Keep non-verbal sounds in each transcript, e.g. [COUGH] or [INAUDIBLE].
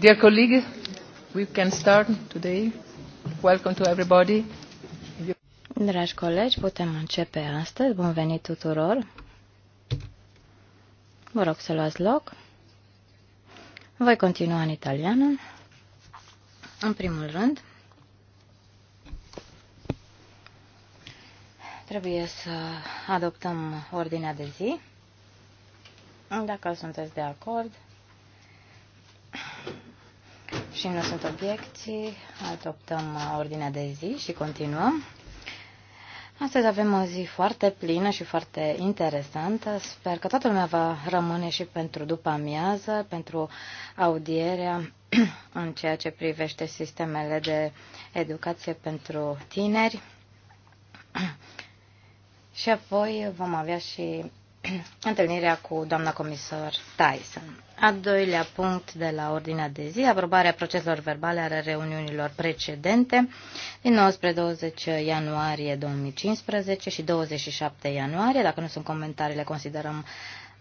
Dear colleagues we can start today. Welcome to everybody. Dragi colegi, putem începe astăzi. Bun venit tuturor. Vă rog să luați loc. Voi continua în italiană. În primul rând, trebuie să adoptăm ordinea de zi. Dacă sunteți de acord, și nu sunt obiecții, adoptăm uh, ordinea de zi și continuăm. Astăzi avem o zi foarte plină și foarte interesantă. Sper că toată lumea va rămâne și pentru după amiază, pentru audierea [CLEARS THROAT] în ceea ce privește sistemele de educație pentru tineri. [CLEARS THROAT] Și apoi vom avea și [CLEARS THROAT] întâlnirea cu doamna comisar Tyson. A doilea punct de la ordinea de zi, aprobarea proceselor verbale ale reuniunilor precedente din 19-20 ianuarie 2015 și 27 ianuarie. Dacă nu sunt comentarii, le considerăm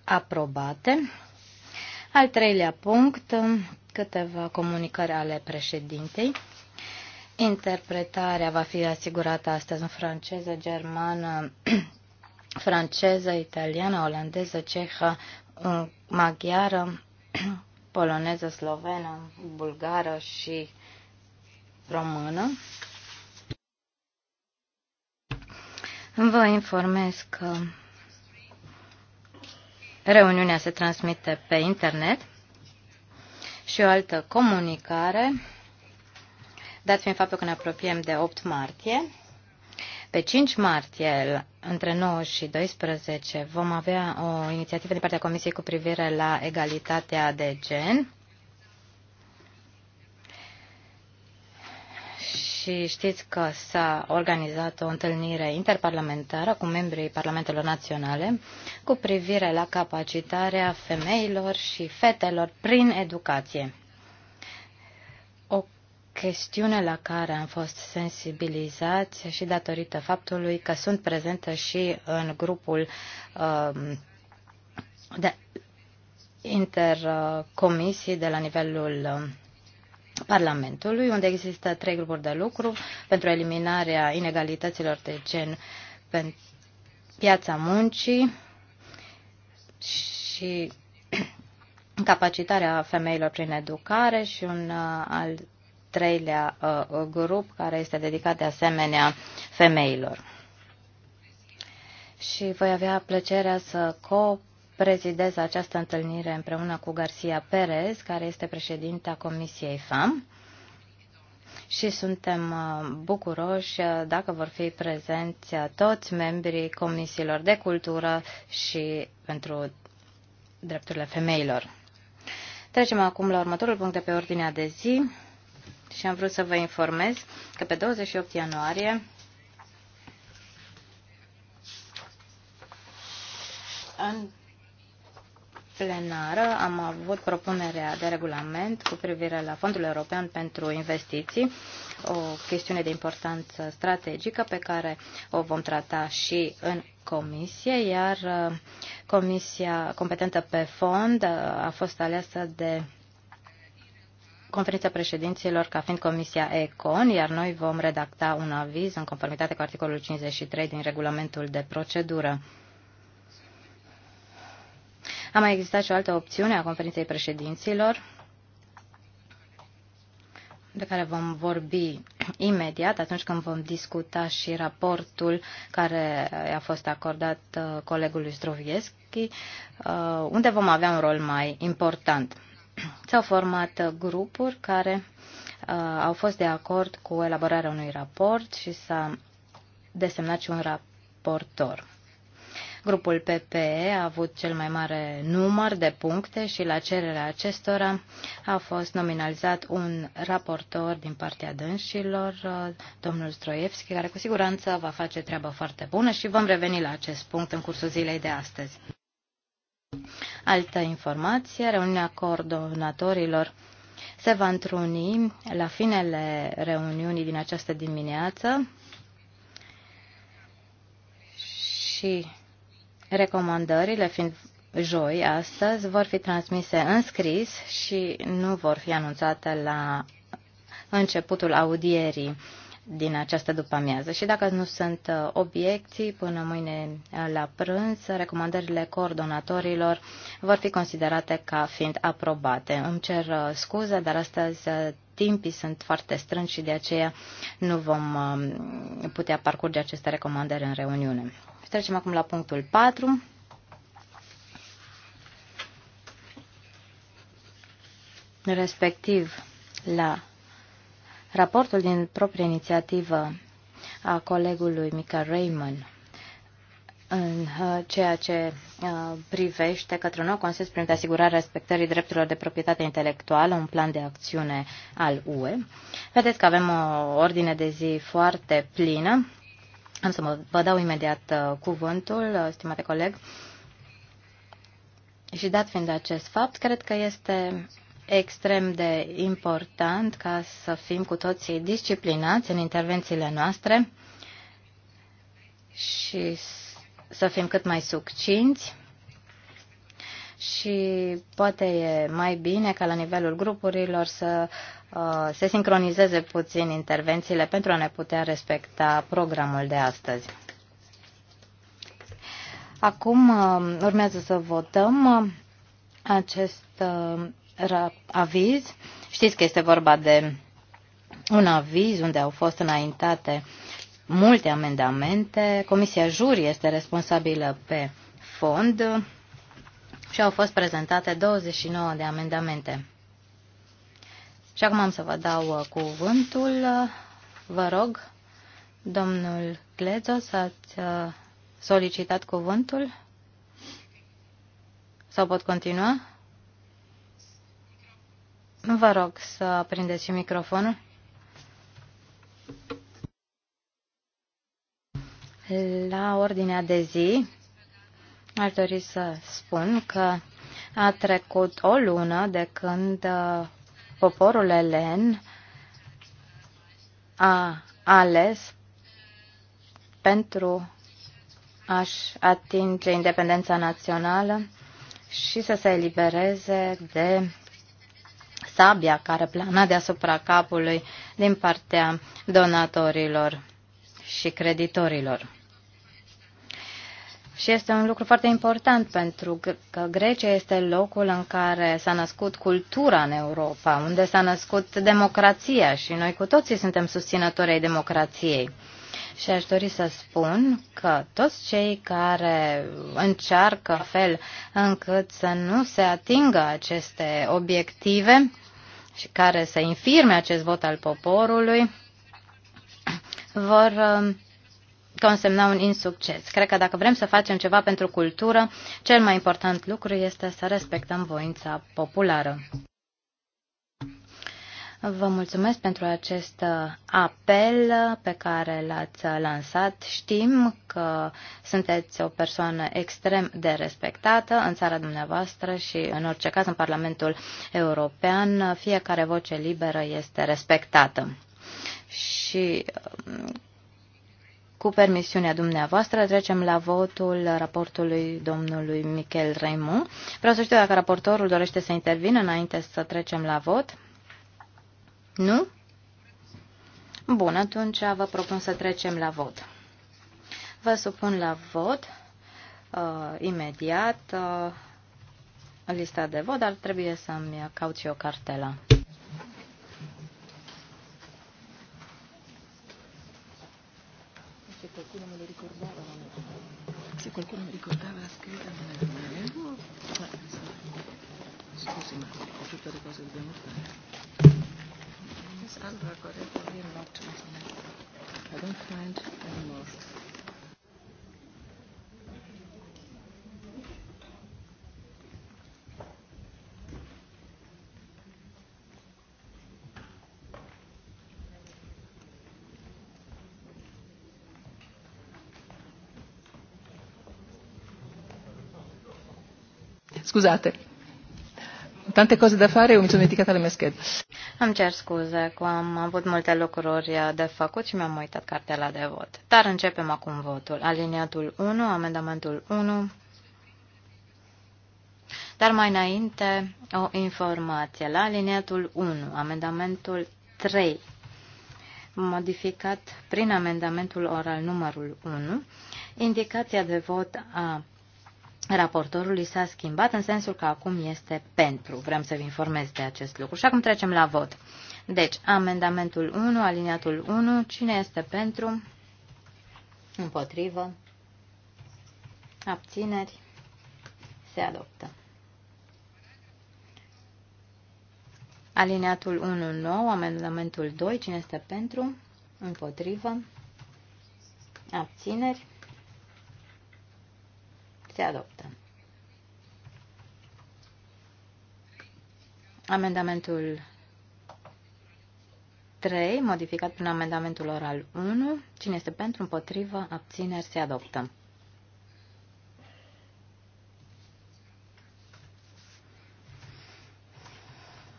aprobate. Al treilea punct, câteva comunicări ale președintei. Interpretarea va fi asigurată astăzi în franceză, germană, [CLEARS THROAT] franceză, italiană, olandeză, cehă, uh, maghiară, [CLEARS THROAT] poloneză, slovenă, bulgară și română. Vă informez că reuniunea se transmite pe internet și o altă comunicare, dat fiind faptul că ne apropiem de 8 martie. Pe 5 martie, între 9 și 12, vom avea o inițiativă din partea Comisiei cu privire la egalitatea de gen. și știți că s-a organizat o întâlnire interparlamentară cu membrii Parlamentelor Naționale cu privire la capacitarea femeilor și fetelor prin educație chestiune la care am fost sensibilizați și datorită faptului că sunt prezentă și în grupul um, de intercomisii de la nivelul um, Parlamentului, unde există trei grupuri de lucru pentru eliminarea inegalităților de gen pe piața muncii și [CLEARS THROAT] capacitarea femeilor prin educare și un uh, al treilea uh, uh, grup care este dedicat de asemenea femeilor. Și voi avea plăcerea să co prezidez această întâlnire împreună cu Garcia Perez, care este președinta Comisiei FAM. Și suntem uh, bucuroși dacă vor fi prezenți toți membrii comisiilor de cultură și pentru drepturile femeilor. Trecem acum la următorul punct de pe ordinea de zi și am vrut să vă informez că pe 28 ianuarie în plenară am avut propunerea de regulament cu privire la Fondul European pentru Investiții, o chestiune de importanță strategică pe care o vom trata și în comisie, iar uh, comisia competentă pe fond uh, a fost aleasă de conferința președinților ca fiind Comisia ECON, iar noi vom redacta un aviz în conformitate cu articolul 53 din regulamentul de procedură. A mai existat și o altă opțiune a conferinței președinților, de care vom vorbi imediat atunci când vom discuta și raportul care a fost acordat uh, colegului Strovieschi, uh, unde vom avea un rol mai important. S-au format grupuri care uh, au fost de acord cu elaborarea unui raport și s-a desemnat și un raportor. Grupul PPE a avut cel mai mare număr de puncte și la cererea acestora a fost nominalizat un raportor din partea dânșilor, uh, domnul Stroievski, care cu siguranță va face treabă foarte bună și vom reveni la acest punct în cursul zilei de astăzi. Altă informație, reuniunea coordonatorilor se va întruni la finele reuniunii din această dimineață și recomandările fiind joi, astăzi, vor fi transmise în scris și nu vor fi anunțate la începutul audierii din această după-amiază. Și dacă nu sunt uh, obiecții, până mâine uh, la prânz, recomandările coordonatorilor vor fi considerate ca fiind aprobate. Îmi cer uh, scuze, dar astăzi timpii sunt foarte strânși și de aceea nu vom um, putea parcurge aceste recomandări în reuniune. Trecem acum la punctul 4. respectiv la Raportul din proprie inițiativă a colegului Mica Raymond în uh, ceea ce uh, privește către un nou consens privind asigurarea respectării drepturilor de proprietate intelectuală, un plan de acțiune al UE. Vedeți că avem o ordine de zi foarte plină. Am să mă, vă dau imediat uh, cuvântul, stimate coleg. Și dat fiind acest fapt, cred că este extrem de important ca să fim cu toții disciplinați în intervențiile noastre și să fim cât mai succinți și poate e mai bine ca la nivelul grupurilor să uh, se sincronizeze puțin intervențiile pentru a ne putea respecta programul de astăzi. Acum uh, urmează să votăm uh, acest uh, aviz. Știți că este vorba de un aviz unde au fost înaintate multe amendamente. Comisia Juri este responsabilă pe fond și au fost prezentate 29 de amendamente. Și acum am să vă dau uh, cuvântul. Vă rog, domnul să ați uh, solicitat cuvântul? Sau pot continua? Vă rog să aprindeți și microfonul. La ordinea de zi aș dori să spun că a trecut o lună de când uh, poporul elen a ales pentru a-și atinge independența națională și să se elibereze de sabia care plana deasupra capului din partea donatorilor și creditorilor. Și este un lucru foarte important pentru că Grecia este locul în care s-a născut cultura în Europa, unde s-a născut democrația și noi cu toții suntem susținători ai democrației. Și aș dori să spun că toți cei care încearcă fel încât să nu se atingă aceste obiective și care să infirme acest vot al poporului vor um, consemna un insucces. Cred că dacă vrem să facem ceva pentru cultură, cel mai important lucru este să respectăm voința populară. Vă mulțumesc pentru acest uh, apel pe care l-ați uh, lansat. Știm că sunteți o persoană extrem de respectată în țara dumneavoastră și, în orice caz, în Parlamentul European. Fiecare voce liberă este respectată. Și um, cu permisiunea dumneavoastră, trecem la votul raportului domnului Michel Raimond. Vreau să știu dacă raportorul dorește să intervină înainte să trecem la vot. Nu? Bun, atunci vă propun să trecem la vot. Vă supun la vot uh, imediat uh, lista de vot, dar trebuie să-mi caut și o cartela. Se qualcuno mi ricordava la scritta Scusi, ma tutte le cose dobbiamo fare. Antrag I don't find Scusate, tante cose da fare e mi sono dimenticata le mie schede. Îmi cer scuze că am avut multe lucruri uh, de făcut și mi-am uitat cartela de vot. Dar începem acum votul. Aliniatul 1, amendamentul 1. Dar mai înainte o informație. La aliniatul 1, amendamentul 3, modificat prin amendamentul oral numărul 1, indicația de vot a raportorului s-a schimbat în sensul că acum este pentru. Vrem să vă informez de acest lucru. Și acum trecem la vot. Deci, amendamentul 1, aliniatul 1, cine este pentru? Împotrivă? Abțineri? Se adoptă. Alineatul 1, 9, amendamentul 2, cine este pentru? Împotrivă? Abțineri? Se adoptă. Amendamentul 3, modificat prin amendamentul oral 1. Cine este pentru, împotrivă, abțineri, se adoptă.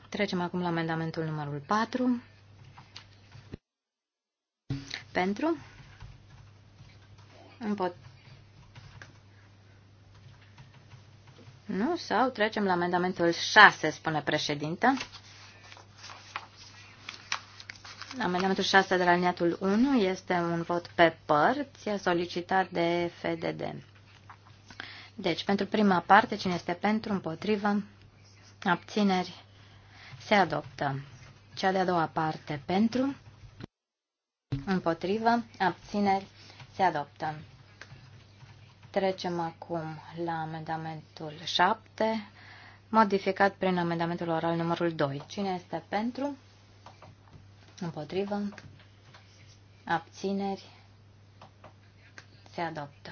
Trecem acum la amendamentul numărul 4. Pentru, împotrivă, Nu? Sau trecem la amendamentul 6, spune președintă. Amendamentul 6 de la liniatul 1 este un vot pe părți solicitat de FDD. Deci, pentru prima parte, cine este pentru, împotrivă, abțineri, se adoptă. Cea de-a doua parte, pentru, împotrivă, abțineri, se adoptă. Trecem acum la amendamentul 7, modificat prin amendamentul oral numărul 2. Cine este pentru? Împotrivă? Abțineri? Se adoptă.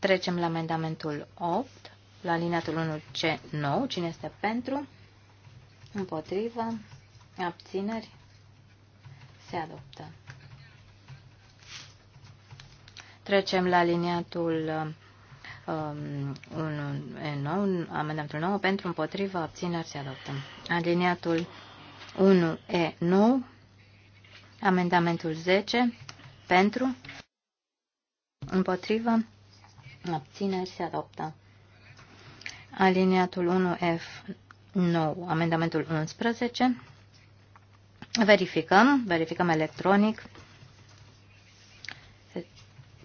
Trecem la amendamentul 8, la alineatul 1C9. Cine este pentru? Împotrivă? Abțineri? Se adoptă. Trecem la liniatul um, 1, amendamentul 9 pentru împotriva abțineri se adoptă. Aliniatul 1E9, amendamentul 10 pentru împotriva abțineri se adoptă. Aliniatul 1F9, amendamentul 11. Verificăm, verificăm electronic.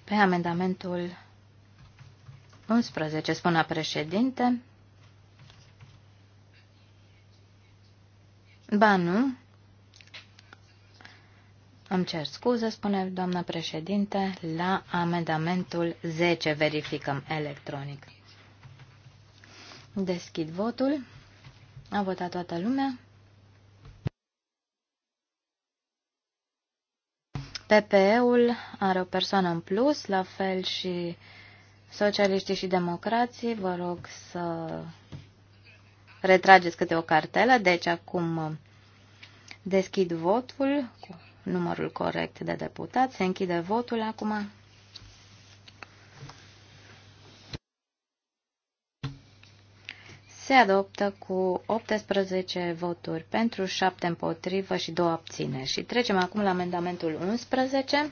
Pe amendamentul 11, spunea președinte. Ba nu. Îmi cer scuze, spune doamna președinte, la amendamentul 10 verificăm electronic. Deschid votul. A votat toată lumea. PPE-ul are o persoană în plus, la fel și socialiștii și democrații. Vă rog să retrageți câte o cartelă. Deci acum deschid votul cu numărul corect de deputat. Se închide votul acum. se adoptă cu 18 voturi pentru, 7 împotrivă și 2 abține. Și trecem acum la amendamentul 11.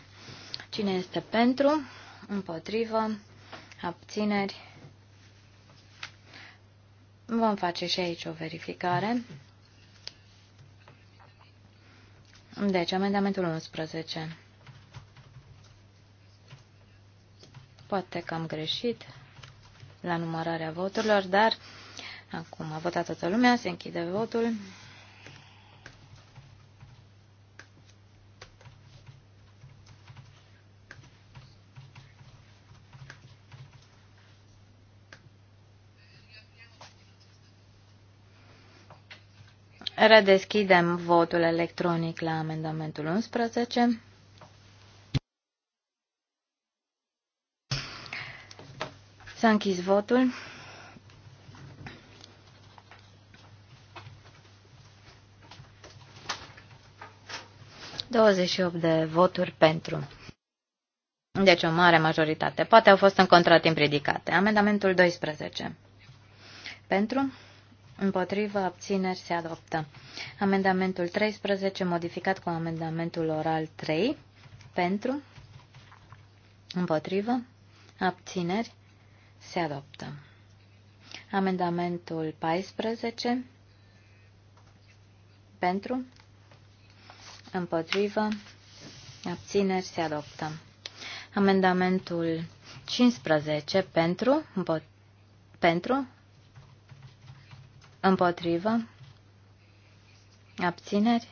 Cine este pentru, împotrivă, abțineri? Vom face și aici o verificare. Deci, amendamentul 11. Poate că am greșit la numărarea voturilor, dar Acum a votat toată lumea, se închide votul. Redeschidem votul electronic la amendamentul 11. S-a închis votul. 28 de voturi pentru. Deci o mare majoritate. Poate au fost în contratim ridicate. Amendamentul 12. Pentru? Împotrivă, abțineri, se adoptă. Amendamentul 13, modificat cu amendamentul oral 3. Pentru? Împotrivă, abțineri, se adoptă. Amendamentul 14. Pentru? împotrivă, abțineri se adoptă. Amendamentul 15 pentru, împo, pentru, împotrivă, abțineri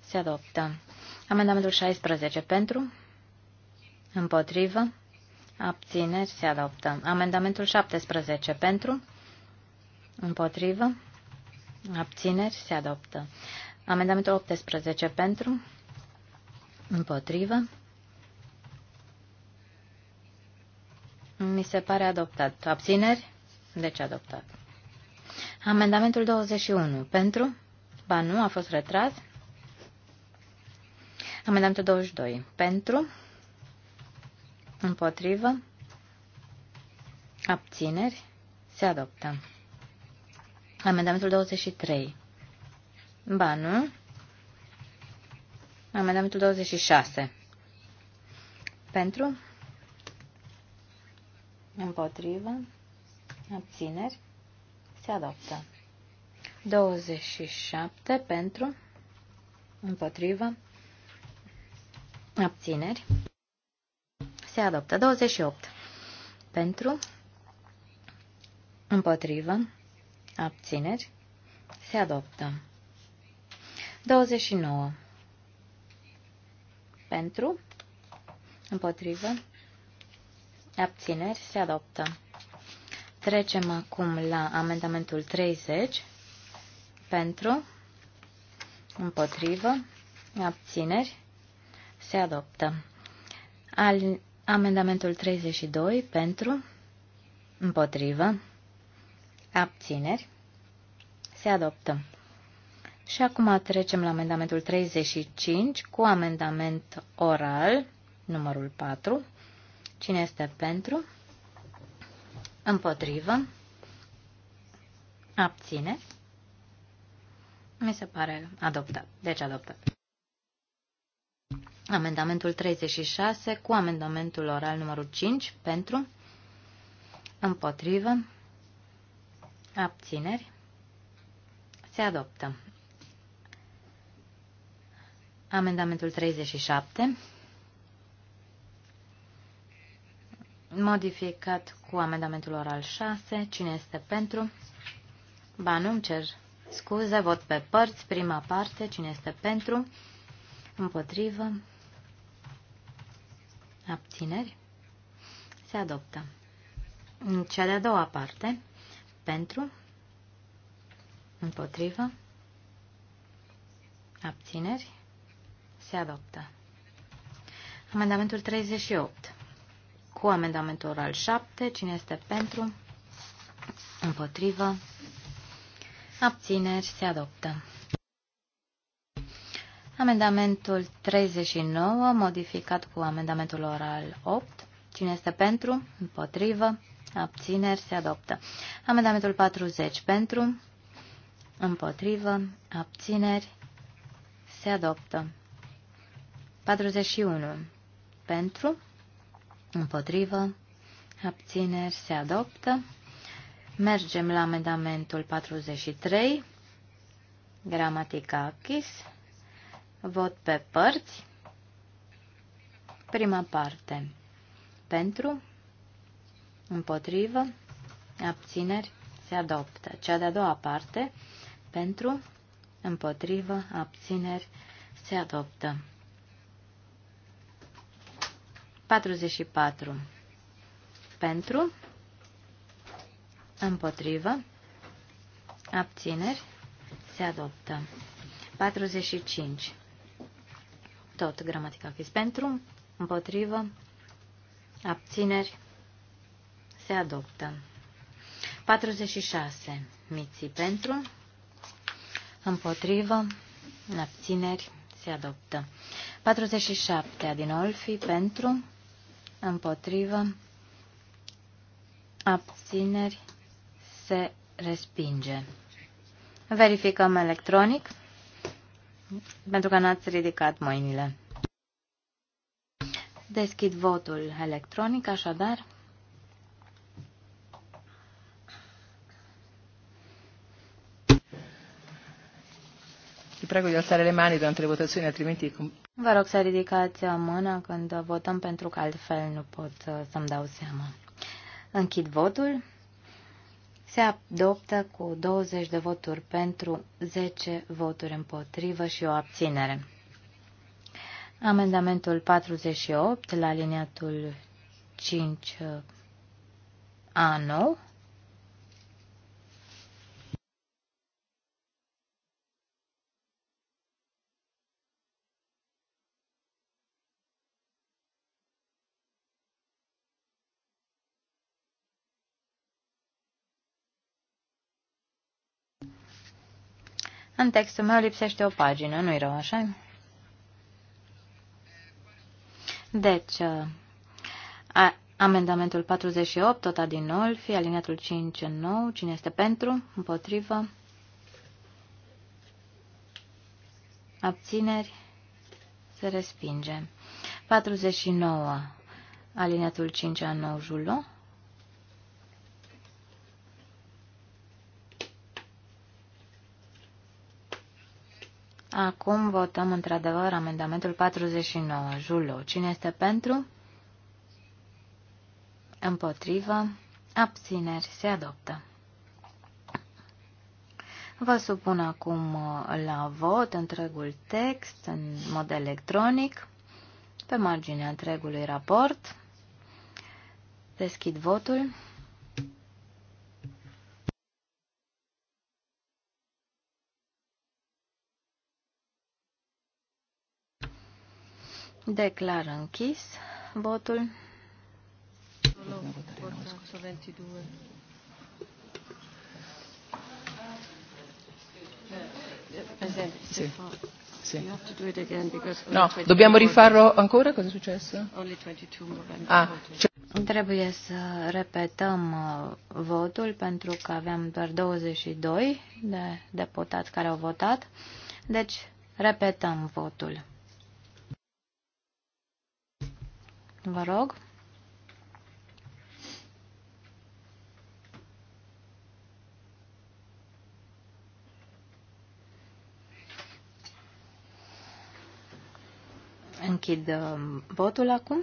se adoptă. Amendamentul 16 pentru, împotrivă, abțineri se adoptă. Amendamentul 17 pentru, împotrivă, abțineri se adoptă. Amendamentul 18 pentru, împotrivă. Mi se pare adoptat. Abțineri? Deci adoptat. Amendamentul 21 pentru, ba nu, a fost retras. Amendamentul 22 pentru, împotrivă, abțineri, se adoptă. Amendamentul 23 Ba, nu? Amendamentul 26. Pentru? Împotrivă? Abțineri? Se adoptă. 27 pentru? Împotrivă? Abțineri? Se adoptă. 28 pentru? Împotrivă? Abțineri? Se adoptă. 29. Pentru, împotrivă, abțineri, se adoptă. Trecem acum la amendamentul 30. Pentru, împotrivă, abțineri, se adoptă. Al, amendamentul 32. Pentru, împotrivă, abțineri, se adoptă. Și acum trecem la amendamentul 35 cu amendament oral, numărul 4. Cine este pentru? Împotrivă? Abține? Mi se pare adoptat. Deci adoptat. Amendamentul 36 cu amendamentul oral numărul 5 pentru, împotrivă, abțineri, se adoptă. Amendamentul 37, modificat cu amendamentul oral 6. Cine este pentru? Ba, nu cer scuze, vot pe părți, prima parte. Cine este pentru? Împotrivă? Abțineri? Se adoptă. În cea de-a doua parte, pentru? Împotrivă? Abțineri? Se adoptă. Amendamentul 38. Cu amendamentul oral 7. Cine este pentru? Împotrivă. Abțineri. Se adoptă. Amendamentul 39, modificat cu amendamentul oral 8. Cine este pentru? Împotrivă. Abțineri. Se adoptă. Amendamentul 40. Pentru? Împotrivă. Abțineri. Se adoptă. 41. Pentru, împotrivă, abțineri se adoptă. Mergem la amendamentul 43, gramatica achis, vot pe părți, prima parte, pentru, împotrivă, abțineri se adoptă. Cea de-a doua parte, pentru, împotrivă, abțineri se adoptă. 44. Pentru, împotrivă, abțineri, se adoptă. 45. Tot gramatica fiz pentru, împotrivă, abțineri, se adoptă. 46. Miții pentru, împotrivă, abțineri, se adoptă. 47. Adinolfi pentru, împotrivă, abțineri, se respinge. Verificăm electronic, pentru că n-ați ridicat mâinile. Deschid votul electronic, așadar. prego di alzare le mani durante le votazioni, altrimenti... Vă rog să ridicați mâna când votăm, pentru că altfel nu pot uh, să-mi dau seama. Închid votul. Se adoptă cu 20 de voturi pentru, 10 voturi împotrivă și o abținere. Amendamentul 48 la liniatul 5 A9 În textul meu lipsește o pagină, nu-i rău, așa Deci, uh, a, amendamentul 48, tot nou, fie aliniatul 5 în nou, cine este pentru, împotrivă, abțineri, se respinge. 49, aliniatul 5 în nou, julo. Acum votăm într-adevăr amendamentul 49. Julo. Cine este pentru? Împotrivă. Abțineri. Se adoptă. Vă supun acum uh, la vot întregul text în mod electronic pe marginea întregului raport. Deschid votul. Declar închis votul. No, dobbiamo rifarlo ancora? Cosa è successo? Ah, Trebuie să repetăm uh, votul pentru că aveam doar 22 de deputați care au votat. Deci, repetăm votul. Vă rog. Închid uh, votul acum.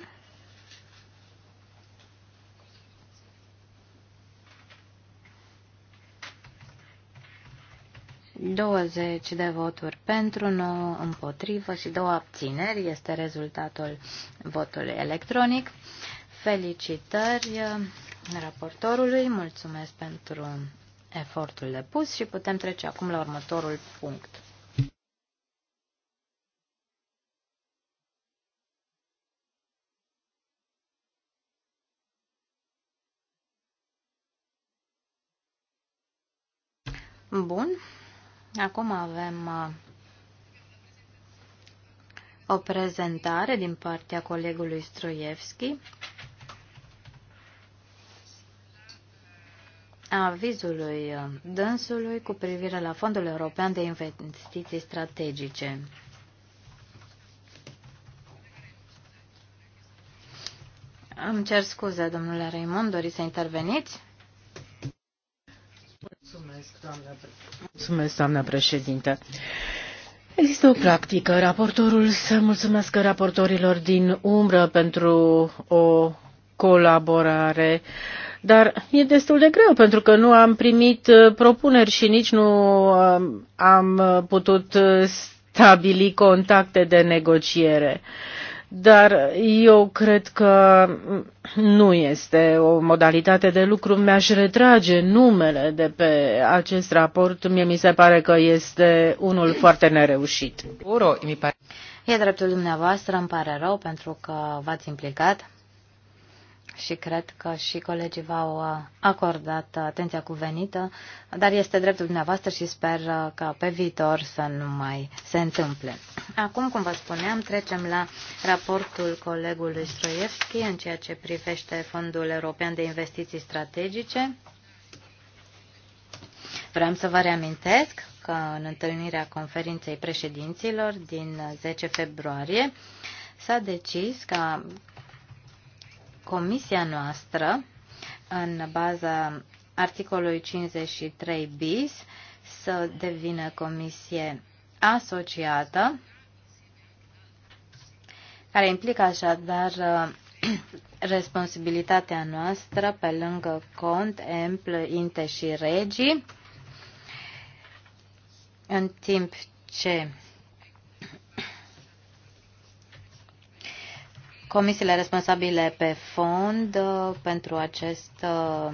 20 de voturi pentru, 9 împotrivă și 2 abțineri este rezultatul votului electronic. Felicitări uh, raportorului, mulțumesc pentru efortul depus și putem trece acum la următorul punct. Bun, Acum avem uh, o prezentare din partea colegului Stroievski. avizului uh, dânsului cu privire la Fondul European de Investiții Strategice. Îmi cer scuze, domnule Raimond, doriți să interveniți? Mulțumesc, doamnă, Mulțumesc, președinte. Există o practică. Raportorul să mulțumesc raportorilor din umbră pentru o colaborare, dar e destul de greu pentru că nu am primit propuneri și nici nu am putut stabili contacte de negociere dar eu cred că nu este o modalitate de lucru. Mi-aș retrage numele de pe acest raport. Mie mi se pare că este unul foarte nereușit. E dreptul dumneavoastră, îmi pare rău pentru că v-ați implicat și cred că și colegii v-au uh, acordat atenția cuvenită, dar este dreptul dumneavoastră și sper uh, că pe viitor să nu mai se întâmple. Acum, cum vă spuneam, trecem la raportul colegului Stroievski în ceea ce privește Fondul European de Investiții Strategice. Vreau să vă reamintesc că în întâlnirea conferinței președinților din 10 februarie s-a decis ca comisia noastră, în baza articolului 53 bis, să devină comisie asociată, care implică așadar uh, [CLEARS THROAT] responsabilitatea noastră pe lângă cont, empl, inte și regii, în timp ce comisiile responsabile pe fond uh, pentru acest uh,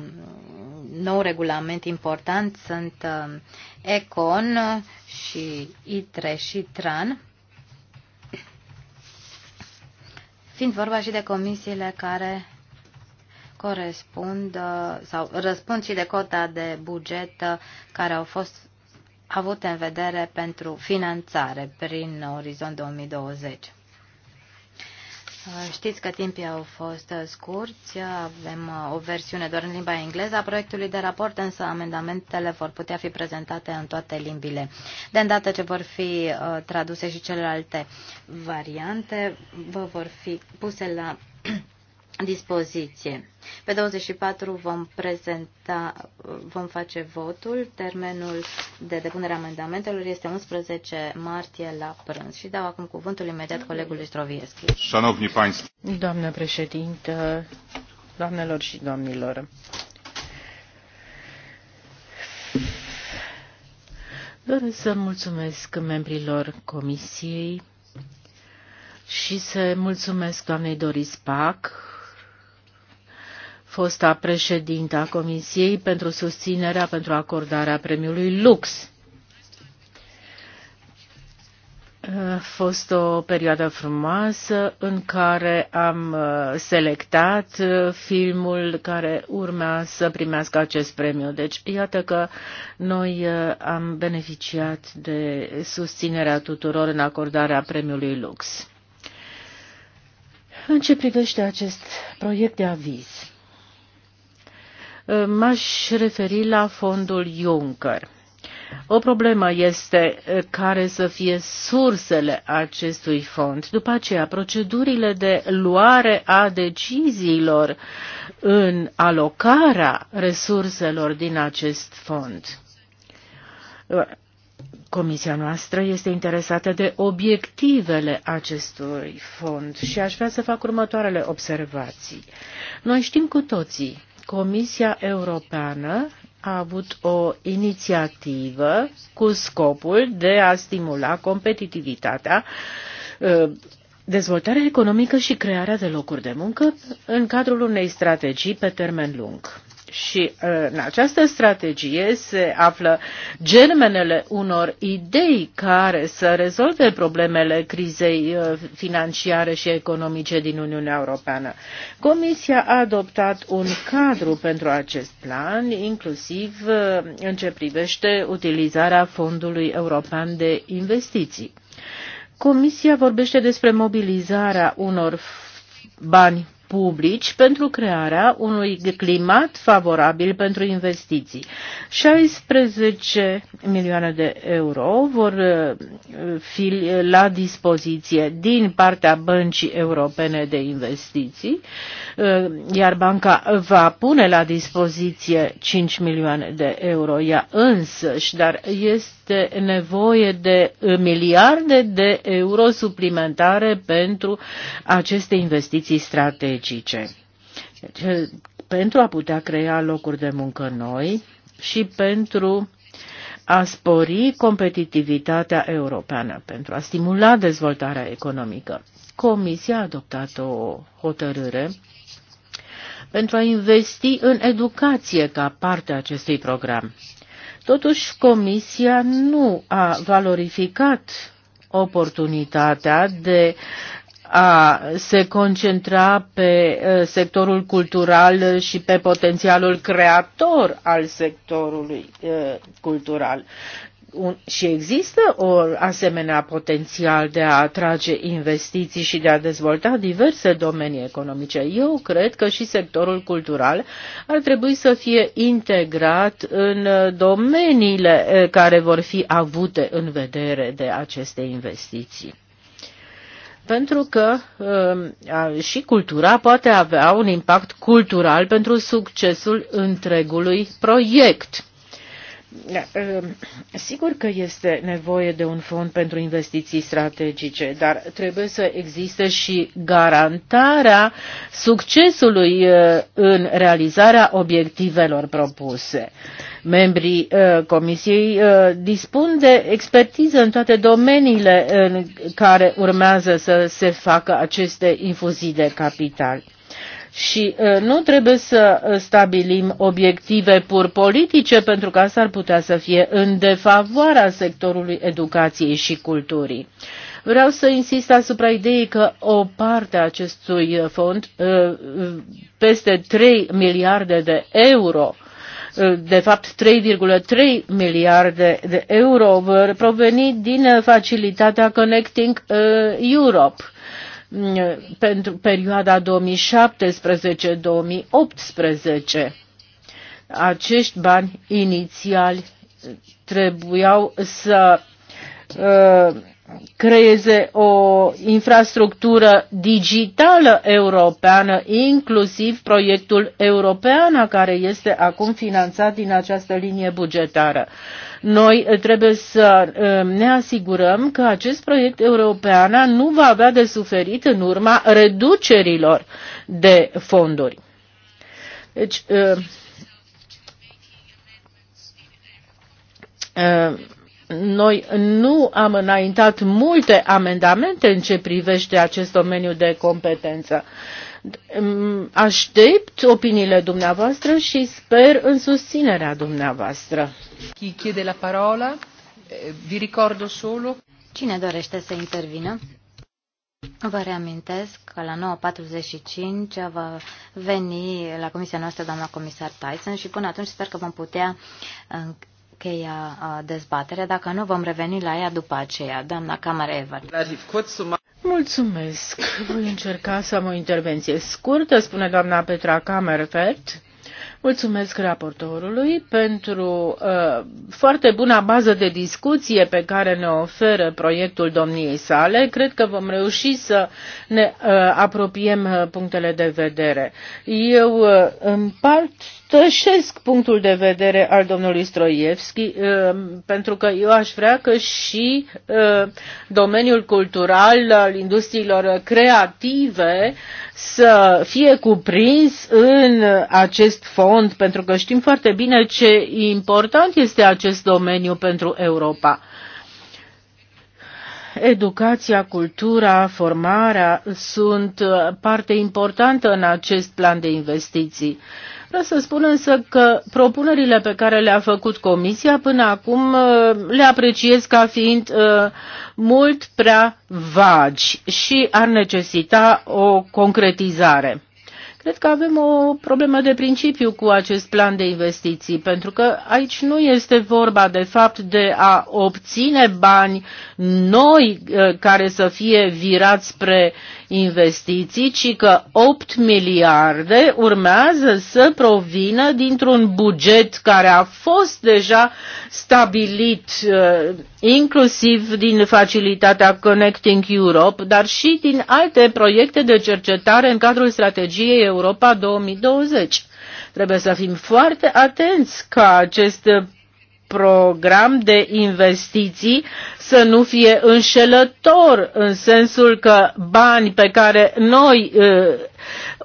nou regulament important sunt uh, Econ și ITRE și TRAN, fiind vorba și de comisiile care corespund sau răspund și de cota de buget care au fost avute în vedere pentru finanțare prin orizont 2020. Uh, știți că timpii au fost uh, scurți, uh, avem o versiune doar în limba engleză a proiectului de raport, însă amendamentele vor putea fi prezentate în toate limbile. De îndată ce vor fi traduse și celelalte variante, vă vor fi puse la [CLEARS THROAT] dispoziție. Pe 24 vom prezenta, vom face votul. Termenul de depunere a amendamentelor este 11 martie la prânz. Și dau acum cuvântul imediat colegului Stroviescu. Doamnă președintă, doamnelor și domnilor, doresc să mulțumesc membrilor comisiei și să mulțumesc doamnei Doris Pac, fosta președintă a Comisiei pentru susținerea pentru acordarea premiului Lux. A fost o perioadă frumoasă în care am uh, selectat uh, filmul care urma să primească acest premiu. Deci, iată că noi uh, am beneficiat de susținerea tuturor în acordarea premiului Lux. În ce privește acest proiect de aviz, M-aș referi la fondul Juncker. O problemă este eh, care să fie sursele acestui fond. După aceea, procedurile de luare a deciziilor în alocarea resurselor din acest fond. Comisia noastră este interesată de obiectivele acestui fond și aș vrea să fac următoarele observații. Noi știm cu toții Comisia Europeană a avut o inițiativă cu scopul de a stimula competitivitatea, ă, dezvoltarea economică și crearea de locuri de muncă în cadrul unei strategii pe termen lung. Și uh, în această strategie se află germenele unor idei care să rezolve problemele crizei uh, financiare și economice din Uniunea Europeană. Comisia a adoptat un cadru pentru acest plan, inclusiv uh, în ce privește utilizarea Fondului European de Investiții. Comisia vorbește despre mobilizarea unor bani publici pentru crearea unui climat favorabil pentru investiții. 16 milioane de euro vor uh, fi uh, la dispoziție din partea Băncii Europene de Investiții, uh, iar banca va pune la dispoziție 5 milioane de euro ea însăși, dar este nevoie de miliarde de euro suplimentare pentru aceste investiții strategice strategice. Deci, pentru a putea crea locuri de muncă noi și pentru a spori competitivitatea europeană, pentru a stimula dezvoltarea economică. Comisia a adoptat o hotărâre pentru a investi în educație ca parte a acestui program. Totuși, Comisia nu a valorificat oportunitatea de a se concentra pe sectorul cultural și pe potențialul creator al sectorului cultural. Un, și există o asemenea potențial de a atrage investiții și de a dezvolta diverse domenii economice. Eu cred că și sectorul cultural ar trebui să fie integrat în domeniile care vor fi avute în vedere de aceste investiții pentru că um, și cultura poate avea un impact cultural pentru succesul întregului proiect. Da, ehm, sigur că este nevoie de un fond pentru investiții strategice, dar trebuie să existe și garantarea succesului eh, în realizarea obiectivelor propuse. Membrii eh, Comisiei eh, dispun de expertiză în toate domeniile în care urmează să se facă aceste infuzii de capital și uh, nu trebuie să uh, stabilim obiective pur politice, pentru că asta ar putea să fie în defavoarea sectorului educației și culturii. Vreau să insist asupra ideii că o parte a acestui fond, uh, peste 3 miliarde de euro, de fapt 3,3 miliarde de euro vor proveni din facilitatea Connecting Europe pentru perioada 2017-2018. Acești bani inițiali trebuiau să uh, creeze o infrastructură digitală europeană, inclusiv proiectul european care este acum finanțat din această linie bugetară. Noi eh, trebuie să eh, ne asigurăm că acest proiect european nu va avea de suferit în urma reducerilor de fonduri. Deci, eh, noi nu am înaintat multe amendamente în ce privește acest domeniu de competență. Aștept opiniile dumneavoastră și sper în susținerea dumneavoastră. Chi chiede la parola? Eh, vi ricordo solo. Cine dorește să intervină? Vă reamintesc că la 9.45 va veni la comisia noastră doamna comisar Tyson și până atunci sper că vom putea încheia uh, dezbaterea. Dacă nu, vom reveni la ea după aceea. Doamna Camera Ever. Mulțumesc. Voi încerca să am o intervenție scurtă, spune doamna Petra Camerfert. Mulțumesc raportorului pentru uh, foarte buna bază de discuție pe care ne oferă proiectul domniei sale. Cred că vom reuși să ne uh, apropiem uh, punctele de vedere. Eu uh, împart împărtășesc punctul de vedere al domnului Stroievski, uh, pentru că eu aș vrea că și uh, domeniul cultural al industriilor creative să fie cuprins în acest fond, pentru că știm foarte bine ce important este acest domeniu pentru Europa educația, cultura, formarea sunt uh, parte importantă în acest plan de investiții. Vreau să spun însă că propunerile pe care le-a făcut Comisia până acum uh, le apreciez ca fiind uh, mult prea vagi și ar necesita o concretizare. Cred că avem o problemă de principiu cu acest plan de investiții, pentru că aici nu este vorba de fapt de a obține bani noi uh, care să fie virați spre investiții, ci că 8 miliarde urmează să provină dintr-un buget care a fost deja stabilit uh, inclusiv din facilitatea Connecting Europe, dar și din alte proiecte de cercetare în cadrul strategiei Europa 2020. Trebuie să fim foarte atenți ca acest program de investiții să nu fie înșelător în sensul că bani pe care noi uh,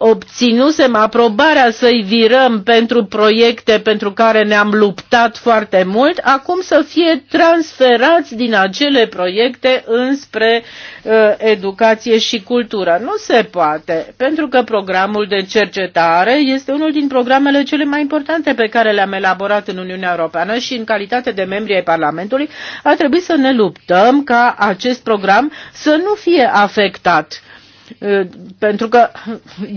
obținusem aprobarea să-i virăm pentru proiecte pentru care ne-am luptat foarte mult, acum să fie transferați din acele proiecte înspre uh, educație și cultură. Nu se poate, pentru că programul de cercetare este unul din programele cele mai importante pe care le-am elaborat în Uniunea Europeană și în calitate de membri ai Parlamentului a trebuit să ne luptăm ca acest program să nu fie afectat Uh, pentru că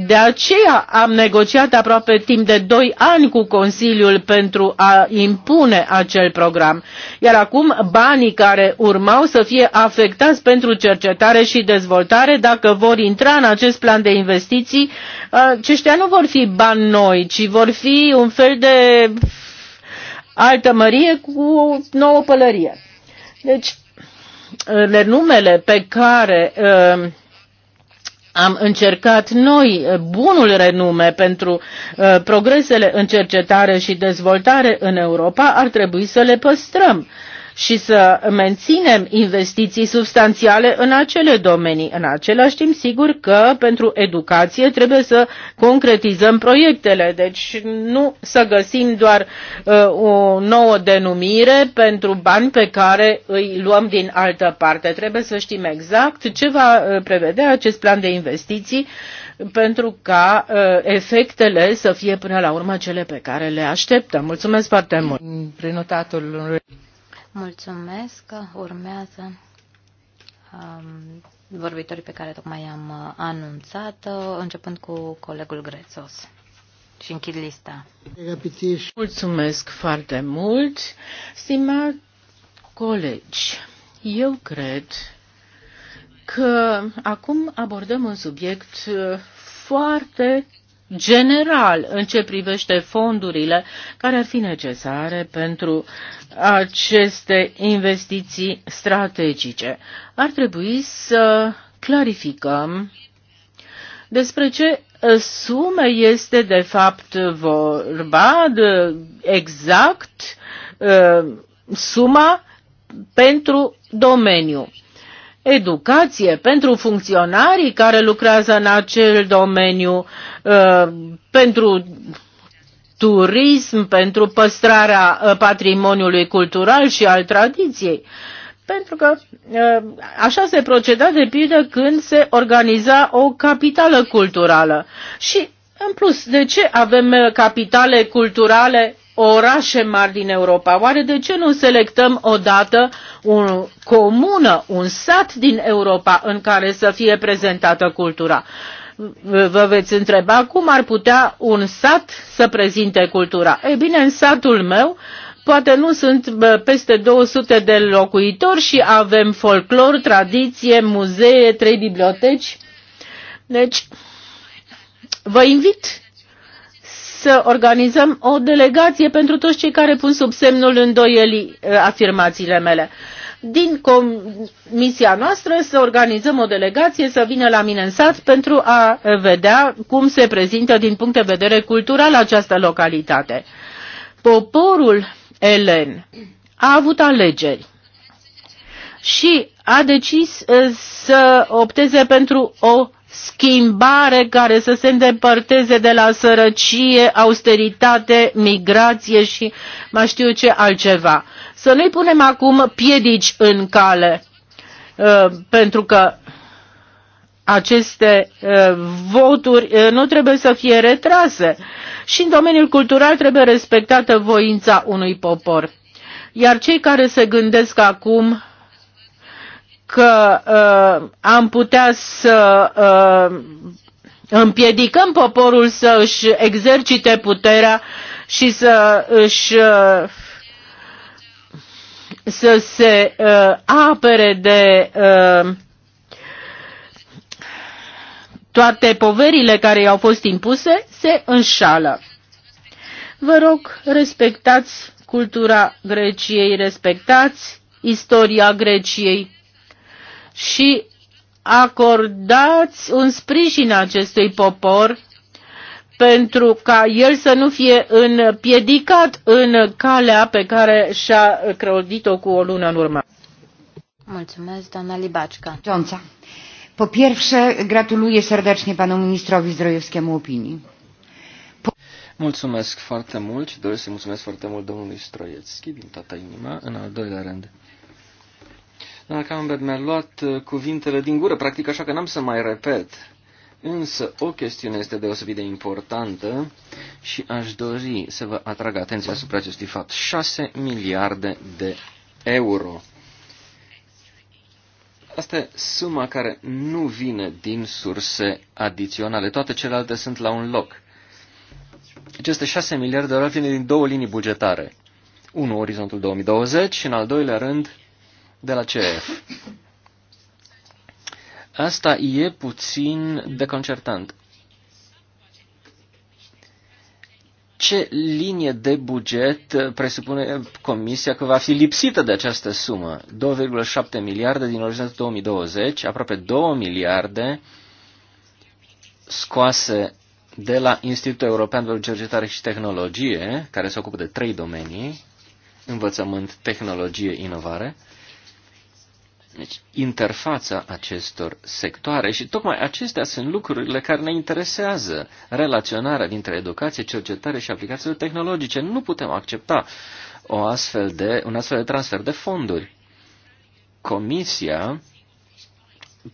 de aceea am negociat aproape timp de doi ani cu Consiliul pentru a impune acel program. Iar acum banii care urmau să fie afectați pentru cercetare și dezvoltare, dacă vor intra în acest plan de investiții, aceștia nu vor fi bani noi, ci vor fi un fel de altă mărie cu o nouă pălărie. Deci, numele pe care uh, am încercat noi eh, bunul renume pentru uh, progresele în cercetare și dezvoltare în Europa, ar trebui să le păstrăm. Uh, și să menținem investiții substanțiale în acele domenii. În același timp, sigur că pentru educație trebuie să concretizăm proiectele, deci nu să găsim doar uh, o nouă denumire pentru bani pe care îi luăm din altă parte. Trebuie să știm exact ce va uh, prevedea acest plan de investiții pentru ca uh, efectele să fie până la urmă cele pe care le așteptăm. Mulțumesc foarte mult! Prenotatul Mulțumesc. Urmează um, vorbitorii pe care tocmai i-am uh, anunțat, uh, începând cu colegul Grețos. Și închid lista. Mulțumesc foarte mult, stimați colegi. Eu cred că acum abordăm un subiect uh, foarte general în ce privește fondurile care ar fi necesare pentru aceste investiții strategice. Ar trebui să clarificăm despre ce sume este de fapt vorba, de exact uh, suma pentru domeniu. Educație pentru funcționarii care lucrează în acel domeniu, uh, pentru turism, pentru păstrarea uh, patrimoniului cultural și al tradiției. Pentru că uh, așa se proceda de pildă când se organiza o capitală culturală. Și în plus, de ce avem uh, capitale culturale orașe mari din Europa. Oare de ce nu selectăm odată o comună, un sat din Europa în care să fie prezentată cultura? vă veți întreba cum ar putea un sat să prezinte cultura. Ei bine, în satul meu poate nu sunt peste 200 de locuitori și avem folclor, tradiție, muzee, trei biblioteci. Deci, vă invit să organizăm o delegație pentru toți cei care pun sub semnul îndoielii ă, afirmațiile mele din comisia noastră să organizăm o delegație să vină la mine în sat pentru a vedea cum se prezintă din punct de vedere cultural această localitate. Poporul elen a avut alegeri și a decis eh, să opteze pentru o schimbare care să se îndepărteze de la sărăcie, austeritate, migrație și mai știu ce altceva. Să nu-i punem acum piedici în cale, uh, pentru că aceste uh, voturi uh, nu trebuie să fie retrase și în domeniul cultural trebuie respectată voința unui popor. Iar cei care se gândesc acum că uh, am putea să uh, împiedicăm poporul să își exercite puterea și să își uh, să se uh, apere de uh, toate poverile care i-au fost impuse, se înșală. Vă rog, respectați cultura Greciei, respectați istoria Greciei și acordați un sprijin acestui popor pentru ca el să nu fie împiedicat în calea pe care și-a crăudit-o cu o lună în urmă. Mulțumesc, doamna Libacca. Johnson. Po pierwsze, gratuluję serdecznie panu ministrowi Zdrojewskiemu opinii. Po... Mulțumesc foarte mult doresc să mulțumesc foarte mult domnului Stroiecki din tata inima, în al doilea rând. Doamna Camber, mi-a luat uh, cuvintele din gură, practic așa că n-am să mai repet. Însă o chestiune este deosebit de importantă și aș dori să vă atrag atenția asupra acestui fapt. 6 miliarde de euro. Asta e suma care nu vine din surse adiționale. Toate celelalte sunt la un loc. Aceste 6 miliarde de euro vine din două linii bugetare. Unul, orizontul 2020 și în al doilea rând de la CEF. Asta e puțin deconcertant. Ce linie de buget presupune Comisia că va fi lipsită de această sumă? 2,7 miliarde din orizont 2020, aproape 2 miliarde scoase de la Institutul European de Cercetare și Tehnologie, care se ocupă de trei domenii, învățământ, tehnologie, inovare, deci, interfața acestor sectoare și tocmai acestea sunt lucrurile care ne interesează. Relaționarea dintre educație, cercetare și aplicațiile tehnologice. Nu putem accepta o astfel de, un astfel de transfer de fonduri. Comisia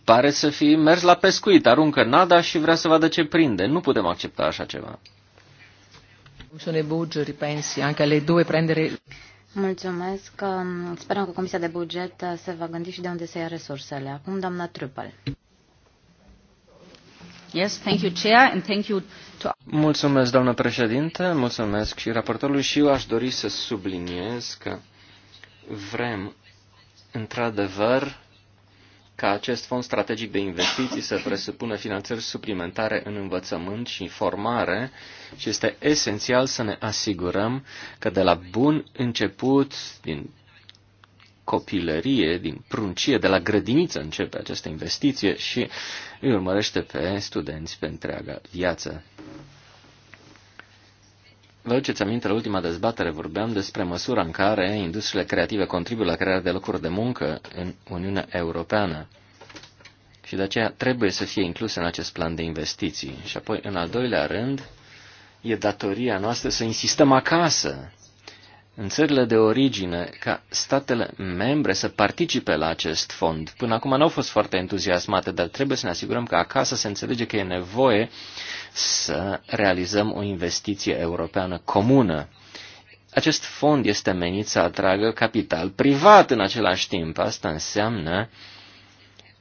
pare să fi mers la pescuit, aruncă nada și vrea să vadă ce prinde. Nu putem accepta așa ceva. Commissione Budge ripensi anche le due prendere Mulțumesc. Sperăm că Comisia de Buget se va gândi și de unde să ia resursele. Acum, doamna Trupel. Yes, thank you, Chair, and thank you to... Mulțumesc, doamnă președinte, mulțumesc și raportorului și eu aș dori să subliniez că vrem, într-adevăr, ca acest fond strategic de investiții să presupună finanțări suplimentare în învățământ și formare și este esențial să ne asigurăm că de la bun început, din copilărie, din pruncie, de la grădiniță începe această investiție și îi urmărește pe studenți pe întreaga viață. Vă aduceți aminte, la ultima dezbatere vorbeam despre măsura în care industriile creative contribuie la crearea de locuri de muncă în Uniunea Europeană și de aceea trebuie să fie inclusă în acest plan de investiții. Și apoi, în al doilea rând, e datoria noastră să insistăm acasă în țările de origine ca statele membre să participe la acest fond. Până acum nu au fost foarte entuziasmate, dar trebuie să ne asigurăm că acasă se înțelege că e nevoie să realizăm o investiție europeană comună. Acest fond este menit să atragă capital privat în același timp. Asta înseamnă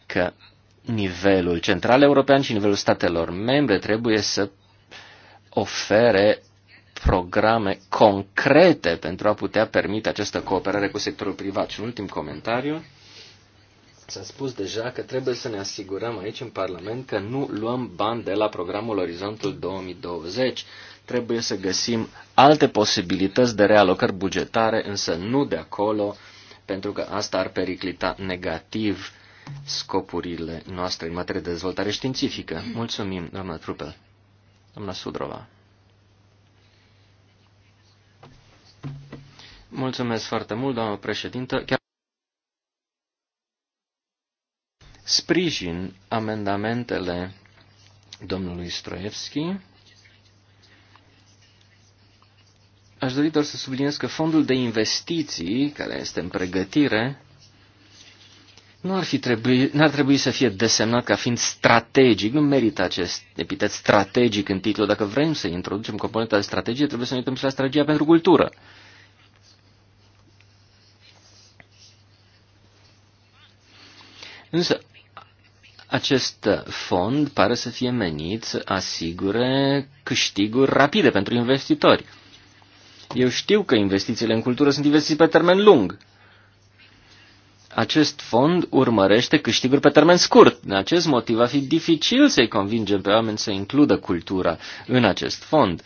că nivelul central european și nivelul statelor membre trebuie să ofere programe concrete pentru a putea permite această cooperare cu sectorul privat. Și un ultim comentariu. S-a spus deja că trebuie să ne asigurăm aici în Parlament că nu luăm bani de la programul Orizontul 2020. Trebuie să găsim alte posibilități de realocări bugetare, însă nu de acolo, pentru că asta ar periclita negativ scopurile noastre în materie de dezvoltare științifică. Mulțumim, doamna Trupel. Doamna Sudrova. Mulțumesc foarte mult, doamnă președintă. Chiar sprijin amendamentele domnului Stroevski. Aș dori doar să subliniez că fondul de investiții care este în pregătire nu ar, fi trebui, nu ar trebui să fie desemnat ca fiind strategic. Nu merită acest epitet strategic în titlu. Dacă vrem să introducem componenta de strategie, trebuie să ne uităm și la strategia pentru cultură. Însă, acest fond pare să fie menit să asigure câștiguri rapide pentru investitori. Eu știu că investițiile în cultură sunt investiții pe termen lung acest fond urmărește câștiguri pe termen scurt. De acest motiv va fi dificil să-i convingem pe oameni să includă cultura în acest fond.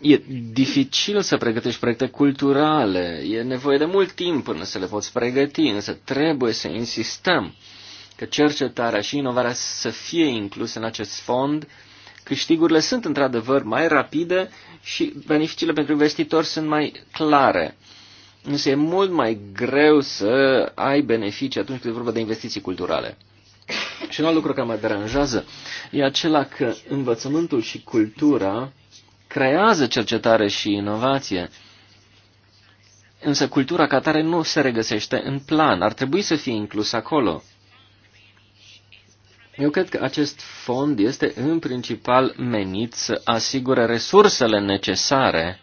E dificil să pregătești proiecte culturale, e nevoie de mult timp până să le poți pregăti, însă trebuie să insistăm că cercetarea și inovarea să fie incluse în acest fond. Câștigurile sunt într-adevăr mai rapide și beneficiile pentru investitori sunt mai clare. Însă e mult mai greu să ai beneficii atunci când e vorba de investiții culturale. Și un alt lucru care mă deranjează e acela că învățământul și cultura creează cercetare și inovație. Însă cultura ca tare nu se regăsește în plan, ar trebui să fie inclus acolo. Eu cred că acest fond este în principal menit să asigure resursele necesare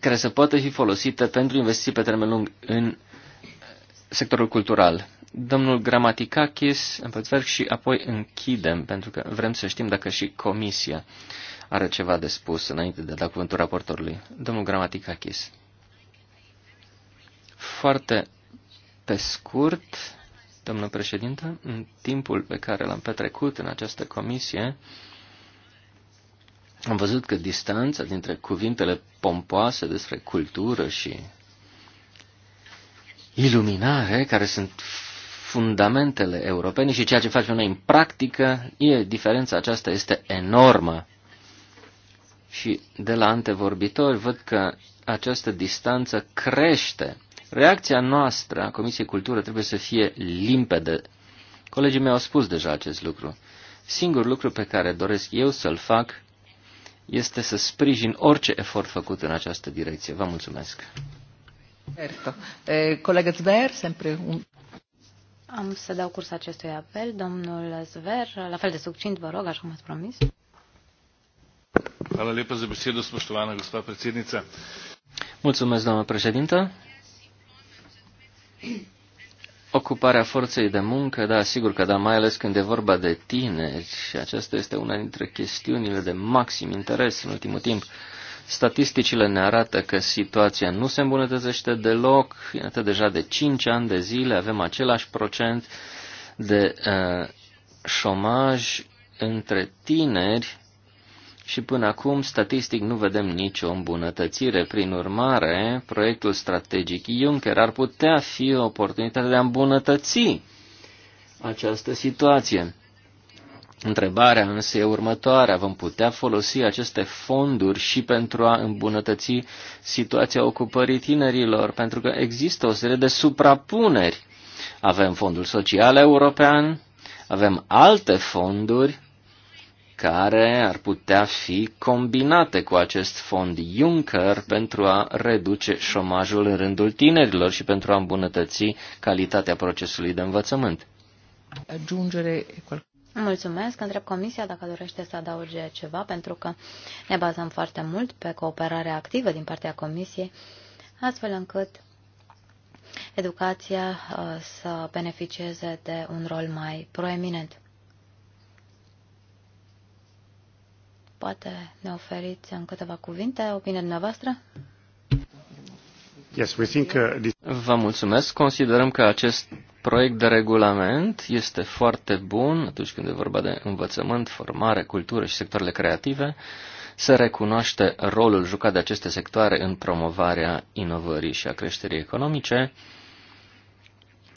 care să poată fi folosită pentru investiții pe termen lung în uh, sectorul cultural. Domnul Gramaticakis, Empățverc și apoi închidem, pentru că vrem să știm dacă și comisia are ceva de spus înainte de a da cuvântul raportorului. Domnul Gramaticakis. Foarte pe scurt, domnul președinte, în timpul pe care l-am petrecut în această comisie, uh, am văzut că distanța dintre cuvintele pompoase despre cultură și iluminare, care sunt fundamentele europene și ceea ce facem noi în practică, e, diferența aceasta este enormă. Și de la antevorbitori văd că această distanță crește. Reacția noastră a Comisiei Cultură trebuie să fie limpede. Colegii mei au spus deja acest lucru. Singurul lucru pe care doresc eu să-l fac este să sprijin orice efort făcut în această direcție. Vă mulțumesc. Certo. Eh, colegă Zver, sempre un... Am să dau curs acestui apel. Domnul Zver, la fel de succint, vă rog, așa cum ați promis. Hvala lepa za besedo, spoštovana gospa predsednica. Mulțumesc, doamnă președintă. Ocuparea forței de muncă, da, sigur că da, mai ales când e vorba de tineri și aceasta este una dintre chestiunile de maxim interes în ultimul timp. Statisticile ne arată că situația nu se îmbunătățește deloc, iată deja de 5 ani de zile avem același procent de uh, șomaj între tineri și până acum, statistic, nu vedem nicio îmbunătățire. Prin urmare, proiectul strategic Juncker ar putea fi o oportunitate de a îmbunătăți această situație. Întrebarea însă e următoarea. Vom putea folosi aceste fonduri și pentru a îmbunătăți situația ocupării tinerilor? Pentru că există o serie de suprapuneri. Avem Fondul Social European, avem alte fonduri care ar putea fi combinate cu acest fond Juncker pentru a reduce șomajul în rândul tinerilor și pentru a îmbunătăți calitatea procesului de învățământ. Ajungere Mulțumesc. Întreb Comisia dacă dorește să adauge ceva, pentru că ne bazăm foarte mult pe cooperare activă din partea Comisiei, astfel încât educația uh, să beneficieze de un rol mai proeminent. poate ne oferiți în câteva cuvinte opinia dumneavoastră? Yes, we think, uh, this... Vă mulțumesc. Considerăm că acest proiect de regulament este foarte bun atunci când e vorba de învățământ, formare, cultură și sectoarele creative. Se recunoaște rolul jucat de aceste sectoare în promovarea inovării și a creșterii economice.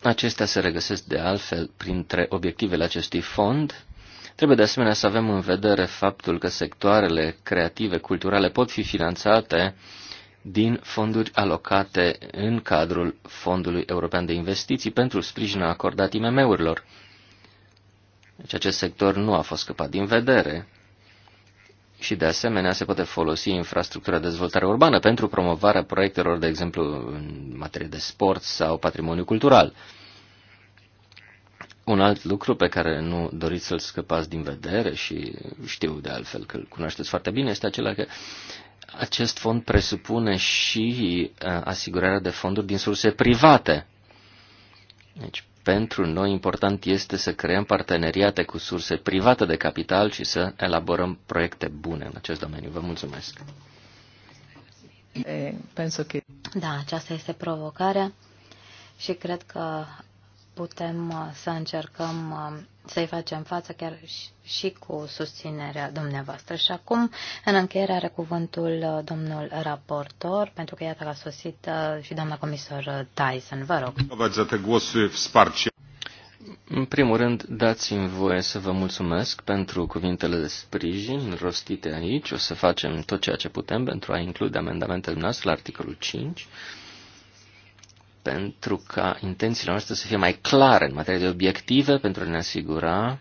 Acestea se regăsesc de altfel printre obiectivele acestui fond, Trebuie de asemenea să avem în vedere faptul că sectoarele creative, culturale pot fi finanțate din fonduri alocate în cadrul Fondului European de Investiții pentru sprijinul acordat IMM-urilor. Deci acest sector nu a fost scăpat din vedere și de asemenea se poate folosi infrastructura de dezvoltare urbană pentru promovarea proiectelor, de exemplu, în materie de sport sau patrimoniu cultural. Un alt lucru pe care nu doriți să-l scăpați din vedere și știu de altfel că îl cunoașteți foarte bine este acela că acest fond presupune și uh, asigurarea de fonduri din surse private. Deci, pentru noi important este să creăm parteneriate cu surse private de capital și să elaborăm proiecte bune în acest domeniu. Vă mulțumesc. Eh, da, aceasta este provocarea și cred că putem uh, să încercăm uh, să-i facem față chiar și cu susținerea dumneavoastră. Și acum, în încheiere, are cuvântul uh, domnul raportor, pentru că iată că a sosit și doamna comisar Tyson. Vă rog. În primul rând, dați-mi voie să vă mulțumesc pentru cuvintele de sprijin rostite aici. O să facem tot ceea ce putem pentru a include amendamentele noastre la articolul 5 pentru ca intențiile noastre să fie mai clare în materie de obiective pentru a ne asigura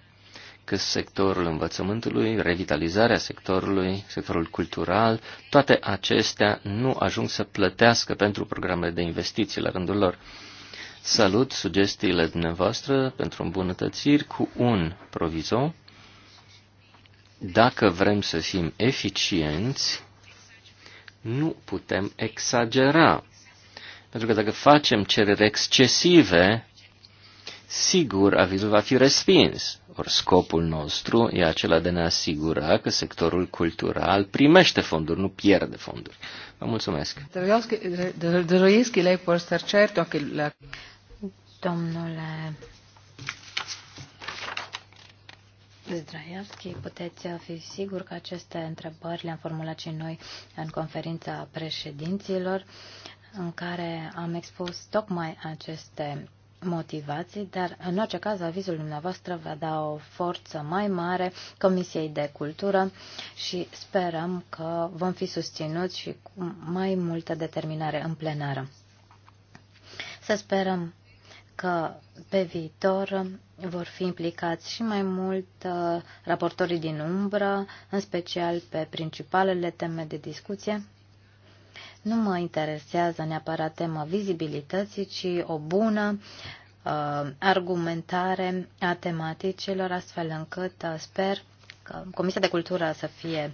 că sectorul învățământului, revitalizarea sectorului, sectorul cultural, toate acestea nu ajung să plătească pentru programele de investiții la rândul lor. Salut sugestiile dumneavoastră pentru îmbunătățiri cu un provizo. Dacă vrem să fim eficienți, nu putem exagera pentru că dacă facem cereri excesive, sigur avizul va fi respins. Ori scopul nostru e acela de a ne asigura că sectorul cultural primește fonduri, nu pierde fonduri. Vă mulțumesc. că Domnule Zdraiavski, puteți fi sigur că aceste întrebări le-am formulat și noi în conferința președinților în care am expus tocmai aceste motivații, dar în orice caz avizul dumneavoastră va da o forță mai mare Comisiei de Cultură și sperăm că vom fi susținuți și cu mai multă determinare în plenară. Să sperăm că pe viitor vor fi implicați și mai mult uh, raportorii din umbră, în special pe principalele teme de discuție nu mă interesează neapărat tema vizibilității, ci o bună uh, argumentare a tematicilor, astfel încât uh, sper că Comisia de Cultură să fie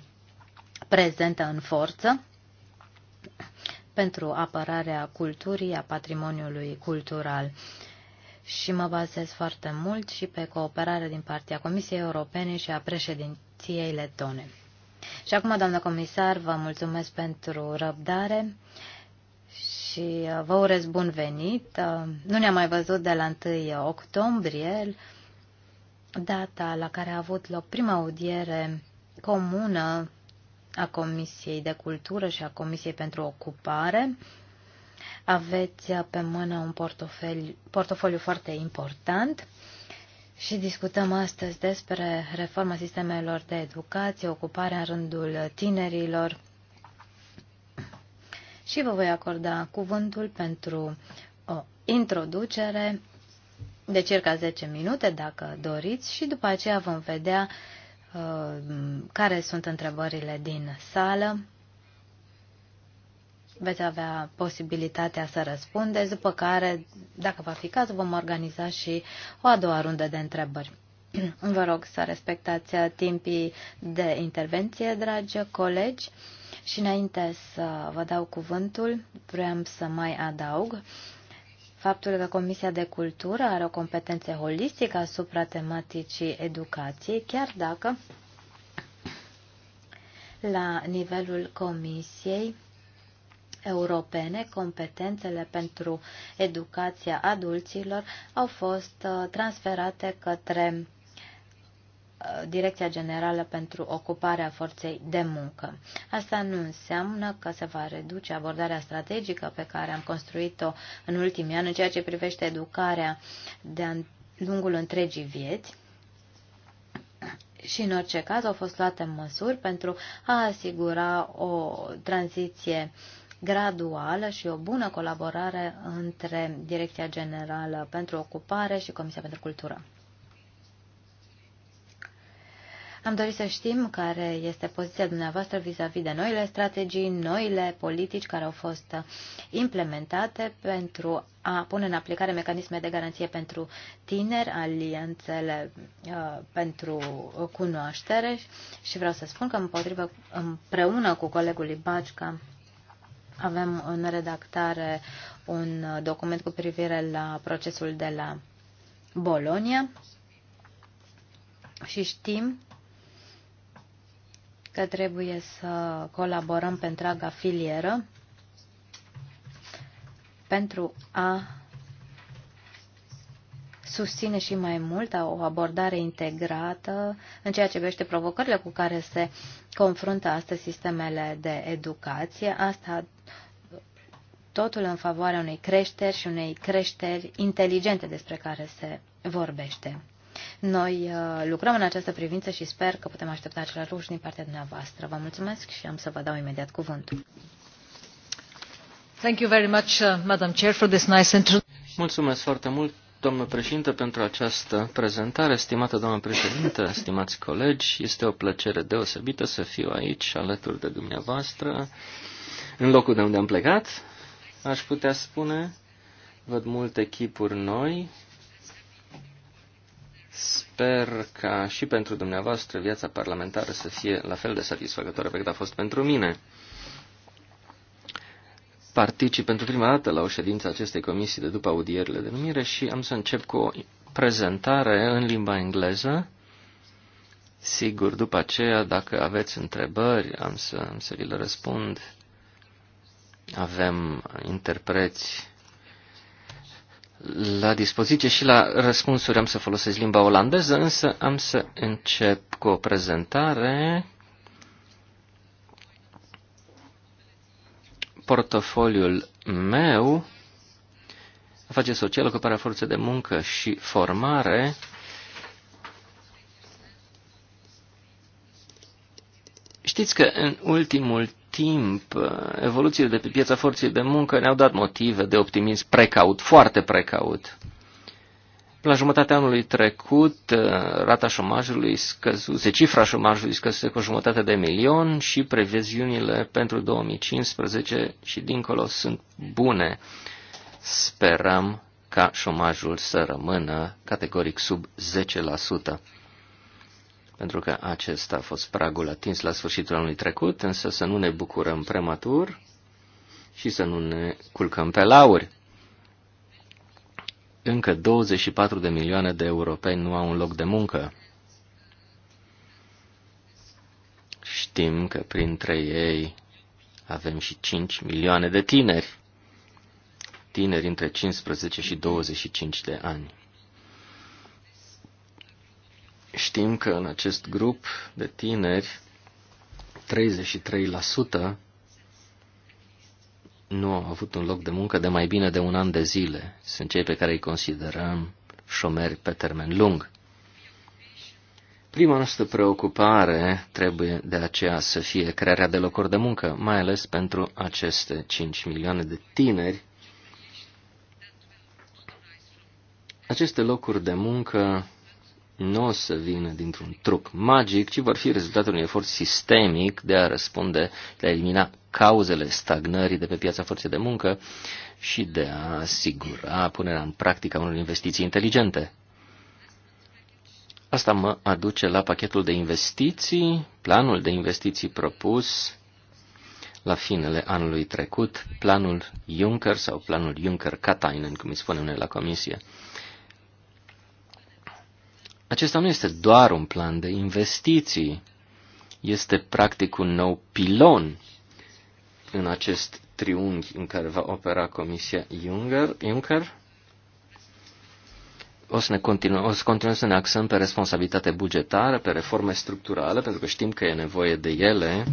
prezentă în forță pentru apărarea culturii, a patrimoniului cultural. Și mă bazez foarte mult și pe cooperarea din partea Comisiei Europene și a președinției letone. Și acum, doamnă comisar, vă mulțumesc pentru răbdare și uh, vă urez bun venit. Uh, nu ne-am mai văzut de la 1 octombrie, data la care a avut loc prima audiere comună a Comisiei de Cultură și a Comisiei pentru Ocupare. Aveți pe mână un portofoliu, portofoliu foarte important și discutăm astăzi despre reforma sistemelor de educație, ocuparea în rândul tinerilor. Și vă voi acorda cuvântul pentru o introducere de circa 10 minute, dacă doriți, și după aceea vom vedea uh, care sunt întrebările din sală veți avea posibilitatea să răspundeți, după care, dacă va fi caz, vom organiza și o a doua rundă de întrebări. [CLEARS THROAT] Vă rog să respectați timpii de intervenție, dragi colegi. Și înainte să vă dau cuvântul, vreau să mai adaug faptul că Comisia de Cultură are o competență holistică asupra tematicii educației, chiar dacă la nivelul Comisiei europene, competențele pentru educația adulților au fost uh, transferate către uh, Direcția Generală pentru Ocuparea Forței de Muncă. Asta nu înseamnă că se va reduce abordarea strategică pe care am construit-o în ultimii ani în ceea ce privește educarea de lungul întregii vieți, și în orice caz au fost luate măsuri pentru a asigura o tranziție graduală și o bună colaborare între Direcția Generală pentru Ocupare și Comisia pentru Cultură. Am dorit să știm care este poziția dumneavoastră vis-a-vis -vis de noile strategii, noile politici care au fost implementate pentru a pune în aplicare mecanisme de garanție pentru tineri, alianțele uh, pentru cunoaștere și vreau să spun că împotrivă, împreună cu colegul Ibacica avem în redactare un document cu privire la procesul de la Bolonia și știm că trebuie să colaborăm pe întreaga filieră pentru a susține și mai mult o abordare integrată în ceea ce privește provocările cu care se confruntă astăzi sistemele de educație, asta totul în favoarea unei creșteri și unei creșteri inteligente despre care se vorbește. Noi uh, lucrăm în această privință și sper că putem aștepta acela ruși din partea dumneavoastră. Vă mulțumesc și am să vă dau imediat cuvântul. Thank you very much, uh, Madam Chair, for this nice Mulțumesc foarte mult, doamnă președinte, pentru această prezentare. Stimată doamnă președinte, [COUGHS] stimați colegi, este o plăcere deosebită să fiu aici alături de dumneavoastră, în locul de unde am plecat, aș putea spune. Văd multe chipuri noi. Sper ca și pentru dumneavoastră viața parlamentară să fie la fel de satisfăcătoare pe cât a fost pentru mine. Particip pentru prima dată la o ședință acestei comisii de după audierile de numire și am să încep cu o prezentare în limba engleză. Sigur, după aceea, dacă aveți întrebări, am să, am să vi le răspund avem interpreți la dispoziție și la răspunsuri am să folosesc limba olandeză, însă am să încep cu o prezentare. Portofoliul meu, afaceri socială, ocuparea forțe de muncă și formare, Știți că în ultimul timp, evoluțiile de pe piața forței de muncă ne-au dat motive de optimism precaut, foarte precaut. La jumătatea anului trecut, uh, rata șomajului scăzuse, cifra șomajului scăzuse cu jumătate de milion și previziunile pentru 2015 și dincolo sunt bune. Sperăm ca șomajul să rămână categoric sub 10% pentru că acesta a fost pragul atins la sfârșitul anului trecut, însă să nu ne bucurăm prematur și să nu ne culcăm pe lauri. Încă 24 de milioane de europeni nu au un loc de muncă. Știm că printre ei avem și 5 milioane de tineri, tineri între 15 și 25 de ani. Știm că în acest grup de tineri, 33% nu au avut un loc de muncă de mai bine de un an de zile. Sunt cei pe care îi considerăm șomeri pe termen lung. Prima noastră preocupare trebuie de aceea să fie crearea de locuri de muncă, mai ales pentru aceste 5 milioane de tineri. Aceste locuri de muncă nu o să vină dintr-un truc magic, ci vor fi rezultatul unui efort sistemic de a răspunde, de a elimina cauzele stagnării de pe piața forței de muncă și de a asigura punerea în practică a unor investiții inteligente. Asta mă aduce la pachetul de investiții, planul de investiții propus la finele anului trecut, planul Juncker sau planul Juncker-Katainen, cum îi spune unele la comisie. Acesta nu este doar un plan de investiții, este practic un nou pilon în acest triunghi în care va opera Comisia Juncker. Juncker. O să, ne continuăm, o să continuăm să ne axăm pe responsabilitate bugetară, pe reforme structurale, pentru că știm că e nevoie de ele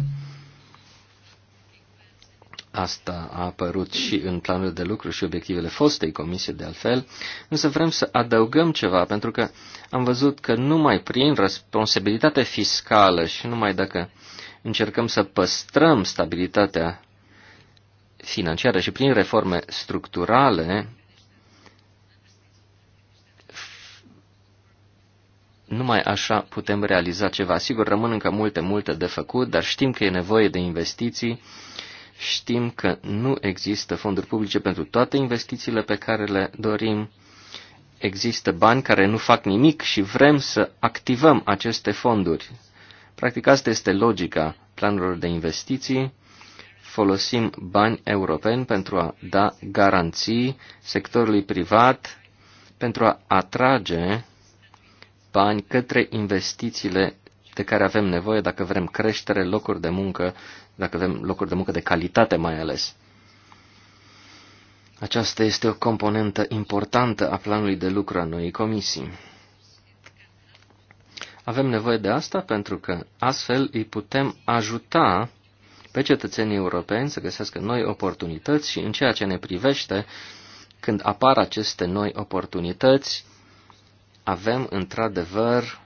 Asta a apărut și în planul de lucru și obiectivele fostei comisii de altfel, însă vrem să adăugăm ceva, pentru că am văzut că numai prin responsabilitate fiscală și numai dacă încercăm să păstrăm stabilitatea financiară și prin reforme structurale, numai așa putem realiza ceva. Sigur, rămân încă multe, multe de făcut, dar știm că e nevoie de investiții Știm că nu există fonduri publice pentru toate investițiile pe care le dorim. Există bani care nu fac nimic și vrem să activăm aceste fonduri. Practic asta este logica planurilor de investiții. Folosim bani europeni pentru a da garanții sectorului privat, pentru a atrage bani către investițiile de care avem nevoie dacă vrem creștere, locuri de muncă, dacă vrem locuri de muncă de calitate mai ales. Aceasta este o componentă importantă a planului de lucru a noii comisii. Avem nevoie de asta pentru că astfel îi putem ajuta pe cetățenii europeni să găsească noi oportunități și în ceea ce ne privește, când apar aceste noi oportunități, avem într-adevăr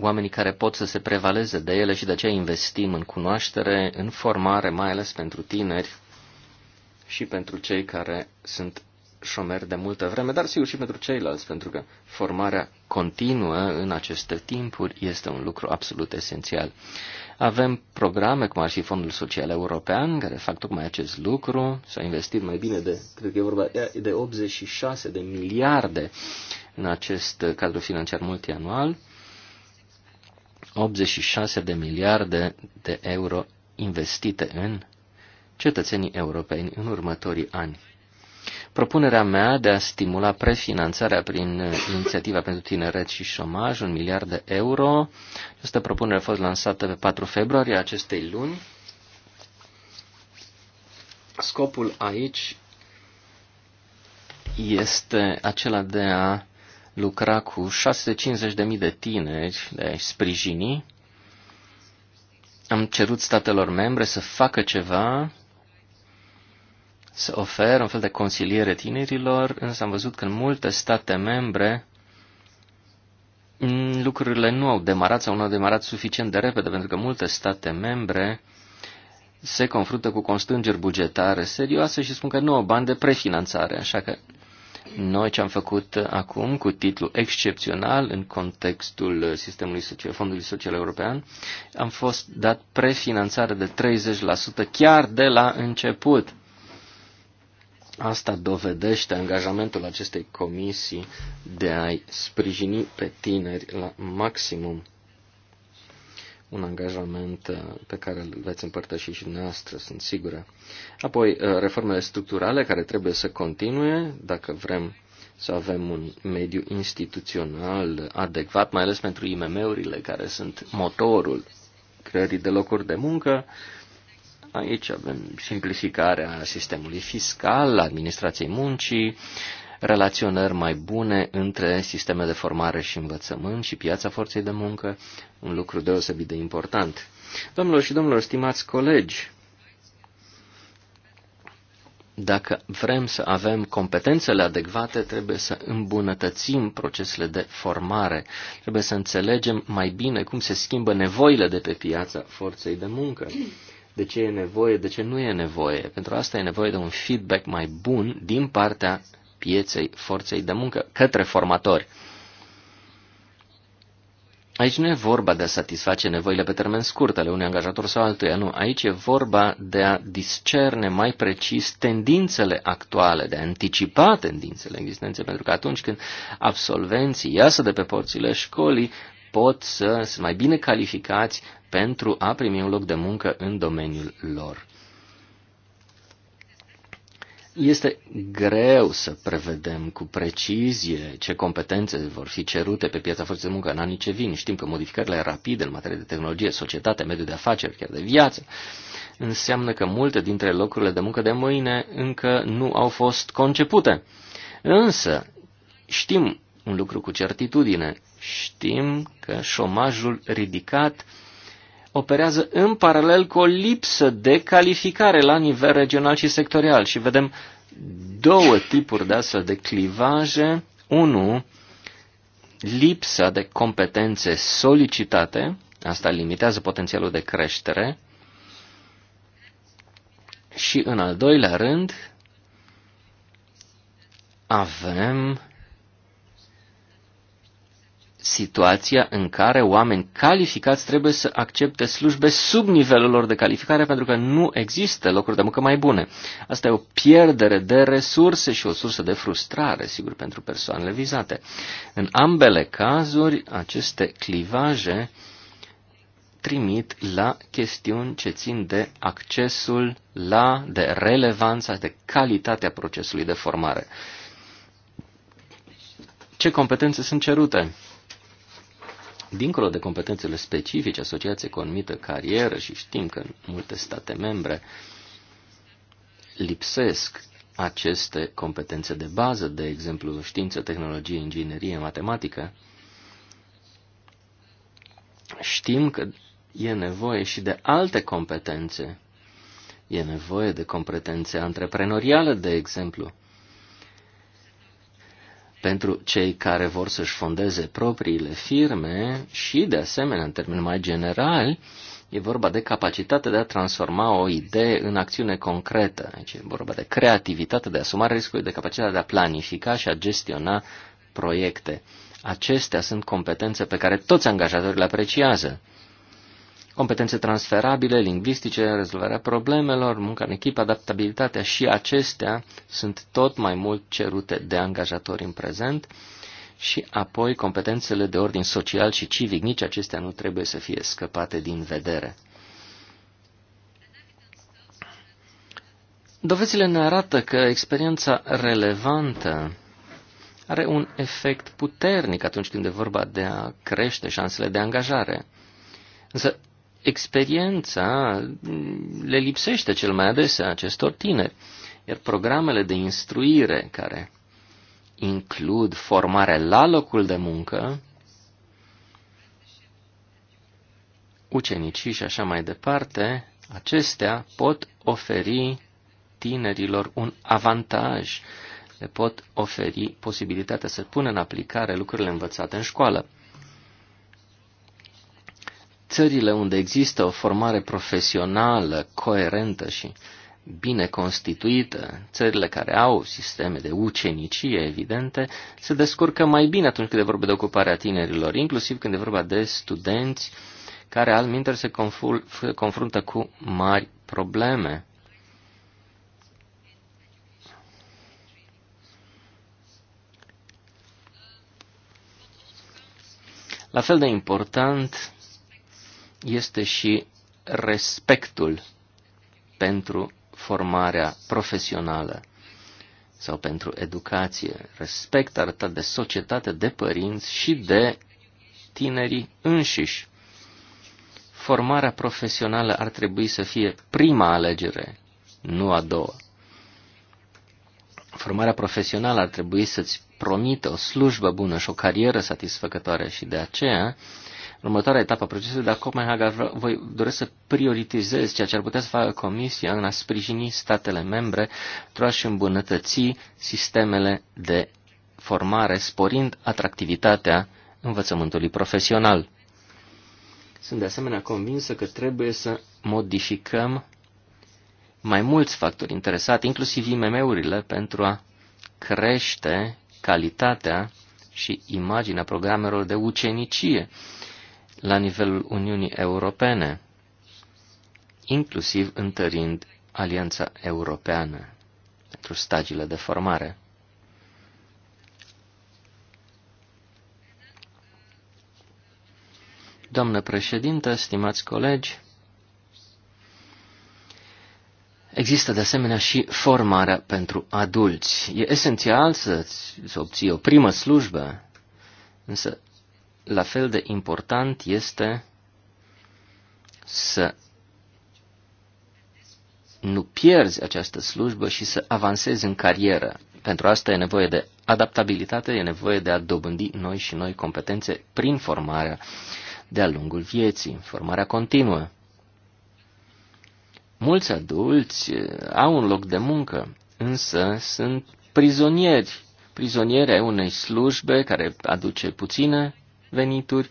oamenii care pot să se prevaleze de ele și de aceea investim în cunoaștere, în formare, mai ales pentru tineri și pentru cei care sunt șomeri de multă vreme, dar sigur și pentru ceilalți, pentru că formarea continuă în aceste timpuri este un lucru absolut esențial. Avem programe, cum ar fi Fondul Social European, care fac tocmai acest lucru, s-a investit mai bine de, cred că e vorba de 86 de miliarde în acest cadru financiar multianual, 86 de miliarde de euro investite în cetățenii europeni în următorii ani. Propunerea mea de a stimula prefinanțarea prin uh, inițiativa pentru tineret și șomaj, un miliard de euro, această propunere a fost lansată pe 4 februarie acestei luni. Scopul aici este acela de a lucra cu 650.000 de tineri, de a sprijini. Am cerut statelor membre să facă ceva, să oferă un fel de consiliere tinerilor, însă am văzut că în multe state membre lucrurile nu au demarat sau nu au demarat suficient de repede, pentru că multe state membre se confruntă cu constrângeri bugetare serioase și spun că nu au bani de prefinanțare, așa că noi ce am făcut acum cu titlu excepțional în contextul sistemului social, Fondului Social European, am fost dat prefinanțare de 30% chiar de la început. Asta dovedește angajamentul acestei comisii de a-i sprijini pe tineri la maximum un angajament uh, pe care îl veți împărtăși și dumneavoastră, sunt sigură. Apoi, uh, reformele structurale care trebuie să continue dacă vrem să avem un mediu instituțional adecvat, mai ales pentru IMM-urile care sunt motorul creării de locuri de muncă. Aici avem simplificarea sistemului fiscal, administrației muncii, relaționări mai bune între sisteme de formare și învățământ și piața forței de muncă, un lucru deosebit de important. Domnilor și domnilor, stimați colegi, dacă vrem să avem competențele adecvate, trebuie să îmbunătățim procesele de formare. Trebuie să înțelegem mai bine cum se schimbă nevoile de pe piața forței de muncă. De ce e nevoie, de ce nu e nevoie. Pentru asta e nevoie de un feedback mai bun din partea pieței forței de muncă către formatori. Aici nu e vorba de a satisface nevoile pe termen scurt ale unui angajator sau altuia, nu. Aici e vorba de a discerne mai precis tendințele actuale, de a anticipa tendințele existențe, pentru că atunci când absolvenții iasă de pe porțile școlii, pot să sunt mai bine calificați pentru a primi un loc de muncă în domeniul lor. Este greu să prevedem cu precizie ce competențe vor fi cerute pe piața forței de muncă în anii ce vin. Știm că modificările rapide în materie de tehnologie, societate, mediul de afaceri, chiar de viață, înseamnă că multe dintre locurile de muncă de mâine încă nu au fost concepute. Însă, știm un lucru cu certitudine. Știm că șomajul ridicat uh, operează în paralel cu o lipsă de calificare la nivel regional și sectorial. Și vedem două tipuri de astfel de clivaje. Unu, lipsa de competențe solicitate, asta limitează potențialul de creștere. Și în al doilea rând, avem situația în care oameni calificați trebuie să accepte slujbe sub nivelul lor de calificare pentru că nu există locuri de muncă mai bune. Asta e o pierdere de resurse și o sursă de frustrare, sigur, pentru persoanele vizate. În ambele cazuri, aceste clivaje trimit la chestiuni ce țin de accesul la, de relevanța, de calitatea procesului de formare. Ce competențe sunt cerute? Dincolo de competențele specifice asociați economită, carieră și știm că în multe state membre lipsesc aceste competențe de bază, de exemplu știință, tehnologie, inginerie, matematică, știm că e nevoie și de alte competențe. E nevoie de competențe antreprenoriale, de exemplu pentru cei care vor să-și fondeze propriile firme și, de asemenea, în termeni mai generali, e vorba de capacitatea de a transforma o idee în acțiune concretă. Deci e vorba de creativitate, de asumare riscului, de capacitatea de a planifica și a gestiona proiecte. Acestea sunt competențe pe care toți angajatorii le apreciază competențe transferabile, lingvistice, rezolvarea problemelor, munca în echipă, adaptabilitatea și acestea sunt tot mai mult cerute de angajatori în prezent și apoi competențele de ordin social și civic, nici acestea nu trebuie să fie scăpate din vedere. Dovezile ne arată că experiența relevantă are un efect puternic atunci când e vorba de a crește șansele de angajare. Însă experiența le lipsește cel mai adesea acestor tineri. Iar programele de instruire care includ formare la locul de muncă, ucenicii și așa mai departe, acestea pot oferi tinerilor un avantaj, le pot oferi posibilitatea să pună în aplicare lucrurile învățate în școală țările unde există o formare profesională coerentă și bine constituită, țările care au sisteme de ucenicie evidente, se descurcă mai bine atunci când e vorba de ocuparea tinerilor, inclusiv când e vorba de studenți care alminter se confruntă cu mari probleme. La fel de important este și respectul pentru formarea profesională sau pentru educație, respect arătat de societate, de părinți și de tinerii înșiși. Formarea profesională ar trebui să fie prima alegere, nu a doua. Formarea profesională ar trebui să-ți promită o slujbă bună și o carieră satisfăcătoare și de aceea în următoarea etapă a procesului dar la Copenhaga voi doresc să prioritizez ceea ce ar putea să facă Comisia în a sprijini statele membre pentru a-și îmbunătăți sistemele de formare, sporind atractivitatea învățământului profesional. Sunt de asemenea convinsă că trebuie să modificăm mai mulți factori interesați, inclusiv IMM-urile, pentru a crește calitatea și imaginea programelor de ucenicie la nivelul Uniunii Europene, inclusiv întărind Alianța Europeană pentru stagiile de formare. Doamnă președintă, stimați colegi, Există de asemenea și formarea pentru adulți. E esențial să, să obții o primă slujbă, însă la fel de important este să nu pierzi această slujbă și să avansezi în carieră. Pentru asta e nevoie de adaptabilitate, e nevoie de a dobândi noi și noi competențe prin formarea de-a lungul vieții, formarea continuă. Mulți adulți eh, au un loc de muncă, însă sunt prizonieri, prizonieri ai unei slujbe care aduce puține venituri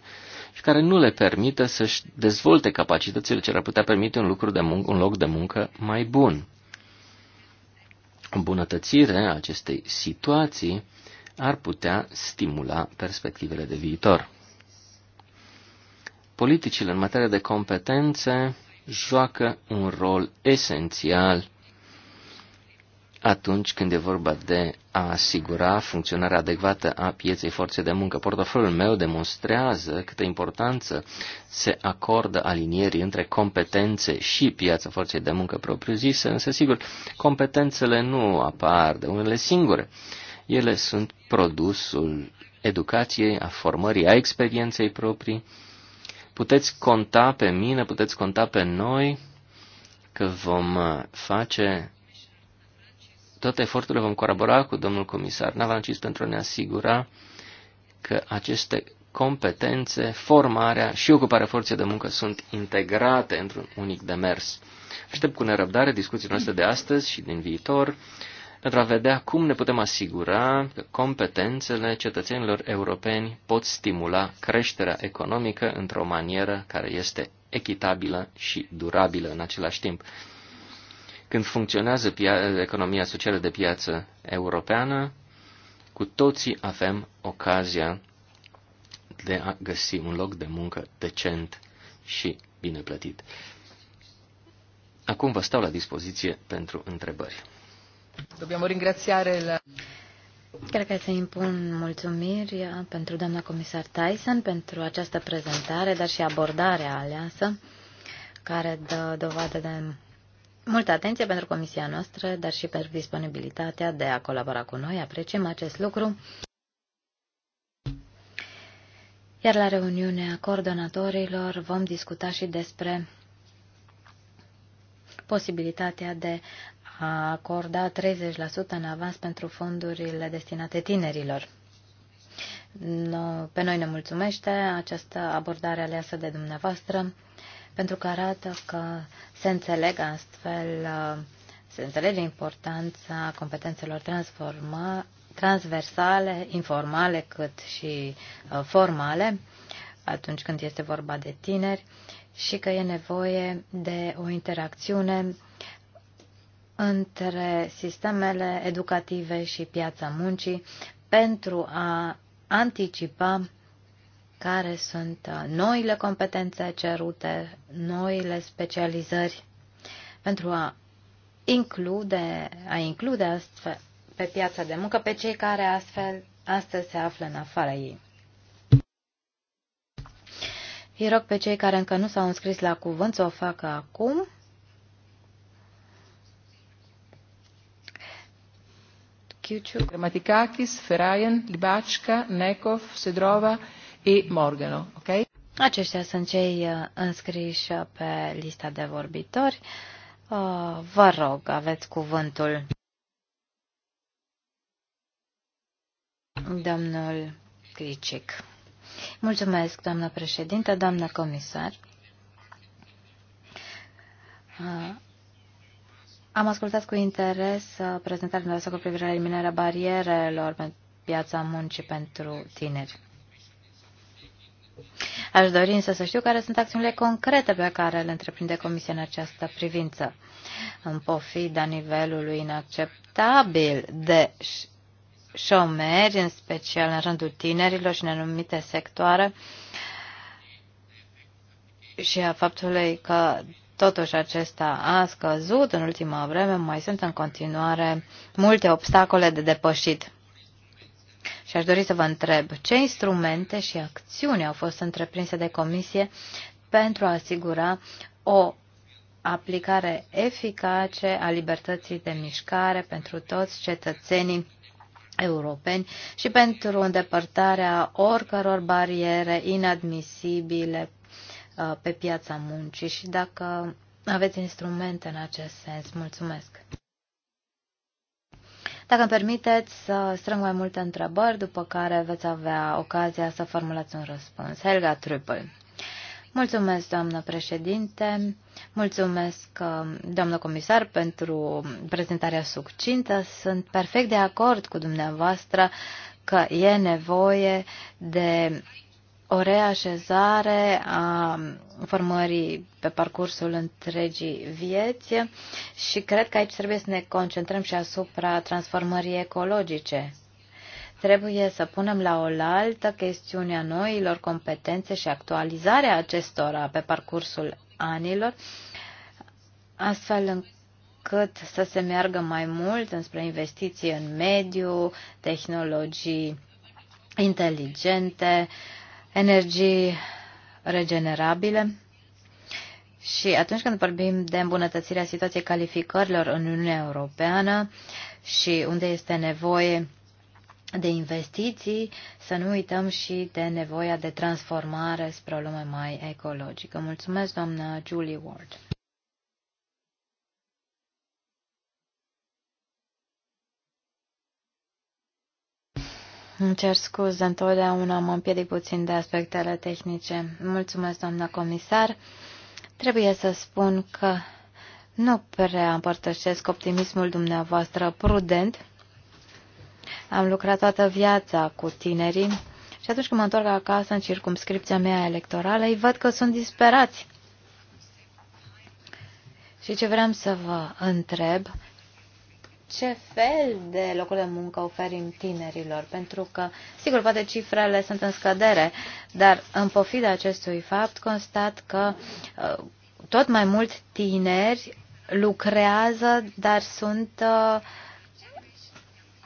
și care nu le permită să-și dezvolte capacitățile ce ar putea permite un, lucru de muncă, un loc de muncă mai bun. Îmbunătățirea acestei situații ar putea stimula perspectivele de viitor. Politicile în materie de competențe joacă un rol esențial atunci când e vorba de a asigura funcționarea adecvată a pieței forței de muncă. Portofoliul meu demonstrează câtă importanță se acordă alinierii între competențe și piața forței de muncă propriu-zisă, însă, sigur, competențele nu apar de unele singure. Ele sunt produsul educației, a formării, a experienței proprii. Puteți conta pe mine, puteți conta pe noi că vom face toate eforturile vom colabora cu domnul comisar Navancis pentru a ne asigura că aceste competențe, formarea și ocuparea forței de muncă sunt integrate într-un unic demers. Aștept cu nerăbdare discuțiile noastre de astăzi și din viitor pentru a vedea cum ne putem asigura că competențele cetățenilor europeni pot stimula creșterea economică într-o manieră care este echitabilă și durabilă în același timp. Când funcționează economia socială de piață europeană, cu toții avem ocazia de a găsi un loc de muncă decent și bine plătit. Acum vă stau la dispoziție pentru întrebări. Dobbiamo ringraziare la... Cred că să impun mulțumiri uh, pentru doamna comisar Tyson pentru această prezentare, dar și abordarea aleasă, care dă dovadă de multă atenție pentru comisia noastră, dar și pentru disponibilitatea de a colabora cu noi. Apreciem acest lucru. Iar la reuniunea coordonatorilor vom discuta și despre posibilitatea de a acorda 30% în avans pentru fondurile destinate tinerilor. Pe noi ne mulțumește această abordare aleasă de dumneavoastră pentru că arată că se înțeleg astfel, uh, se înțelege importanța competențelor transforma, transversale, informale cât și uh, formale atunci când este vorba de tineri și că e nevoie de o interacțiune între sistemele educative și piața muncii pentru a anticipa care sunt uh, noile competențe cerute, noile specializări pentru a include, a include astfel pe piața de muncă pe cei care astfel astăzi se află în afara ei. Îi rog pe cei care încă nu s-au înscris la cuvânt să o facă acum. Kiuciu. Gramaticakis, Ferajen, Libacca, Nekov, Sedrova, e Morgano. ok? Aceștia sunt cei uh, înscriși pe lista de vorbitori. Uh, vă rog, aveți cuvântul. Domnul Cricic. Mulțumesc, doamnă președinte, doamnă comisar. Uh, am ascultat cu interes prezentarea noastră cu privire la eliminarea barierelor pe piața muncii pentru tineri. Aș dori însă să știu care sunt acțiunile concrete pe care le întreprinde Comisia în această privință. În pofida nivelului inacceptabil de șomeri, în special în rândul tinerilor și în anumite sectoare, și a faptului că totuși acesta a scăzut în ultima vreme, mai sunt în continuare multe obstacole de depășit. Și aș dori să vă întreb ce instrumente și acțiuni au fost întreprinse de comisie pentru a asigura o aplicare eficace a libertății de mișcare pentru toți cetățenii europeni și pentru îndepărtarea oricăror bariere inadmisibile uh, pe piața muncii și dacă aveți instrumente în acest sens. Mulțumesc! Dacă îmi permiteți să strâng mai multe întrebări, după care veți avea ocazia să formulați un răspuns. Helga Trupel. Mulțumesc, doamnă președinte, mulțumesc, um, doamnă comisar, pentru prezentarea succintă. Sunt perfect de acord cu dumneavoastră că e nevoie de o reașezare a formării pe parcursul întregii vieți și cred că aici trebuie să ne concentrăm și asupra transformării ecologice. Trebuie să punem la oaltă chestiunea noilor competențe și actualizarea acestora pe parcursul anilor, astfel încât să se meargă mai mult înspre investiții în mediu, tehnologii inteligente, uh, energii regenerabile. Și atunci când vorbim de îmbunătățirea situației calificărilor în Uniunea Europeană și unde este nevoie de investiții, să nu uităm și de nevoia de transformare spre o lume mai ecologică. Mulțumesc, doamna Julie Ward. Îmi cer scuze, întotdeauna mă împiedic puțin de aspectele tehnice. Mulțumesc, doamna comisar. Trebuie să spun că nu prea împărtășesc optimismul dumneavoastră prudent. Am lucrat toată viața cu tinerii și atunci când mă întorc acasă în circumscripția mea electorală, îi văd că sunt disperați. Și ce vreau să vă întreb ce fel de locuri de muncă oferim tinerilor, pentru că, sigur, poate cifrele sunt în scădere, dar în pofida acestui fapt constat că uh, tot mai mulți tineri lucrează, dar sunt uh,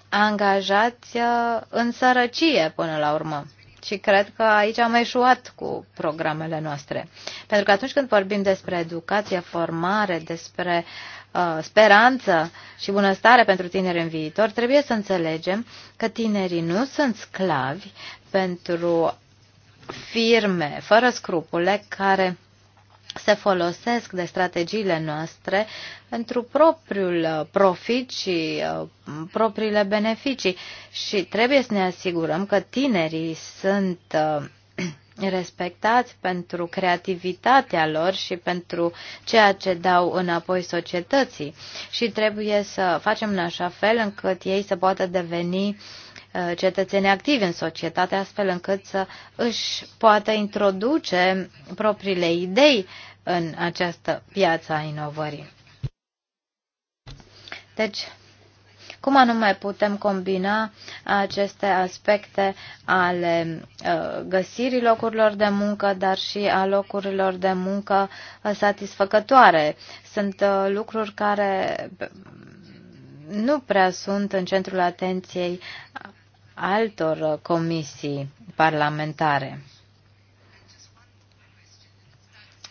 angajați uh, în sărăcie până la urmă. Și cred că aici am eșuat cu programele noastre. Pentru că atunci când vorbim despre educație, formare, despre uh, speranță și bunăstare pentru tineri în viitor, trebuie să înțelegem că tinerii nu sunt sclavi pentru firme fără scrupule care se folosesc de strategiile noastre pentru propriul uh, profit și uh, propriile beneficii și trebuie să ne asigurăm că tinerii sunt uh, [CLEARS THROAT] respectați pentru creativitatea lor și pentru ceea ce dau înapoi societății și trebuie să facem în așa fel încât ei să poată deveni Uh, cetățeni activi în societate, astfel încât să își poată introduce propriile idei în această piață a inovării. Deci, cum anume putem combina aceste aspecte ale uh, găsirii locurilor de muncă, dar și a locurilor de muncă uh, satisfăcătoare. Sunt lucruri care nu prea sunt în centrul atenției altor comisii parlamentare.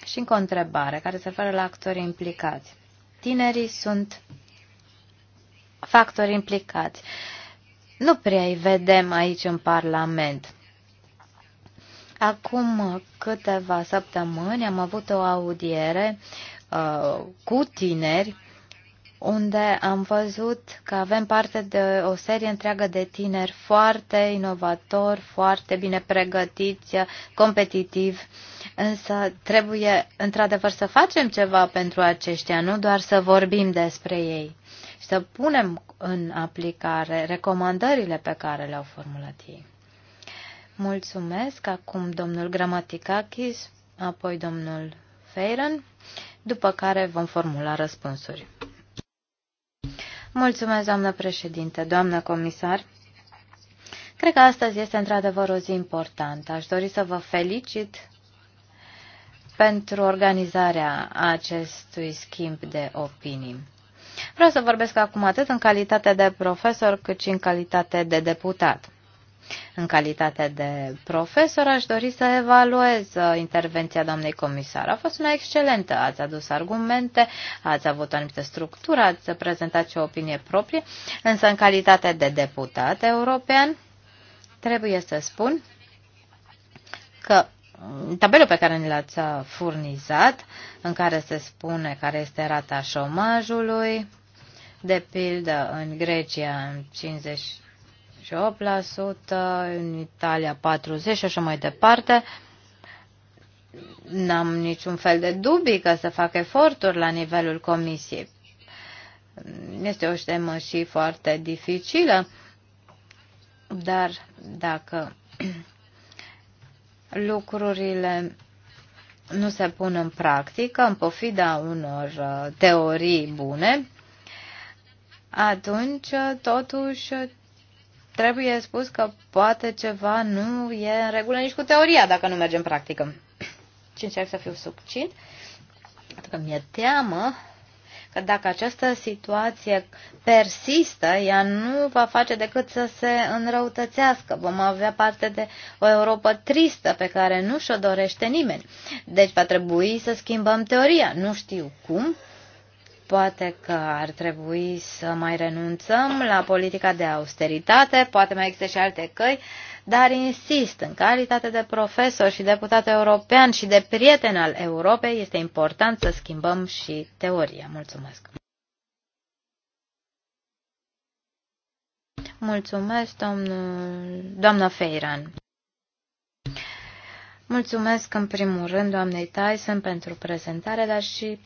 Și încă o întrebare care se referă la actorii implicați. Tinerii sunt factori implicați. Nu prea îi vedem aici în Parlament. Acum câteva săptămâni am avut o audiere uh, cu tineri unde am văzut că avem parte de o serie întreagă de tineri foarte inovatori, foarte bine pregătiți, competitivi, însă trebuie într-adevăr să facem ceva pentru aceștia, nu doar să vorbim despre ei și să punem în aplicare recomandările pe care le-au formulat ei. Mulțumesc acum domnul Gramaticakis, apoi domnul Feiren, după care vom formula răspunsuri. Mulțumesc, doamnă președinte, doamnă comisar. Cred că astăzi este într-adevăr o zi importantă. Aș dori să vă felicit pentru organizarea acestui schimb de opinii. Vreau să vorbesc acum atât în calitate de profesor cât și în calitate de deputat. În calitate de profesor, aș dori să evaluez uh, intervenția doamnei comisar. A fost una excelentă. Ați adus argumente, ați avut o anumită structură, ați prezentat și o opinie proprie, însă în calitate de deputat european, trebuie să spun că mm, tabelul pe care ni l-ați uh, furnizat, în care se spune care este rata șomajului, de pildă în Grecia 50, în Italia 40% și așa mai departe. N-am niciun fel de dubii că să fac eforturi la nivelul comisiei. Este o temă și foarte dificilă, dar dacă [CLEARS THROAT] lucrurile nu se pun în practică, în pofida unor uh, teorii bune, atunci totuși trebuie spus că poate ceva nu e în regulă nici cu teoria dacă nu merge în practică. [CLEARS THROAT] Și încerc să fiu succint. Pentru că mi-e teamă că dacă această situație persistă, ea nu va face decât să se înrăutățească. Vom avea parte de o Europa tristă pe care nu și-o dorește nimeni. Deci va trebui să schimbăm teoria. Nu știu cum, Poate că ar trebui să mai renunțăm la politica de austeritate, poate mai există și alte căi, dar insist, în calitate de profesor și deputat european și de prieten al Europei, este important să schimbăm și teoria. Mulțumesc! Mulțumesc, domnul, doamna Feiran. Mulțumesc în primul rând doamnei Tyson pentru prezentare, dar și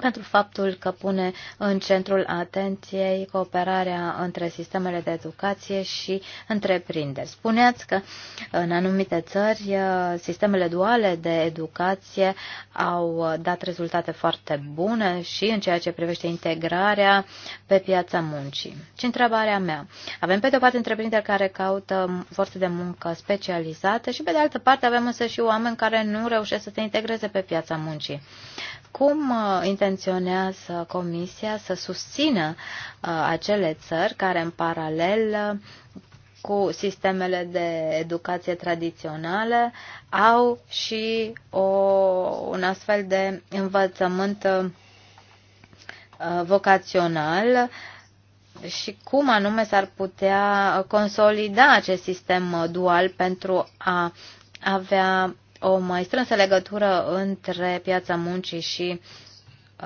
pentru faptul că pune în centrul atenției cooperarea între sistemele de educație și întreprinderi. Spuneați că în anumite țări uh, sistemele duale de educație au uh, dat rezultate foarte bune și în ceea ce privește integrarea pe piața muncii. Și întrebarea mea, avem pe de o parte întreprinderi care caută forțe de muncă specializate și pe de altă parte avem însă și oameni care nu reușesc să se integreze pe piața muncii. Cum uh, intenționează Comisia să susțină uh, acele țări care în paralel uh, cu sistemele de educație tradiționale, au și o, un astfel de învățământ vocațional și cum anume s-ar putea consolida acest sistem dual pentru a avea o mai strânsă legătură între piața muncii și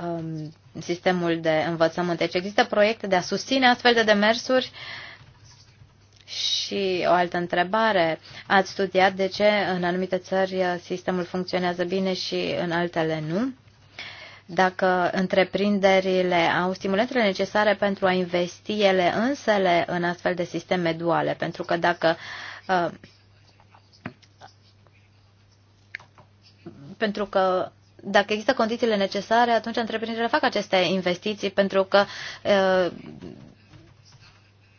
um, sistemul de învățământ. Deci există proiecte de a susține astfel de demersuri și o altă întrebare. Ați studiat de ce în anumite țări sistemul funcționează bine și în altele nu? Dacă întreprinderile au stimulentele necesare pentru a investi ele însele în astfel de sisteme duale, pentru că dacă uh, pentru că dacă există condițiile necesare, atunci întreprinderile fac aceste investiții pentru că uh,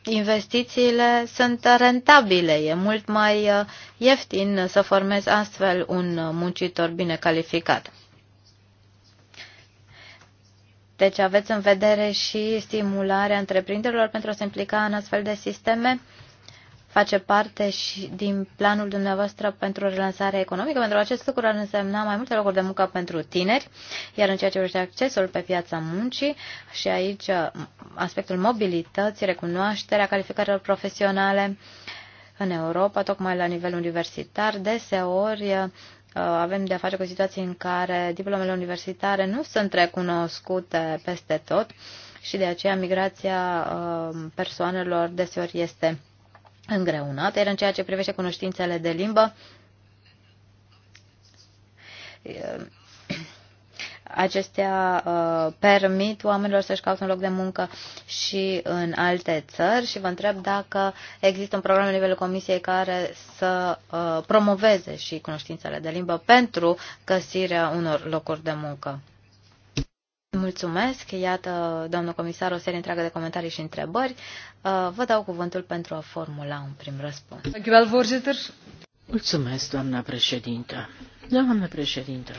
investițiile sunt rentabile. E mult mai uh, ieftin să formezi astfel un uh, muncitor bine calificat. Deci aveți în vedere și stimularea întreprinderilor pentru a se implica în astfel de sisteme. Uh, face parte și din planul dumneavoastră pentru relansarea economică, pentru acest lucru ar însemna mai multe locuri de muncă pentru tineri, iar în ceea ce privește accesul pe piața muncii și aici aspectul mobilității, recunoașterea calificărilor profesionale în Europa, tocmai la nivel universitar, deseori uh, avem de-a face cu situații în care diplomele universitare nu sunt recunoscute peste tot și de aceea migrația uh, persoanelor deseori este îngreunate, iar în ceea ce privește cunoștințele de limbă, eh, acestea uh, permit oamenilor să-și caute un loc de muncă și în alte țări și vă întreb dacă există un program la nivelul Comisiei care să uh, promoveze și cunoștințele de limbă pentru găsirea unor locuri de muncă. Mulțumesc, iată, domnul comisar, o serie întreagă de comentarii și întrebări. Uh, vă dau cuvântul pentru a formula un prim răspuns. Mulțumesc, doamna președintă. Doamna președintă,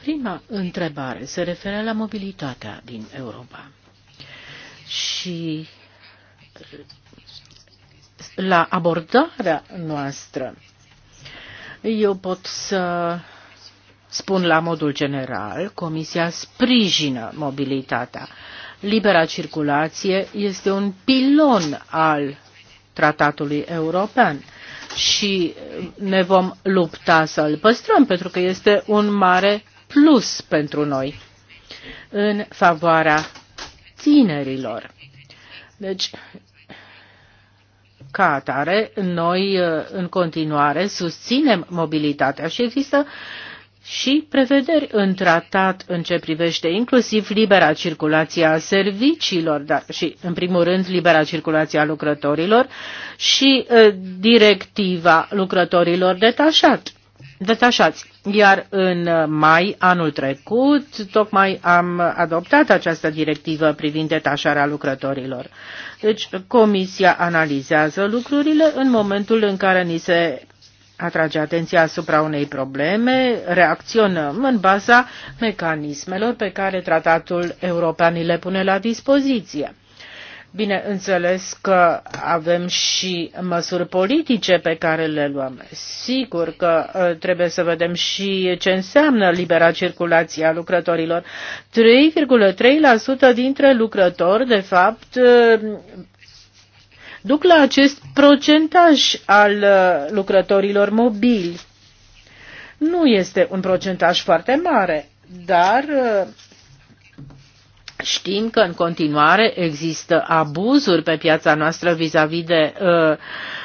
prima întrebare se referă la mobilitatea din Europa și la abordarea noastră. Eu pot să spun la modul general, Comisia sprijină mobilitatea. Libera circulație este un pilon al tratatului european și ne vom lupta să îl păstrăm pentru că este un mare plus pentru noi în favoarea tinerilor. Deci, ca atare, noi în continuare susținem mobilitatea și există uh, și prevederi în tratat în ce privește inclusiv libera circulație a serviciilor dar și, în primul rând, libera circulație a lucrătorilor și uh, directiva lucrătorilor detașat, detașați. Iar în mai anul trecut, tocmai am adoptat această directivă privind detașarea lucrătorilor. Deci, Comisia analizează lucrurile în momentul în care ni se atrage atenția asupra unei probleme, reacționăm în baza mecanismelor pe care tratatul european le pune la dispoziție. Bineînțeles că avem și măsuri politice pe care le luăm. Sigur că uh, trebuie să vedem și ce înseamnă libera circulație a lucrătorilor. 3,3% dintre lucrători, de fapt, uh, duc la acest procentaj al uh, lucrătorilor mobili. Nu este un procentaj foarte mare, dar uh, Știm că în continuare există abuzuri pe piața noastră vis-a-vis -vis de uh,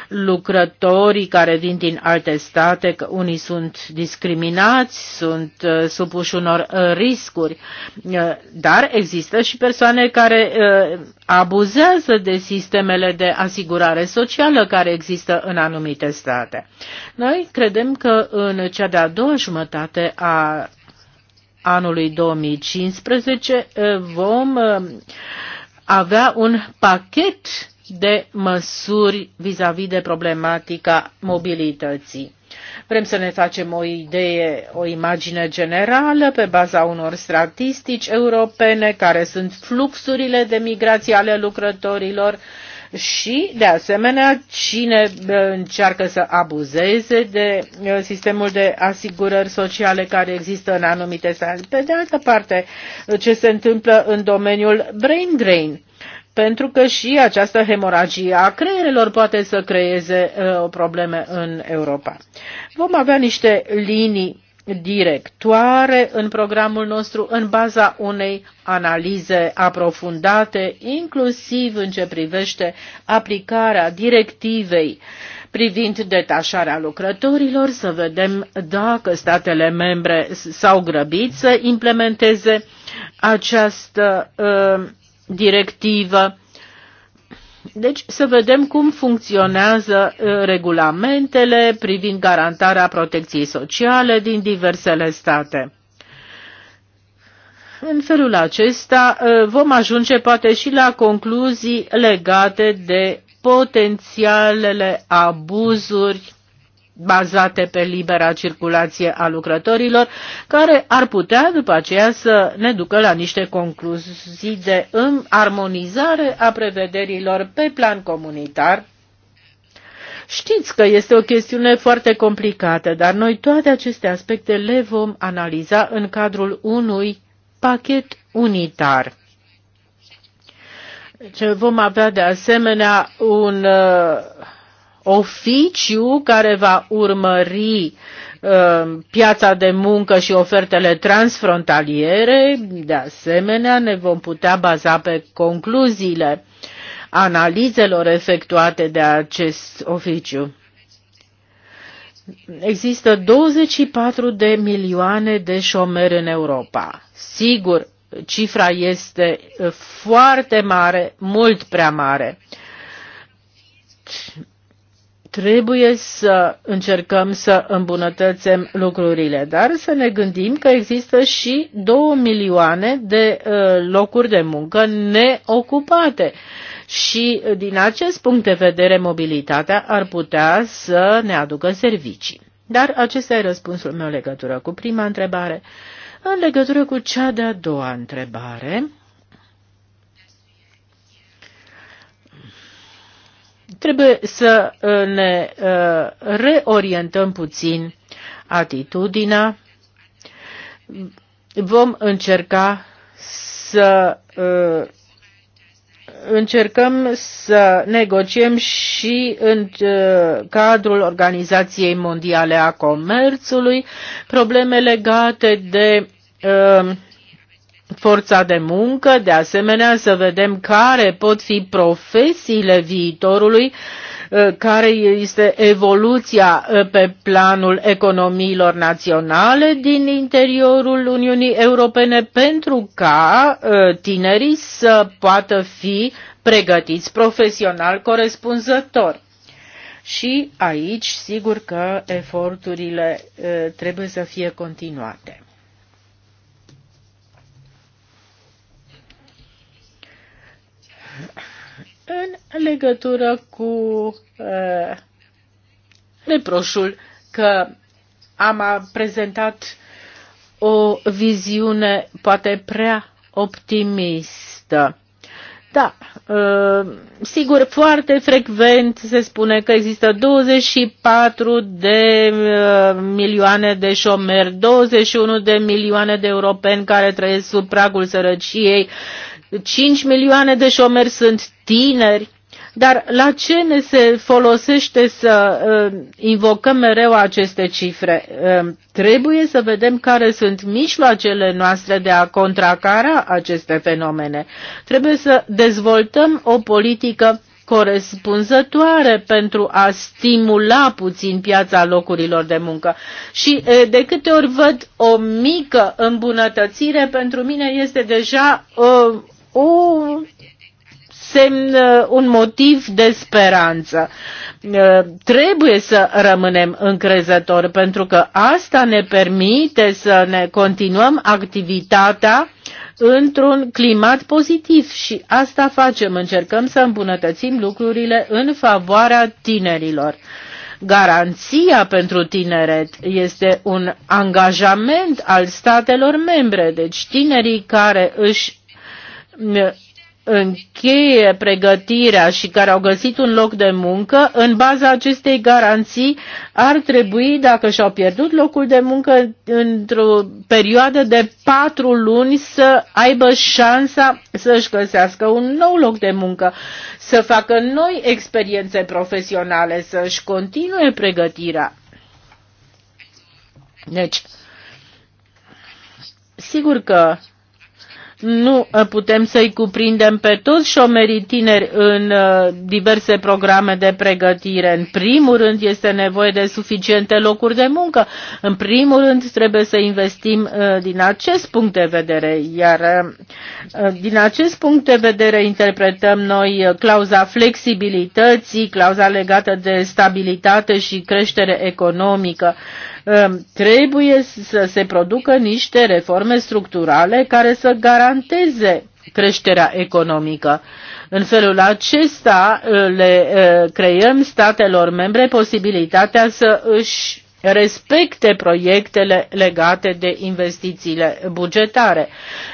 lucrătorii care vin din alte state, că unii sunt discriminați, sunt uh, supuși unor uh, riscuri, uh, dar există și persoane care uh, abuzează de sistemele de asigurare socială care există în anumite state. Noi credem că în cea de-a doua jumătate a anului 2015 eh, vom eh, avea un pachet de măsuri vis-a-vis -vis de problematica mobilității. Vrem să ne facem o idee, o imagine generală pe baza unor statistici europene care sunt fluxurile de migrație ale lucrătorilor, uh, și, de asemenea, cine încearcă să abuzeze de sistemul de asigurări sociale care există în anumite state. Pe de altă parte, ce se întâmplă în domeniul brain drain, pentru că și această hemoragie a creierelor poate să creeze uh, probleme în Europa. Vom avea niște linii directoare în programul nostru în baza unei analize aprofundate, inclusiv în ce privește aplicarea directivei privind detașarea lucrătorilor, să vedem dacă statele membre s-au grăbit să implementeze această uh, directivă deci să vedem cum funcționează uh, regulamentele privind garantarea protecției sociale din diversele state. În felul acesta uh, vom ajunge poate și la concluzii legate de potențialele abuzuri bazate pe libera circulație a lucrătorilor, care ar putea după aceea să ne ducă la niște concluzii de armonizare a prevederilor pe plan comunitar. Știți că este o chestiune foarte complicată, dar noi toate aceste aspecte le vom analiza în cadrul unui pachet unitar. Deci vom avea de asemenea un uh, oficiu care va urmări uh, piața de muncă și ofertele transfrontaliere. De asemenea, ne vom putea baza pe concluziile analizelor efectuate de acest oficiu. Există 24 de milioane de șomeri în Europa. Sigur, cifra este foarte mare, mult prea mare Trebuie să încercăm să îmbunătățim lucrurile, dar să ne gândim că există și două milioane de uh, locuri de muncă neocupate. Și uh, din acest punct de vedere, mobilitatea ar putea să ne aducă servicii. Dar acesta e răspunsul meu în legătură cu prima întrebare. În legătură cu cea de-a doua întrebare, Trebuie să uh, ne uh, reorientăm puțin atitudinea. Vom încerca să uh, încercăm să negociem și în cadrul Organizației Mondiale a Comerțului probleme legate de uh, forța de muncă, de asemenea să vedem care pot fi profesiile viitorului, uh, care este evoluția uh, pe planul economiilor naționale din interiorul Uniunii Europene pentru ca uh, tinerii să poată fi pregătiți profesional corespunzător. Și aici, sigur că eforturile trebuie să fie continuate. în legătură cu uh, reproșul că am prezentat o viziune poate prea optimistă. Da, uh, sigur, foarte frecvent se spune că există 24 de uh, milioane de șomeri, 21 de milioane de europeni care trăiesc sub pragul sărăciei 5 milioane de șomeri sunt tineri, dar la ce ne se folosește să uh, invocăm mereu aceste cifre? Uh, trebuie să vedem care sunt mijloacele noastre de a contracara aceste fenomene. Trebuie să dezvoltăm o politică corespunzătoare pentru a stimula puțin piața locurilor de muncă. Și uh, de câte ori văd o mică îmbunătățire, pentru mine este deja o, uh, o semn, uh, un motiv de speranță. Uh, trebuie să rămânem încrezători pentru că asta ne permite să ne continuăm activitatea într-un climat pozitiv și asta facem, încercăm să îmbunătățim lucrurile în favoarea tinerilor. Garanția pentru tineret este un angajament al statelor membre, deci tinerii care își încheie pregătirea și care au găsit un loc de muncă, în baza acestei garanții ar trebui, dacă și-au pierdut locul de muncă, într-o perioadă de patru luni să aibă șansa să-și găsească un nou loc de muncă, să facă noi experiențe profesionale, să-și continue pregătirea. Deci, sigur că nu ă, putem să-i cuprindem pe toți șomerii tineri în ă, diverse programe de pregătire. În primul rând este nevoie de suficiente locuri de muncă. În primul rând trebuie să investim ă, din acest punct de vedere, iar din acest punct de vedere interpretăm noi clauza flexibilității, clauza legată de stabilitate și creștere economică. Trebuie să se producă niște reforme structurale care să garanteze creșterea economică. În felul acesta uh, le uh, creăm statelor membre posibilitatea să își respecte proiectele legate de investițiile bugetare.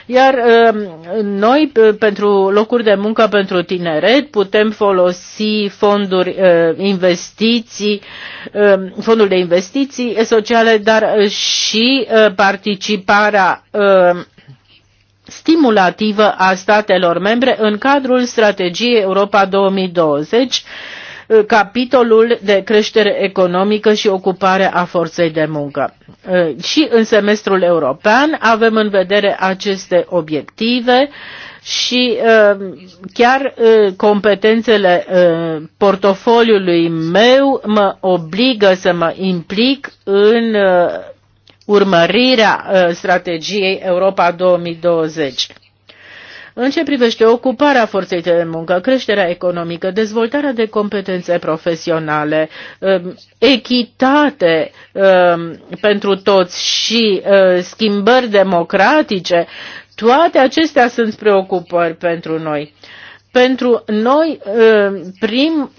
Iar um, noi, pentru locuri de muncă pentru tineret, putem folosi fonduri uh, investiții, um, fondul de investiții sociale, dar și uh, participarea um, stimulativă a statelor membre în cadrul strategiei Europa 2020 Uh, capitolul de creștere economică și ocupare a forței de muncă. Uh, și în semestrul european avem în vedere aceste obiective și uh, chiar competențele portofoliului meu mă obligă să mă implic în urmărirea strategiei Europa 2020. În ce privește ocuparea forței de muncă, creșterea economică, dezvoltarea de competențe profesionale, um, echitate um, pentru toți și uh, schimbări democratice, toate acestea sunt preocupări pentru noi. Pentru noi, um, prim,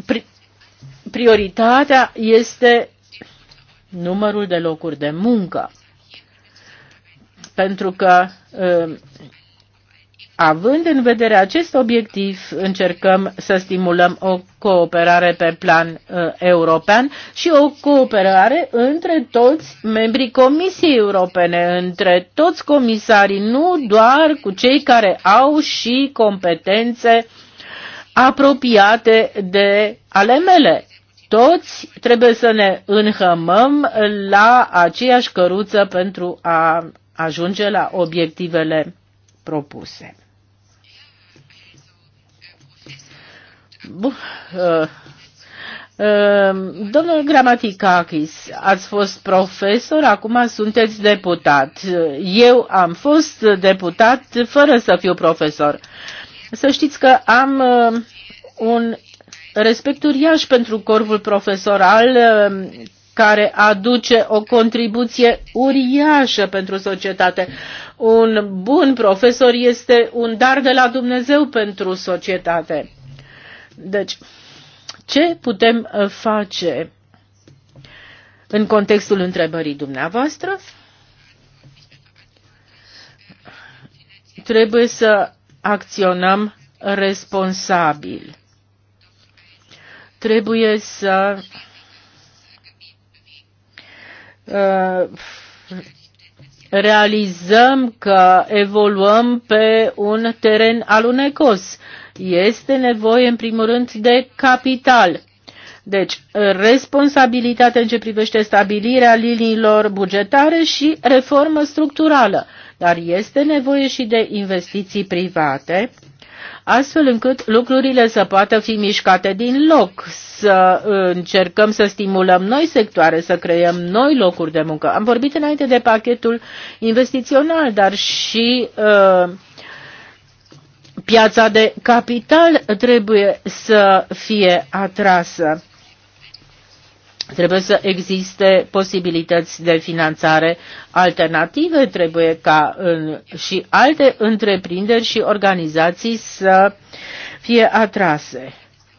prioritatea este numărul de locuri de muncă. Pentru că Având în vedere acest obiectiv, încercăm să stimulăm o cooperare pe plan uh, european și o cooperare între toți membrii Comisiei Europene, între toți comisarii, nu doar cu cei care au și competențe apropiate de ale mele. Toți trebuie să ne înhămăm la aceeași căruță pentru a ajunge la obiectivele propuse. Uh, uh, domnul Gramaticakis, ați fost profesor, acum sunteți deputat. Eu am fost deputat fără să fiu profesor. Să știți că am uh, un respect uriaș pentru corpul profesoral care aduce o contribuție uriașă pentru societate. Un bun profesor este un dar de la Dumnezeu pentru societate deci, ce putem uh, face în contextul întrebării dumneavoastră? Trebuie să acționăm responsabil. Trebuie să uh, realizăm că evoluăm pe un teren alunecos. Este nevoie, în primul rând, de capital. Deci, responsabilitate în ce privește stabilirea liniilor bugetare și reformă structurală. Dar este nevoie și de investiții private, astfel încât lucrurile să poată fi mișcate din loc, să încercăm să stimulăm noi sectoare, să creăm noi locuri de muncă. Am vorbit înainte de pachetul investițional, dar și uh, piața de capital trebuie să fie atrasă. Trebuie să existe posibilități de finanțare alternative, trebuie ca în, și alte întreprinderi și organizații să fie atrase.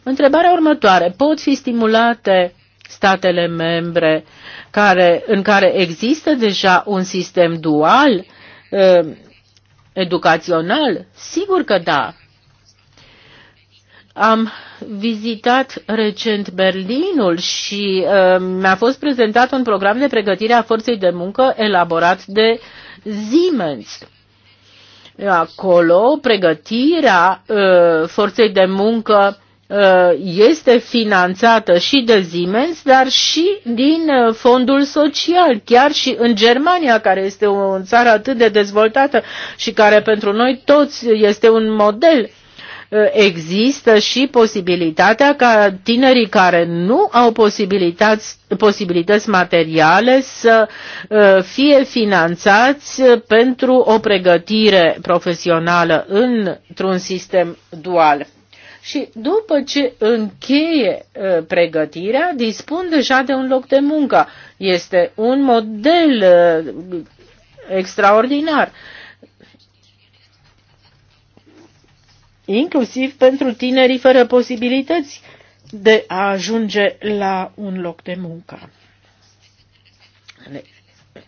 Întrebarea următoare, pot fi stimulate statele membre care, în care există deja un sistem dual? Ehm, educațional? Sigur că da. Am vizitat recent Berlinul și uh, mi-a fost prezentat un program de pregătire a forței de muncă elaborat de Siemens. Acolo, pregătirea uh, forței de muncă Uh, este finanțată și de Siemens, dar și din uh, fondul social, chiar și în Germania, care este o țară atât de dezvoltată și care pentru noi toți este un model. Uh, există și posibilitatea ca tinerii care nu au posibilități, posibilități materiale să fie finanțați pentru o pregătire profesională într-un sistem dual și după ce încheie ă, pregătirea, dispun deja de un loc de muncă. Este un model ă, extraordinar. Inclusiv pentru tinerii fără posibilități de a ajunge la un loc de muncă.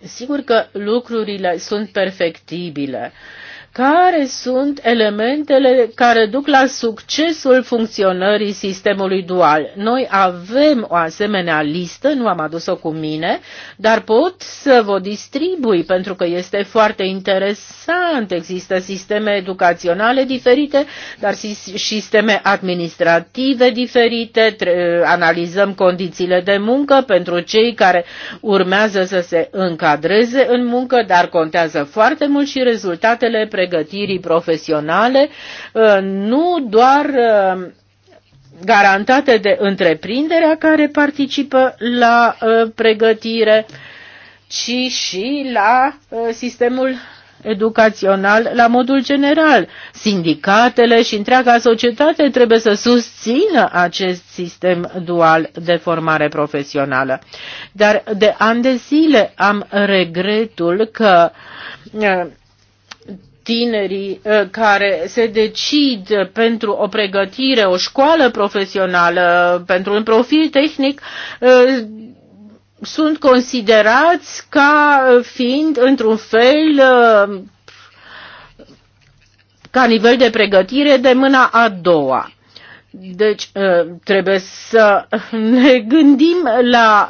Sigur că lucrurile sunt perfectibile. Uh, care sunt elementele care duc la succesul funcționării sistemului dual. Noi avem o asemenea listă, nu am adus-o cu mine, dar pot să vă distribui pentru că este foarte interesant. Există sisteme educaționale diferite, dar și sisteme administrative diferite. Analizăm condițiile de muncă pentru cei care urmează să se încadreze în muncă, dar contează foarte mult și rezultatele pre pregătirii profesionale, uh, nu doar uh, garantate de întreprinderea care participă la uh, pregătire, ci și la sistemul educațional la modul general. Sindicatele și întreaga societate trebuie să susțină acest sistem dual de formare profesională. Dar de ani de zile am regretul că tinerii uh, care se decid pentru o pregătire, o școală profesională, pentru un profil tehnic, uh, sunt considerați ca fiind într-un fel uh, ca nivel de pregătire de mâna a doua. Deci trebuie să ne gândim la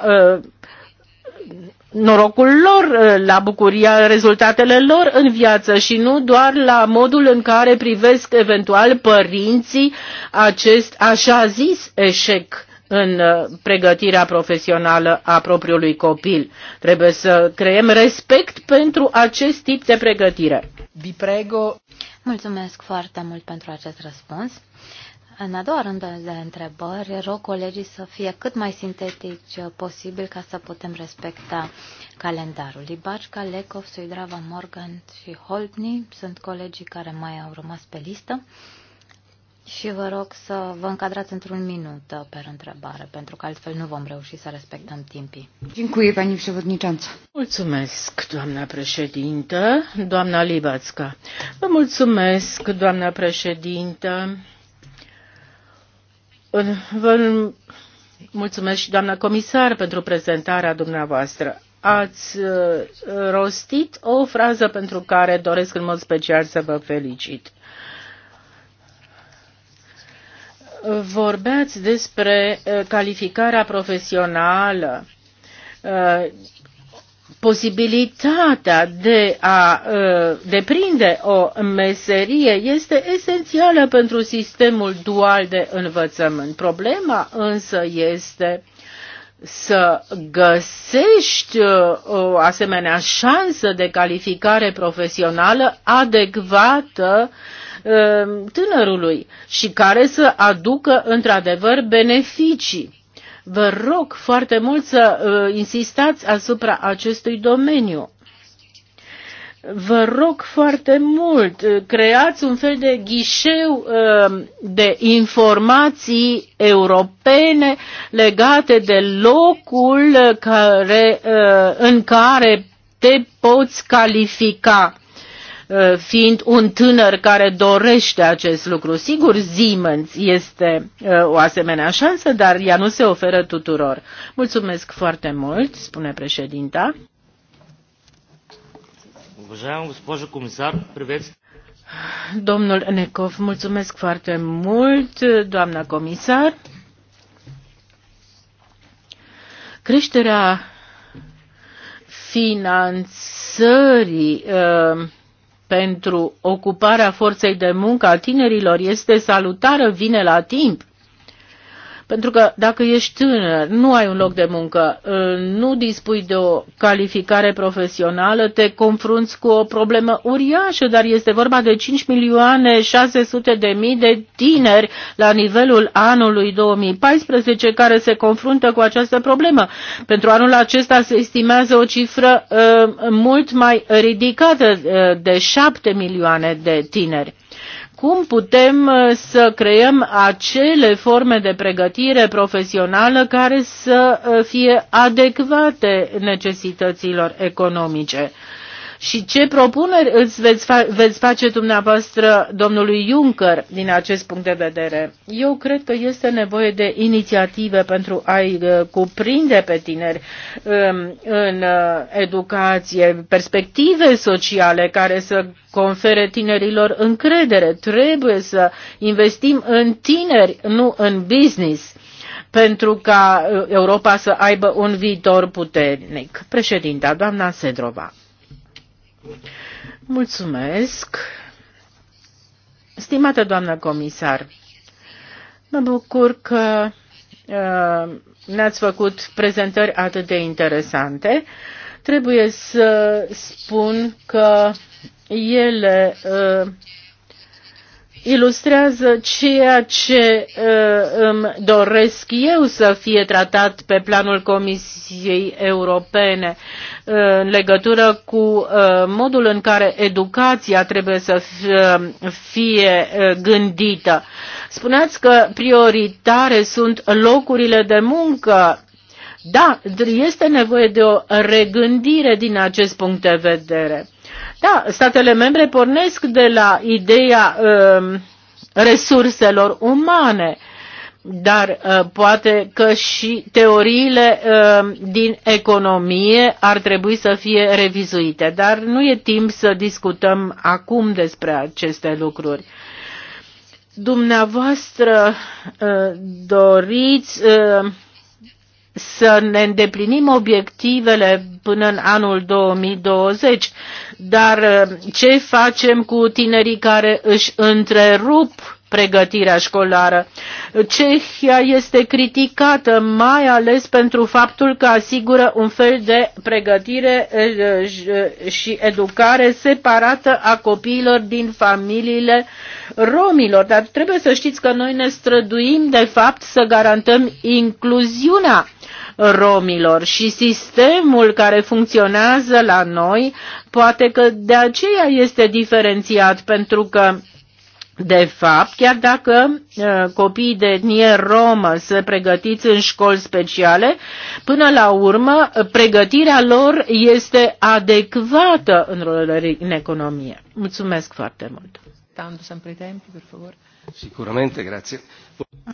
norocul lor, uh, la bucuria rezultatele lor în viață și nu doar la modul în care privesc eventual părinții acest așa zis eșec în uh, pregătirea profesională a propriului copil. Trebuie să creăm respect pentru acest tip de pregătire. Vi prego. Mulțumesc foarte mult pentru acest răspuns. În a doua rândă de întrebări, rog colegii să fie cât mai sintetici uh, posibil ca să putem respecta calendarul. Libașca, Lekov, Suidrava, Morgan și Holtni sunt colegii care mai au rămas pe listă și vă rog să vă încadrați într-un minut uh, per întrebare, pentru că altfel nu vom reuși să respectăm timpii. Dziękuję, pani przewodnicząca. Mulțumesc, doamna președintă, doamna Libațca. Vă mulțumesc, doamna președintă. Vă mulțumesc și doamna comisar pentru prezentarea dumneavoastră. Ați uh, rostit o frază pentru care doresc în mod special să vă felicit. Vorbeați despre uh, calificarea profesională uh, posibilitatea de a ă, deprinde o meserie este esențială pentru sistemul dual de învățământ. Problema însă este să găsești ă, o asemenea șansă de calificare profesională adecvată ă, tânărului și care să aducă într-adevăr beneficii. Vă rog foarte mult să uh, insistați asupra acestui domeniu. Vă rog foarte mult, uh, creați un fel de ghișeu uh, de informații europene legate de locul care, în care te poți califica Uh, fiind un tânăr care dorește acest lucru. Sigur, Siemens este uh, o asemenea șansă, dar ea nu se oferă tuturor. Mulțumesc foarte mult, spune președinta. Domnul Necov, mulțumesc foarte mult, doamna comisar. Creșterea finanțării uh, pentru ocuparea forței de muncă a tinerilor este salutară, vine la timp. Pentru că dacă ești tânăr, nu ai un loc de muncă, ă, nu dispui de o calificare profesională, te confrunți cu o problemă uriașă, dar este vorba de 5 milioane 600 de mii de tineri la nivelul anului 2014 care se confruntă cu această problemă. Pentru anul acesta se estimează o cifră ă, mult mai ridicată ă, de 7 milioane de tineri cum putem uh, să creăm acele forme de pregătire profesională care să uh, fie adecvate necesităților economice. Și ce propuneri îți veți, fa veți face dumneavoastră domnului Juncker din acest punct de vedere? Eu cred că este nevoie de inițiative pentru a-i uh, cuprinde pe tineri um, în uh, educație, perspective sociale care să confere tinerilor încredere. Trebuie să investim în tineri, nu în business pentru ca uh, Europa să aibă un viitor puternic. Președinta, doamna Sedrova. Mulțumesc. Stimată doamnă comisar, mă bucur că uh, ne-ați făcut prezentări atât de interesante. Trebuie să spun că ele uh, ilustrează ceea ce uh, îmi doresc eu să fie tratat pe planul Comisiei Europene uh, în legătură cu uh, modul în care educația trebuie să uh, fie uh, gândită. Spuneați că prioritare sunt locurile de muncă. Da, este nevoie de o regândire din acest punct de vedere da, statele membre pornesc de la ideea um, resurselor umane, dar uh, poate că și teoriile uh, din economie ar trebui să fie revizuite. Dar nu e timp să discutăm acum despre aceste lucruri dumneavoastră uh, doriți uh, să ne îndeplinim obiectivele până în anul 2020, dar uh, ce facem cu tinerii care își întrerup pregătirea școlară. Cehia este criticată mai ales pentru faptul că asigură un fel de pregătire uh, uh, și educare separată a copiilor din familiile romilor. Dar trebuie să știți că noi ne străduim de fapt să garantăm incluziunea romilor și sistemul care funcționează la noi poate că de aceea este diferențiat pentru că de fapt, chiar dacă uh, copiii de etnie romă se pregătiți în școli speciale, până la urmă pregătirea lor este adecvată în, în economie. Mulțumesc foarte mult. Tandu sempre i tempi, per favore. Sicuramente, grazie.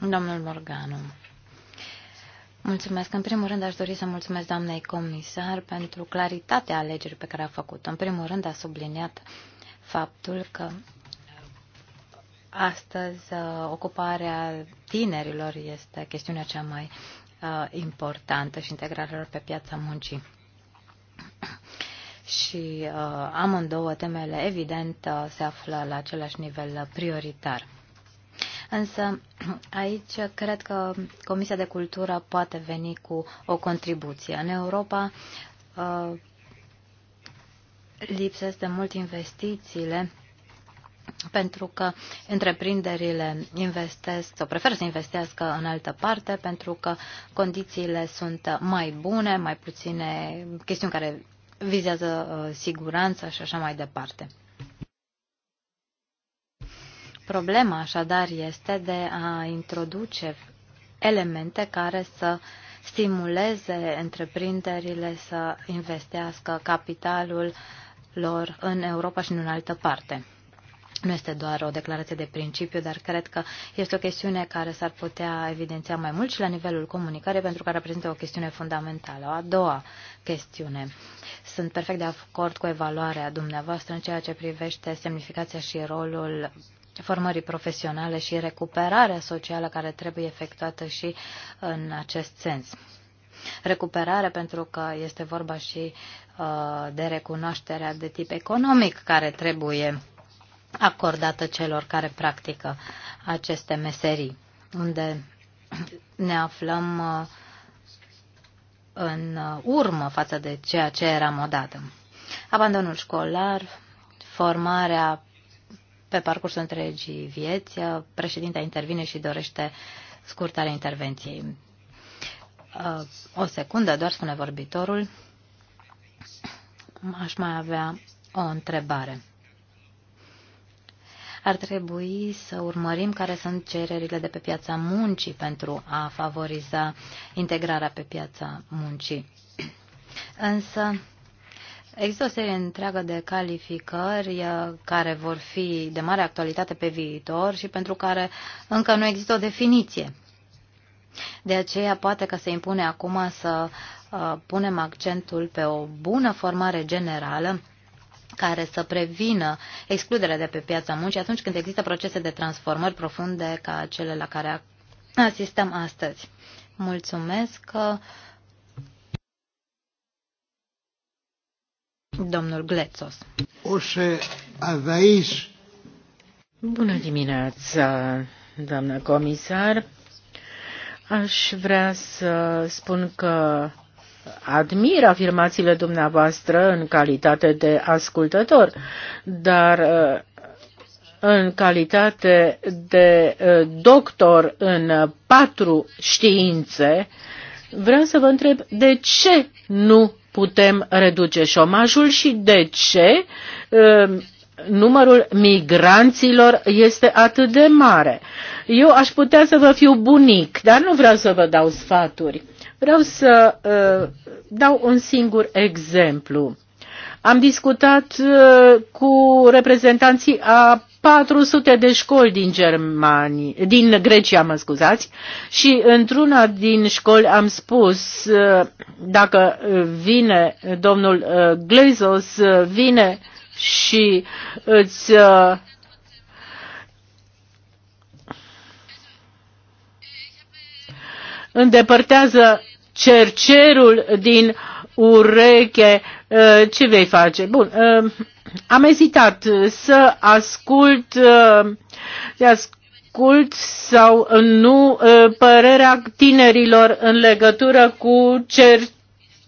Domnul Morganu. Mulțumesc. În primul rând aș dori să mulțumesc doamnei comisar pentru claritatea alegerii pe care a făcut-o. În primul rând a subliniat faptul că astăzi uh, ocuparea tinerilor este chestiunea cea mai uh, importantă și integrarea lor pe piața muncii. [CLEARS THROAT] Și uh, amândouă temele, evident, uh, se află la același nivel prioritar. Însă [CLEARS THROAT] aici cred că Comisia de Cultură poate veni cu o contribuție. În Europa uh, lipsesc de mult investițiile pentru că întreprinderile investesc sau preferă să investească în altă parte pentru că condițiile sunt mai bune, mai puține chestiuni care vizează uh, siguranța și așa mai departe. Problema așadar este de a introduce elemente care să stimuleze întreprinderile să investească capitalul lor în Europa și în altă parte. Nu este doar o declarație de principiu, dar cred că este o chestiune care s-ar putea evidenția mai mult și la nivelul comunicării, pentru că reprezintă o chestiune fundamentală. A doua chestiune. Sunt perfect de acord cu evaluarea dumneavoastră în ceea ce privește semnificația și rolul formării profesionale și recuperarea socială care trebuie efectuată și în acest sens. Recuperare pentru că este vorba și uh, de recunoașterea de tip economic care trebuie acordată celor care practică aceste meserii, unde ne aflăm uh, în urmă față de ceea ce eram odată. Abandonul școlar, formarea pe parcursul întregii vieți. Președinta intervine și dorește scurtarea intervenției. O secundă, doar spune vorbitorul. Aș mai avea o întrebare. Ar trebui să urmărim care sunt cererile de pe piața muncii pentru a favoriza integrarea pe piața muncii. Însă, Există o serie întreagă de calificări eh, care vor fi de mare actualitate pe viitor și pentru care încă nu există o definiție. De aceea poate că se impune acum să eh, punem accentul pe o bună formare generală care să prevină excluderea de pe piața muncii atunci când există procese de transformări profunde ca cele la care asistăm astăzi. Mulțumesc! Eh, Domnul Glețos. să aveți... Bună dimineața, doamnă comisar. Aș vrea să spun că admir afirmațiile dumneavoastră în calitate de ascultător, dar uh, în calitate de uh, doctor în patru științe, vreau să vă întreb de ce nu putem reduce șomajul și de ce um, numărul migranților este atât de mare. Eu aș putea să vă fiu bunic, dar nu vreau să vă dau sfaturi. Vreau să uh, dau un singur exemplu. Am discutat uh, cu reprezentanții a 400 de școli din, Germani, din Grecia, mă scuzați, și într-una din școli am spus, uh, dacă uh, vine domnul uh, Glezos, vine și îți îndepărtează cercerul din ureche Uh, ce vei face? Bun, uh, am ezitat să ascult, uh, să ascult sau nu părerea tinerilor în legătură cu cer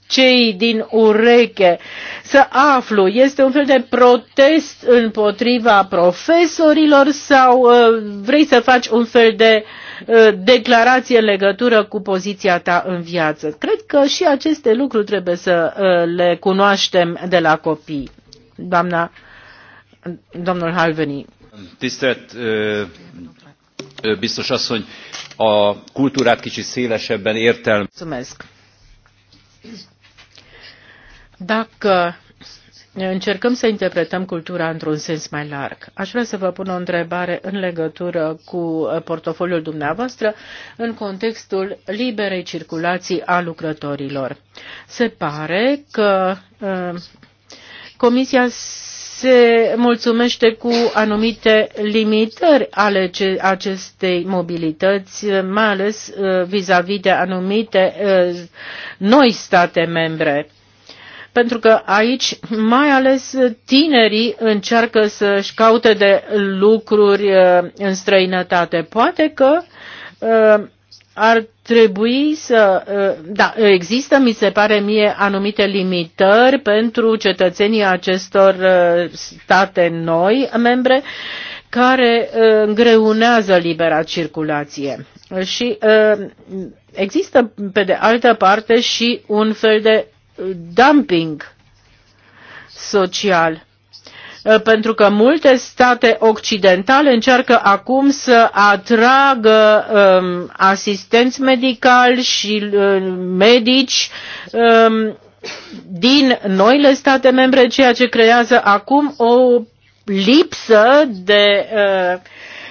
cei din ureche să aflu. Este un fel de protest împotriva profesorilor sau uh, vrei să faci un fel de Uh, declarație în legătură cu poziția ta în viață. Cred că și aceste lucruri trebuie să uh, le cunoaștem de la copii. Doamna, domnul Halveni. Tisztelt uh, biztos asszony, a kultúrát kicsit szélesebben értelmezzük. Dacă încercăm să interpretăm cultura într-un sens mai larg. Aș vrea să vă pun o întrebare în legătură cu portofoliul dumneavoastră în contextul liberei circulații a lucrătorilor. Se pare că uh, Comisia se mulțumește cu anumite limitări ale acestei mobilități, mai ales uh, vis-a-vis -vis de anumite uh, noi state membre pentru că aici mai ales tinerii încearcă să-și caute de lucruri uh, în străinătate. Poate că uh, ar trebui să. Uh, da, există, mi se pare mie, anumite limitări pentru cetățenii acestor state noi, membre, care îngreunează libera circulație. Și există, pe de altă parte, și un fel de dumping social uh, pentru că multe state occidentale încearcă acum să atragă um, asistenți medicali și um, medici um, din noile state membre, ceea ce creează acum o lipsă de uh,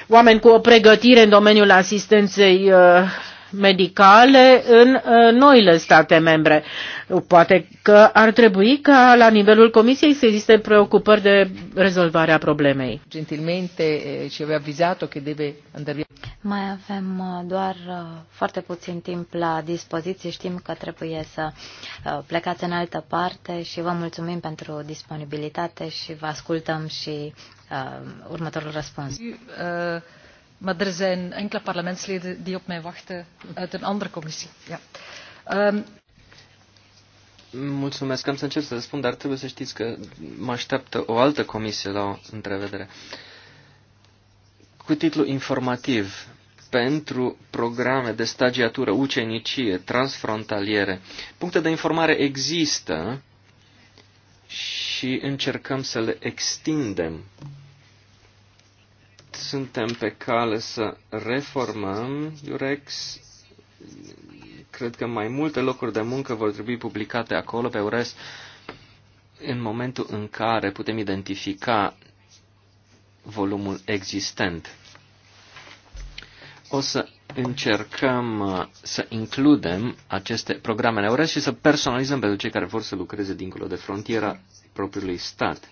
oameni cu o pregătire în domeniul asistenței uh, medicale în noile state membre. Poate că ar trebui ca la nivelul Comisiei să existe preocupări de rezolvarea problemei. Gentilmente eh, și avea o că deve andare Mai avem eh, doar eh, foarte puțin timp la dispoziție. Știm că trebuie să plecați în altă parte și vă mulțumim pentru disponibilitate și vă ascultăm și următorul răspuns. Uh, maar er zijn enkele parlementsleden die op mij wachten uit een andere commissie. Ja. Um... Mulțumesc, am să încep să răspund, dar trebuie să știți că mă așteaptă o altă comisie la o întrevedere. Cu titlu informativ, pentru programe de stagiatură, ucenicie, transfrontaliere. Puncte de informare există și încercăm să le extindem suntem pe cale să reformăm Urex. Cred că mai multe locuri de muncă vor trebui publicate acolo pe Urex în momentul în care putem identifica volumul existent. O să încercăm uh, să includem aceste programe în EURES și să personalizăm pentru cei care vor să lucreze dincolo de frontiera propriului stat.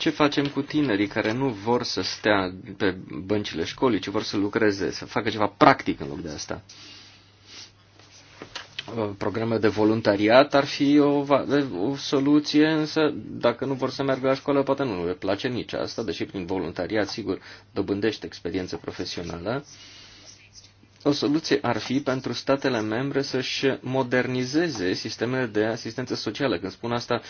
Ce facem cu tinerii care nu vor să stea pe băncile școlii, ci vor să lucreze, să facă ceva practic în loc de asta? Uh, programe de voluntariat ar fi o, o soluție, însă dacă nu vor să meargă la școală, poate nu le place nici asta, deși prin voluntariat, sigur, dobândește experiență profesională. Uh, o soluție ar fi pentru statele membre să-și modernizeze sistemele de asistență socială. Când spun asta,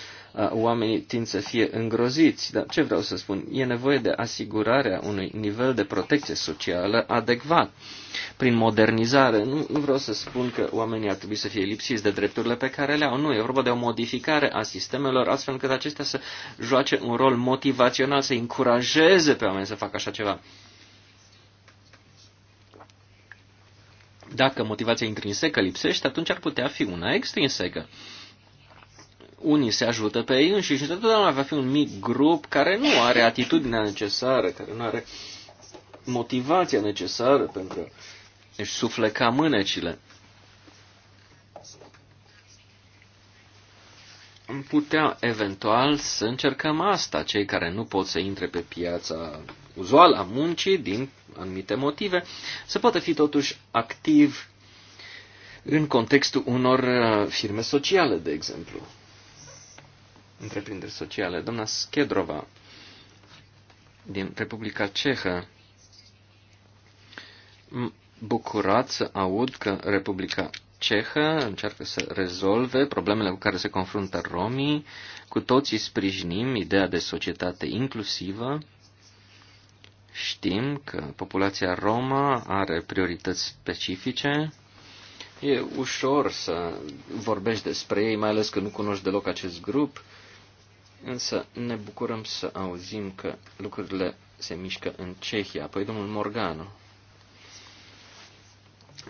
oamenii tind să fie îngroziți. Dar ce vreau să spun? E nevoie de asigurarea unui nivel de protecție socială adecvat. Prin modernizare, nu vreau să spun că oamenii ar trebui să fie lipsiți de drepturile pe care le au. Nu, e vorba de o modificare a sistemelor astfel încât acestea să joace un rol motivațional, să încurajeze pe oameni să facă așa ceva. Dacă motivația intrinsecă lipsește, atunci ar putea fi una extrinsecă. Unii se ajută pe ei înșiși, totdeauna va fi un mic grup care nu are atitudinea necesară, care nu are motivația necesară pentru a-și sufleca mânecile. am putea eventual să încercăm asta, cei care nu pot să intre pe piața uzuală a muncii din anumite motive, să poată fi totuși activ în contextul unor uh, firme sociale, de exemplu. Întreprinderi sociale. Doamna Schedrova din Republica Cehă bucurat să aud că Republica cehă încearcă să rezolve problemele cu care se confruntă romii. Cu toții sprijinim ideea de societate inclusivă. Știm că populația romă are priorități specifice. E ușor să vorbești despre ei, mai ales că nu cunoști deloc acest grup, însă ne bucurăm să auzim că lucrurile se mișcă în Cehia. Apoi domnul Morgano.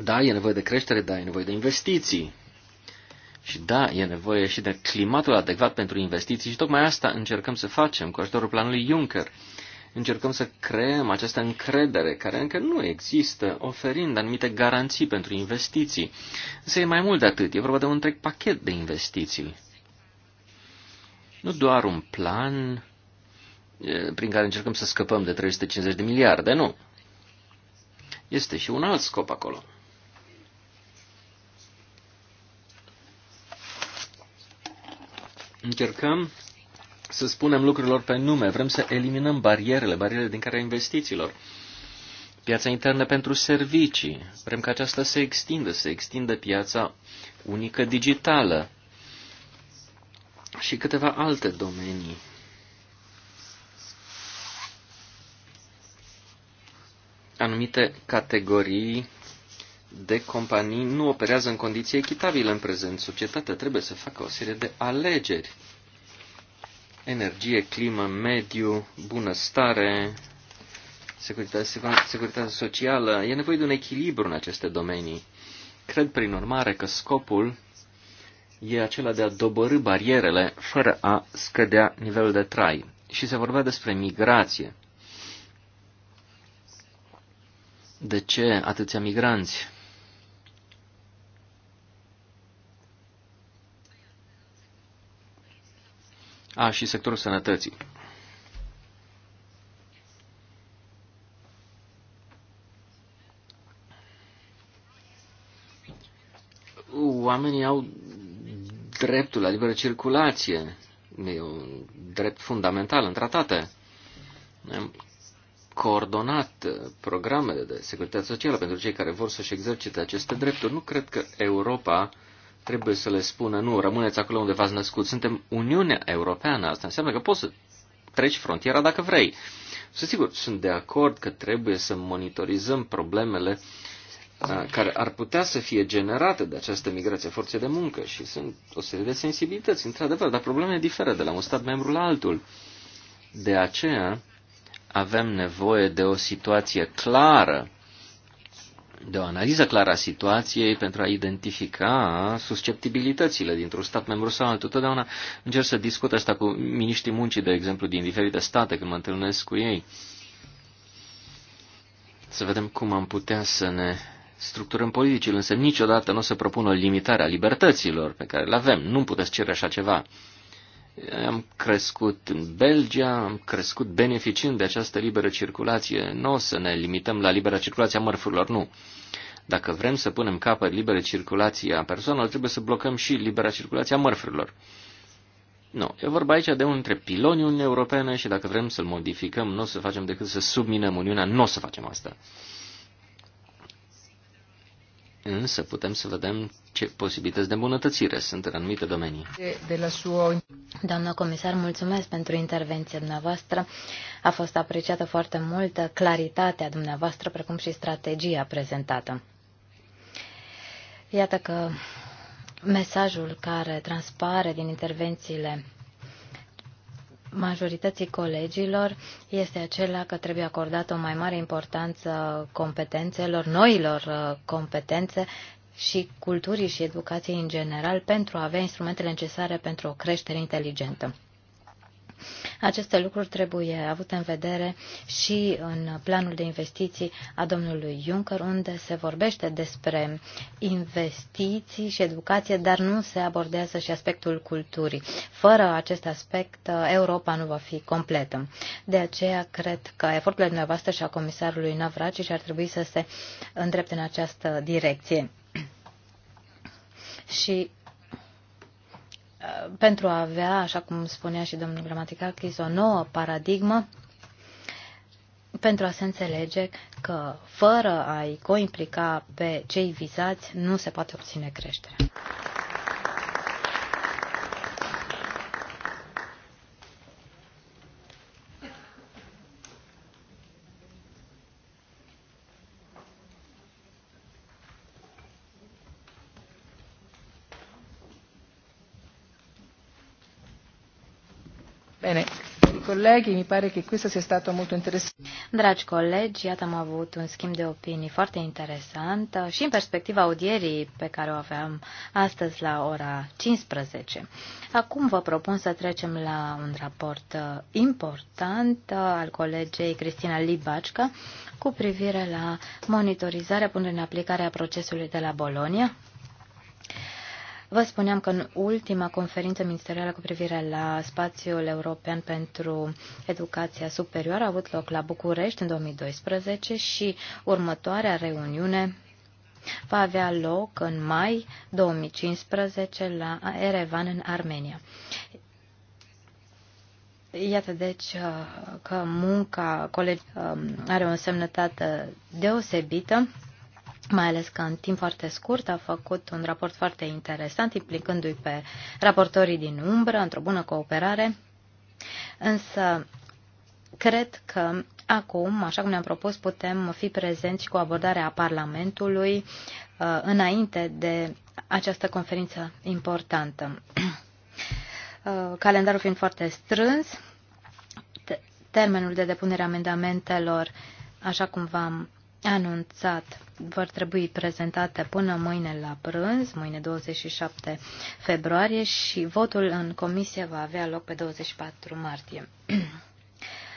Da, e nevoie de creștere, da, e nevoie de investiții. Și da, e nevoie și de climatul adecvat pentru investiții și tocmai asta încercăm să facem cu ajutorul planului Juncker. Încercăm să creăm această încredere care încă nu există, oferind anumite garanții pentru investiții. Însă e mai mult de atât, e vorba de un întreg pachet de investiții. Nu doar un plan prin care încercăm să scăpăm de 350 de miliarde, nu. Este și un alt scop acolo. Încercăm să spunem lucrurilor pe nume, vrem să eliminăm barierele, barierele din care investițiilor. Piața internă pentru servicii, vrem ca aceasta să extindă, să extindă piața unică digitală și câteva alte domenii. Anumite categorii de companii nu operează în condiții echitabile în prezent. Societatea trebuie să facă o serie de alegeri. Energie, climă, mediu, bunăstare, securitate, securitate socială. E nevoie de un echilibru în aceste domenii. Cred, prin urmare, că scopul e acela de a dobărâ barierele fără a scădea nivelul de trai. Și se vorbea despre migrație. De ce atâția migranți? A, și sectorul sănătății. Oamenii au dreptul la liberă circulație. E un drept fundamental în tratate. Am coordonat programele de securitate socială pentru cei care vor să-și exercite aceste drepturi. Nu cred că Europa trebuie să le spună, nu, rămâneți acolo unde v-ați născut, suntem Uniunea Europeană, asta înseamnă că poți să treci frontiera dacă vrei. Să sigur, sunt de acord că trebuie să monitorizăm problemele uh, care ar putea să fie generate de această migrație forțe de muncă și sunt o serie de sensibilități, într-adevăr, dar problemele diferă de la un stat membru la altul. De aceea avem nevoie de o situație clară de o analiză clară a situației pentru a identifica susceptibilitățile dintr-un stat membru sau altul. Totdeauna încerc să discut asta cu miniștrii muncii, de exemplu, din diferite state când mă întâlnesc cu ei. Să vedem cum am putea să ne structurăm politicile, însă niciodată nu o să propun o limitare a libertăților pe care le avem. Nu puteți cere așa ceva. Am crescut în Belgia, am crescut beneficiind de această liberă circulație. Nu o să ne limităm la libera circulație a mărfurilor, nu. Dacă vrem să punem capăt liberă circulație a persoanelor, trebuie să blocăm și libera circulație a mărfurilor. Nu, e vorba aici de unul dintre pilonii Uniunii Europene și dacă vrem să-l modificăm, nu o să facem decât să subminăm Uniunea, nu o să facem asta însă putem să vedem ce posibilități de îmbunătățire sunt în anumite domenii. De, de la sua... Doamna comisar, mulțumesc pentru intervenția dumneavoastră. A fost apreciată foarte mult claritatea dumneavoastră, precum și strategia prezentată. Iată că mesajul care transpare din intervențiile majorității colegilor este acela că trebuie acordată o mai mare importanță competențelor, noilor uh, competențe și culturii și educației în general pentru a avea instrumentele necesare pentru o creștere inteligentă. Aceste lucruri trebuie avute în vedere și în planul de investiții a domnului Juncker, unde se vorbește despre investiții și educație, dar nu se abordează și aspectul culturii. Fără acest aspect, Europa nu va fi completă. De aceea, cred că eforturile dumneavoastră și a comisarului Navraci și ar trebui să se îndrepte în această direcție. Și pentru a avea, așa cum spunea și domnul Gramaticakis, o nouă paradigmă pentru a se înțelege că fără a-i coimplica pe cei vizați nu se poate obține creștere. colleghi, mi pare che questo sia stato molto interessante. Dragi colegi, iată am avut un schimb de opinii foarte interesant și în perspectiva audierii pe care o aveam astăzi la ora 15. Acum vă propun să trecem la un raport uh, important uh, al colegei Cristina Libacca cu privire la monitorizarea punerii în aplicare a procesului de la Bolonia, Vă spuneam că în ultima conferință ministerială cu privire la spațiul european pentru educația superioară a avut loc la București în 2012 și următoarea reuniune va avea loc în mai 2015 la Erevan în Armenia. Iată deci uh, că munca colegi um, are o însemnătate deosebită mai ales că în timp foarte scurt a făcut un raport foarte interesant, implicându-i pe raportorii din umbră, într-o bună cooperare. Însă, cred că acum, așa cum ne-am propus, putem fi prezenți cu abordarea Parlamentului uh, înainte de această conferință importantă. [CLEARS THROAT] Uh, calendarul fiind foarte strâns, termenul de depunere a amendamentelor, așa cum v-am anunțat vor trebui prezentate până mâine la prânz, mâine 27 februarie și votul în comisie va avea loc pe 24 martie. [CLEARS THROAT]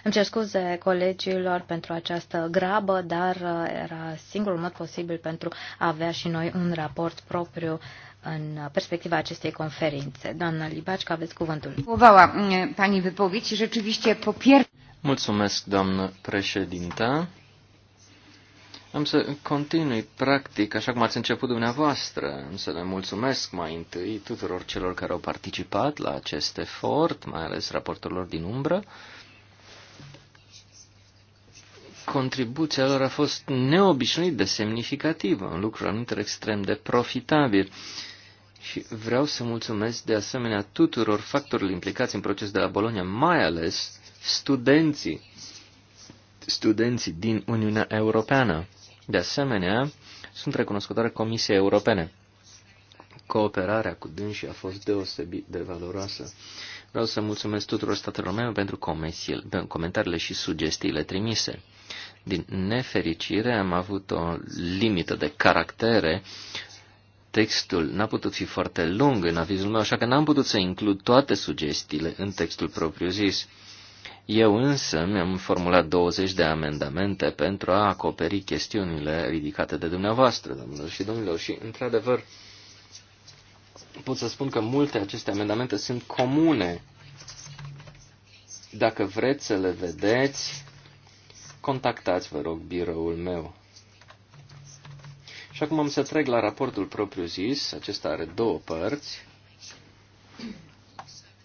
Îmi cer scuze colegilor pentru această grabă, dar uh, era singurul mod posibil pentru a avea și noi un raport propriu în perspectiva acestei conferințe. Doamna Libacica, aveți cuvântul. Mm, pani wypowiedź, rzeczywiście popier... Mulțumesc, doamnă președintă. Am să continui practic așa cum ați început dumneavoastră, am să le mulțumesc mai întâi tuturor celor care au participat la acest efort, mai ales raportorilor din umbră. Contribuția lor a fost neobișnuit de semnificativă, un lucru amintir extrem de profitabil. Și vreau să mulțumesc de asemenea tuturor factorilor implicați în proces de la Bologna, mai ales studenții, studenții din Uniunea Europeană de asemenea, sunt recunoscătoare Comisiei Europene. Cooperarea cu dânsii a fost deosebit de valoroasă. Vreau să mulțumesc tuturor statelor mele pentru comentariile și sugestiile trimise. Din nefericire am avut o limită de caractere. Textul n-a putut fi foarte lung în avizul meu, așa că n-am putut să includ toate sugestiile în textul propriu-zis. Eu însă mi-am formulat 20 de amendamente pentru a acoperi chestiunile ridicate de dumneavoastră, domnilor și domnilor, și într-adevăr pot să spun că multe aceste amendamente sunt comune. Dacă vreți să le vedeți, contactați, vă rog, biroul meu. Și acum am să trec la raportul propriu-zis. Acesta are două părți.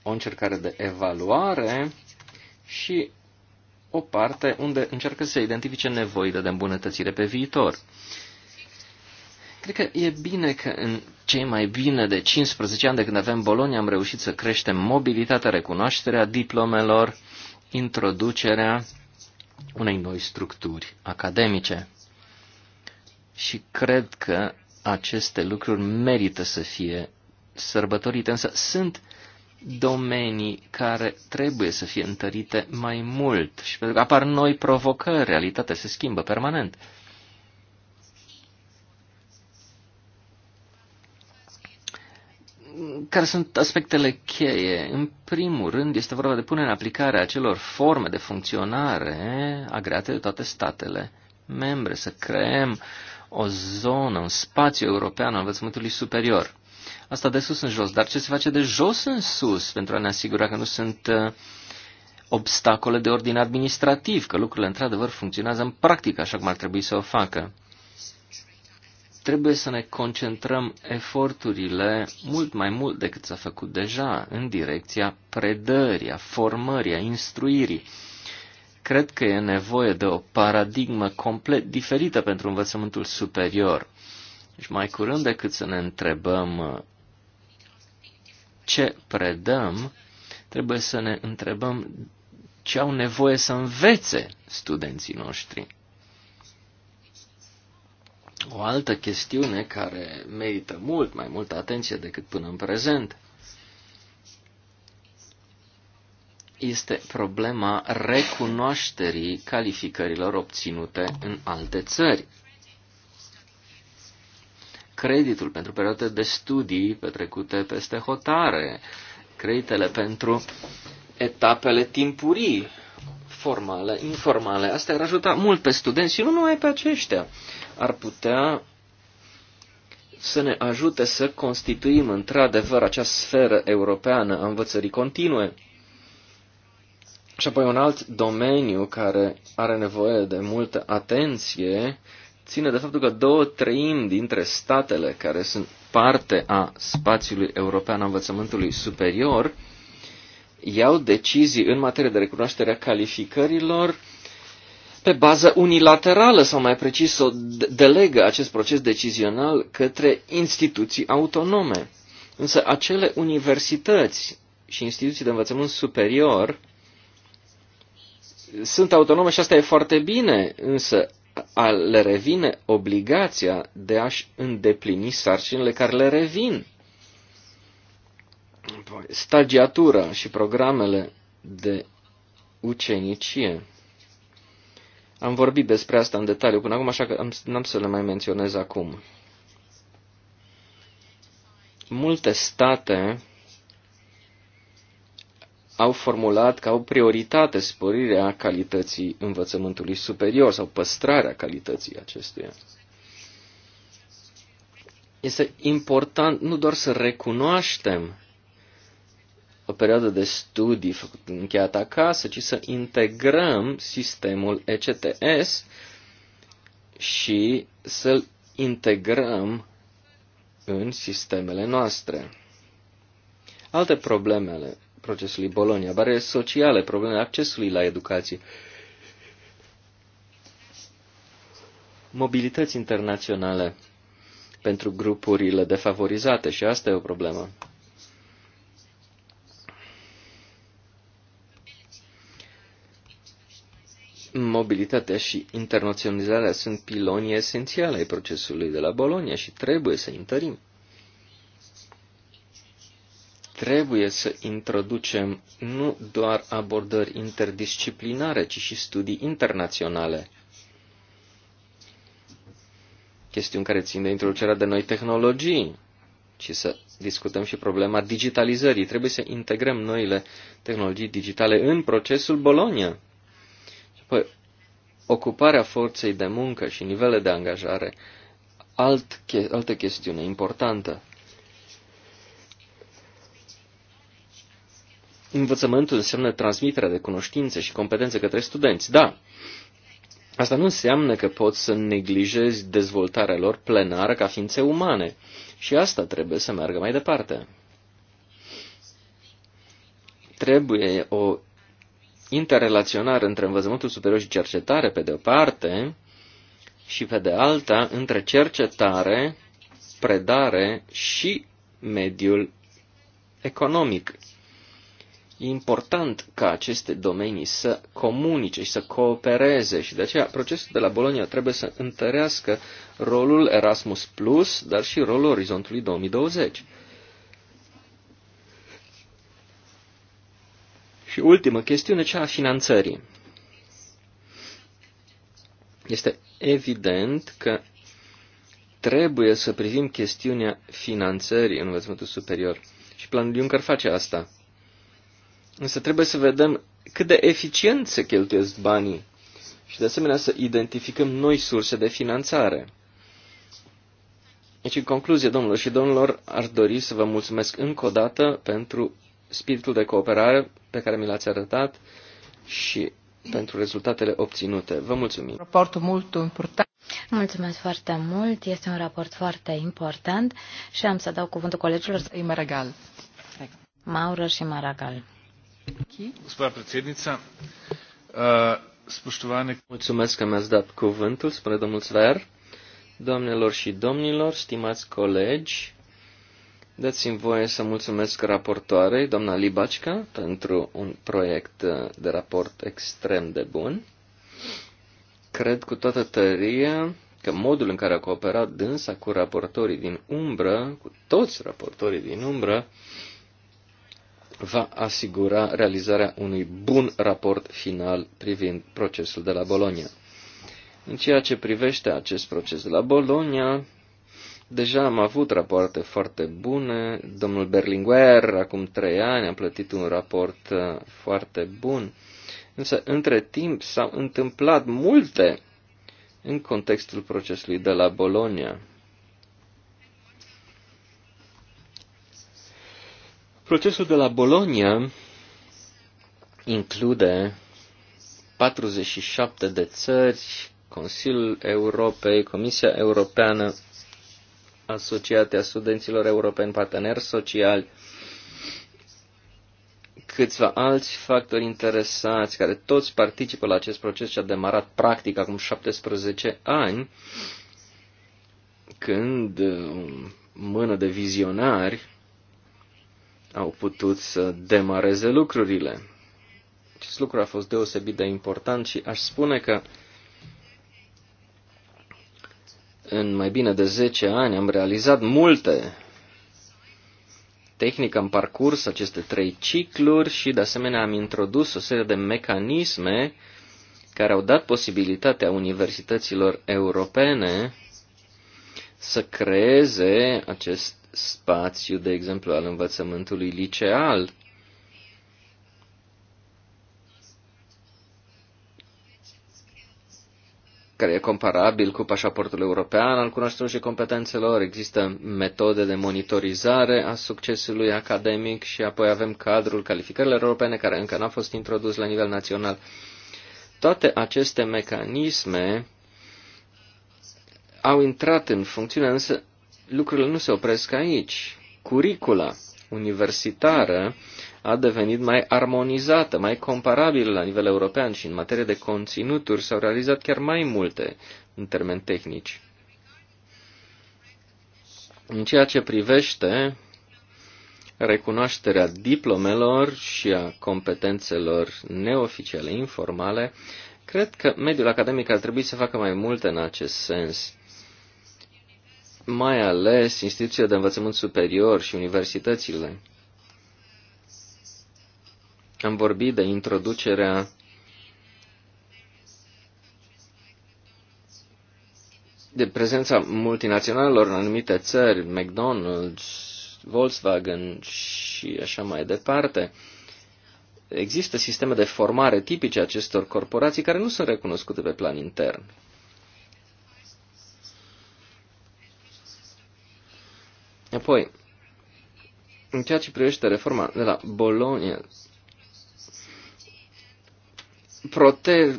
O încercare de evaluare și o parte unde încearcă să identifice nevoile de îmbunătățire pe viitor. Cred că e bine că în cei mai bine de 15 ani de când avem Bolonia am reușit să creștem mobilitatea, recunoașterea diplomelor, introducerea unei noi structuri academice. Și cred că aceste lucruri merită să fie sărbătorite, însă sunt domenii care trebuie să fie întărite mai mult și pentru că apar noi provocări, realitatea se schimbă permanent. Care sunt aspectele cheie? În primul rând este vorba de punerea în aplicare a celor forme de funcționare agreate de toate statele membre, să creăm o zonă, un spațiu european al învățământului superior asta de sus în jos, dar ce se face de jos în sus pentru a ne asigura că nu sunt uh, obstacole de ordin administrativ, că lucrurile într-adevăr funcționează în practică așa cum ar trebui să o facă. Trebuie să ne concentrăm eforturile mult mai mult decât s-a făcut deja în direcția predării, a formării, a instruirii cred că e nevoie de o paradigmă complet diferită pentru învățământul superior. Și deci mai curând decât să ne întrebăm uh, ce predăm, trebuie să ne întrebăm ce au nevoie să învețe studenții noștri. O altă chestiune care merită mult mai multă atenție decât până în prezent este problema recunoașterii calificărilor obținute în alte țări creditul pentru perioade de studii petrecute peste hotare, creditele pentru etapele timpurii, formale, informale. Asta ar ajuta mult pe studenți și nu numai pe aceștia. Ar putea să ne ajute să constituim într-adevăr acea sferă europeană a învățării continue. Și apoi un alt domeniu care are nevoie de multă atenție ține de faptul că două treimi dintre statele care sunt parte a spațiului european a învățământului superior iau decizii în materie de recunoaștere a calificărilor pe bază unilaterală sau mai precis o delegă acest proces decizional către instituții autonome. Însă acele universități și instituții de învățământ superior sunt autonome și asta e foarte bine, însă le revine obligația de a-și îndeplini sarcinile care le revin. Stagiatura și programele de ucenicie. Am vorbit despre asta în detaliu până acum, așa că n-am să le mai menționez acum. Multe state au formulat ca o prioritate sporirea calității învățământului superior sau păstrarea calității acestuia. Este important nu doar să recunoaștem o perioadă de studii făcut încheiat acasă, ci să integrăm sistemul ECTS și să-l integrăm în sistemele noastre. Alte probleme ale procesului Bologna, barierele sociale, probleme accesului la educație, mobilități internaționale pentru grupurile defavorizate și asta e o problemă. Mobilitatea și internaționalizarea sunt pilonii esențiale ai procesului de la Bologna și trebuie să întărim trebuie să introducem nu doar abordări interdisciplinare, ci și studii internaționale. Chestiuni care țin de introducerea de noi tehnologii, ci să discutăm și problema digitalizării. Trebuie să integrăm noile tehnologii digitale în procesul Bologna. Și apoi, ocuparea forței de muncă și nivele de angajare, alt, alte chestiune importantă. învățământul înseamnă transmiterea de cunoștințe și competențe către studenți. Da, asta nu înseamnă că poți să neglijezi dezvoltarea lor plenară ca ființe umane. Și asta trebuie să meargă mai departe. Trebuie o interrelaționare între învățământul superior și cercetare, pe de o parte, și pe de alta, între cercetare, predare și mediul economic E important ca aceste domenii să comunice și să coopereze și de aceea procesul de la Bologna trebuie să întărească rolul Erasmus Plus, dar și rolul Orizontului 2020. Și ultimă chestiune, cea a finanțării. Este evident că trebuie să privim chestiunea finanțării în învățământul superior. Și planul Juncker face asta. Însă trebuie să vedem cât de eficient se cheltuiesc banii și de asemenea să identificăm noi surse de finanțare. Deci, în concluzie, domnilor și domnilor, aș dori să vă mulțumesc încă o dată pentru spiritul de cooperare pe care mi l-ați arătat și pentru rezultatele obținute. Vă mulțumim. Raportul mult important. Mulțumesc foarte mult. Este un raport foarte important și am să dau cuvântul colegilor. Maragal. Maură și Maragal. Gospa predsednica, eh, spoștovane... Mulțumesc că mi-ați dat cuvântul, spune domnul Sver. Doamnelor și domnilor, stimați colegi, dați-mi voie să mulțumesc raportoarei, doamna Libacica, pentru un proiect eh, de raport extrem de bun. Cred cu toată tăria că modul în care a cooperat dânsa cu raportorii din umbră, cu toți raportorii din umbră, va asigura realizarea unui bun raport final privind procesul de la Bologna. În ceea ce privește acest proces de la Bologna, deja am avut rapoarte foarte bune. Domnul Berlinguer, acum trei ani, a plătit un raport uh, foarte bun. Însă, între timp, s-au întâmplat multe în contextul procesului de la Bologna. Procesul de la Bologna include 47 de țări, Consiliul Europei, Comisia Europeană, Asociația Studenților Europeni Parteneri Sociali, câțiva alți factori interesați care toți participă la acest proces și a demarat practic acum 17 ani, când o um, mână de vizionari au putut să demareze lucrurile. Acest lucru a fost deosebit de important și aș spune că în mai bine de 10 ani am realizat multe. Tehnic am parcurs aceste trei cicluri și de asemenea am introdus o serie de mecanisme care au dat posibilitatea universităților europene să creeze acest spațiu, de exemplu, al învățământului liceal. care e comparabil cu pașaportul european al cunoștințelor și competențelor. Există metode de monitorizare a succesului academic și apoi avem cadrul calificărilor europene care încă n-a fost introdus la nivel național. Toate aceste mecanisme au intrat în funcțiune, însă lucrurile nu se opresc aici. Curicula universitară a devenit mai armonizată, mai comparabilă la nivel european și în materie de conținuturi s-au realizat chiar mai multe în termeni tehnici. În ceea ce privește recunoașterea diplomelor și a competențelor neoficiale, informale, cred că mediul academic ar trebui să facă mai multe în acest sens mai ales instituțiile de învățământ superior și universitățile. Am vorbit de introducerea de prezența multinaționalelor în anumite țări, McDonald's, Volkswagen și așa mai departe. Există sisteme de formare tipice acestor corporații care nu sunt recunoscute pe plan intern. Apoi, în ceea ce privește reforma de la Bologna,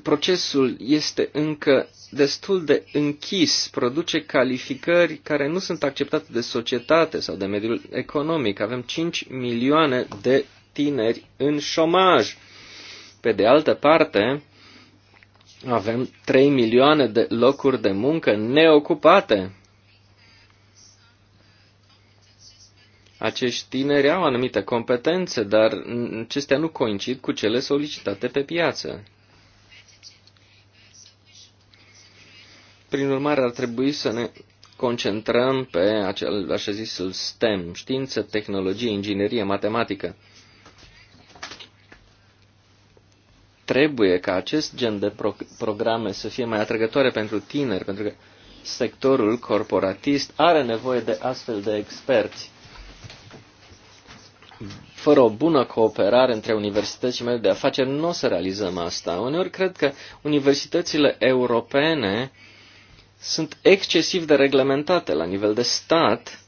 procesul este încă destul de închis, produce calificări care nu sunt acceptate de societate sau de mediul economic. Avem 5 milioane de tineri în șomaj. Pe de altă parte, avem 3 milioane de locuri de muncă neocupate. Acești tineri au anumite competențe, dar acestea nu coincid cu cele solicitate pe piață. Prin urmare, ar trebui să ne concentrăm pe acel, așa zisul STEM, știință, tehnologie, inginerie, matematică. Trebuie ca acest gen de pro- programe să fie mai atrăgătoare pentru tineri, pentru că sectorul corporatist are nevoie de astfel de experți fără o bună cooperare între universități și mediul de afaceri, nu o să realizăm asta. Uneori cred că universitățile europene sunt excesiv de reglementate la nivel de stat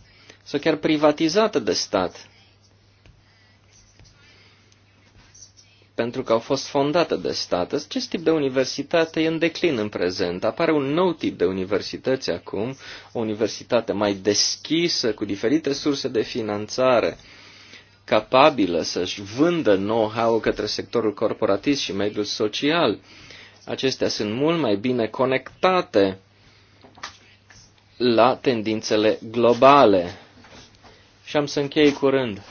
sau chiar privatizate de stat. pentru că au fost fondate de stat. Acest tip de universitate e în declin în prezent. Apare un nou tip de universități acum, o universitate mai deschisă, cu diferite surse de finanțare capabilă să-și vândă know-how către sectorul corporatist și mediul social. Acestea sunt mult mai bine conectate la tendințele globale. Și am să închei curând.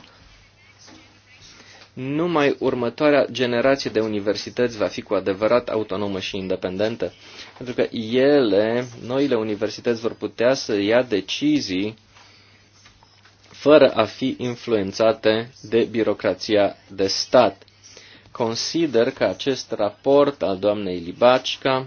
Numai următoarea generație de universități va fi cu adevărat autonomă și independentă, pentru că ele, noile universități, vor putea să ia decizii fără a fi influențate de birocrația de stat. Consider că acest raport al doamnei Libacica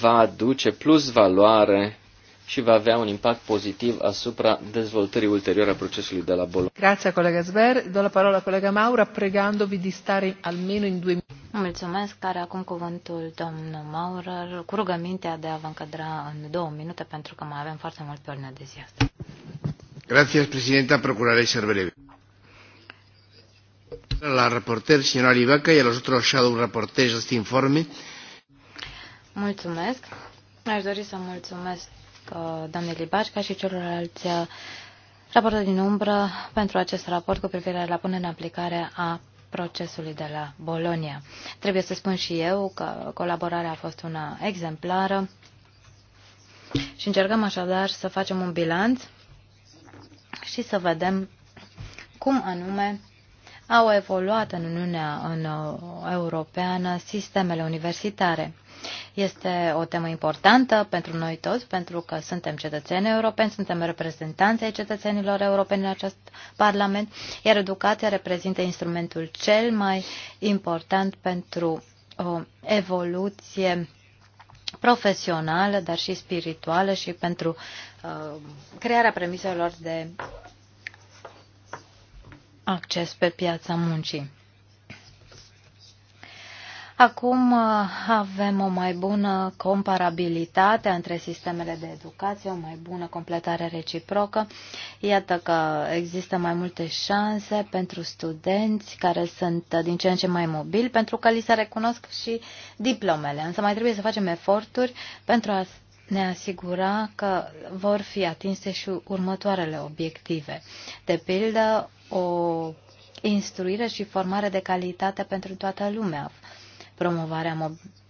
va aduce plus valoare și va avea un impact pozitiv asupra dezvoltării ulterioare a procesului de la Bologna. Grazie, colega Sver. Do la parola colega Maura, pregandovi di stare almeno in due minute. Mulțumesc, care acum cuvântul domnul Maurer, cu rugămintea de a vă încadra în două minute, pentru că mai avem foarte mult pe ordinea de zi astăzi. Gracias, Presidenta. Procuraré ser breve. A la reporter, señora Livaca, y a los otros shadow reporters de este informe. Mulțumesc. Aș dori să mulțumesc uh, doamnei Libașca și celorlalți uh, raportori din umbră pentru acest raport cu privire la punerea în aplicare a procesului de la Bolonia. Trebuie să spun și eu că colaborarea a fost una exemplară și încercăm așadar să facem un bilanț și să vedem cum anume au evoluat în Uniunea în uh, Europeană sistemele universitare. Este o temă importantă pentru noi toți, pentru că suntem cetățeni europeni, suntem reprezentanți ai cetățenilor europeni în acest Parlament, iar educația reprezintă instrumentul cel mai important pentru o uh, evoluție profesională, dar și spirituală și pentru uh, crearea premiselor de acces pe piața muncii. Acum uh, avem o mai bună comparabilitate între sistemele de educație, o mai bună completare reciprocă. Iată că există mai multe șanse pentru studenți care sunt uh, din ce în ce mai mobili, pentru că li se recunosc și diplomele. Însă mai trebuie să facem eforturi pentru a ne asigura că vor fi atinse și următoarele obiective. De pildă, o instruire și formare de calitate pentru toată lumea promovarea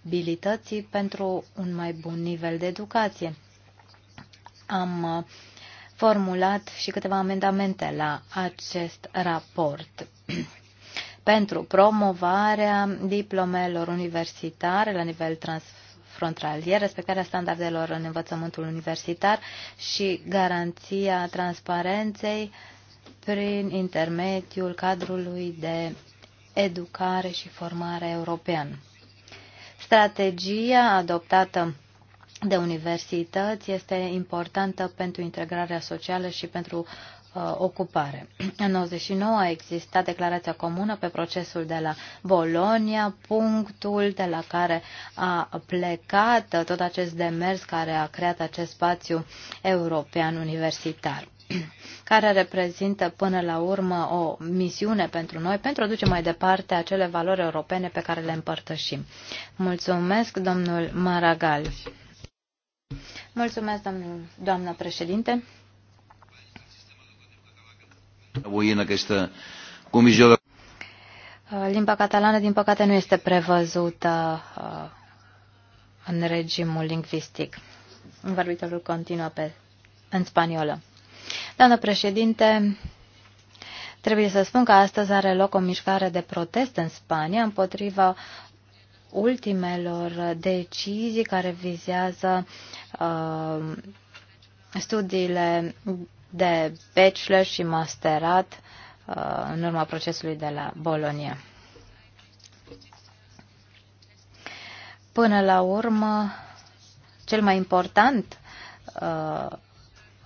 mobilității pentru un mai bun nivel de educație. Am uh, formulat și câteva amendamente la acest raport [CLEARS THROAT] pentru promovarea diplomelor universitare la nivel transfrontalier, respectarea standardelor în învățământul universitar și garanția transparenței prin intermediul cadrului de educare și formare european. Strategia adoptată de universități este importantă pentru integrarea socială și pentru uh, ocupare. În 99 a existat declarația comună pe procesul de la Bolonia, punctul de la care a plecat tot acest demers care a creat acest spațiu european universitar. [CLEARS THROAT] care reprezintă până la urmă o misiune pentru noi pentru a duce mai departe acele valori europene pe care le împărtășim. Mulțumesc, domnul Maragal. Mulțumesc, doamnă președinte. Limba catalană, din păcate, nu este prevăzută uh, în regimul lingvistic. Vorbitorul continuă pe, în spaniolă. Doamnă președinte, trebuie să spun că astăzi are loc o mișcare de protest în Spania împotriva ultimelor decizii care vizează uh, studiile de bachelor și masterat uh, în urma procesului de la Bolonia. Până la urmă, cel mai important uh,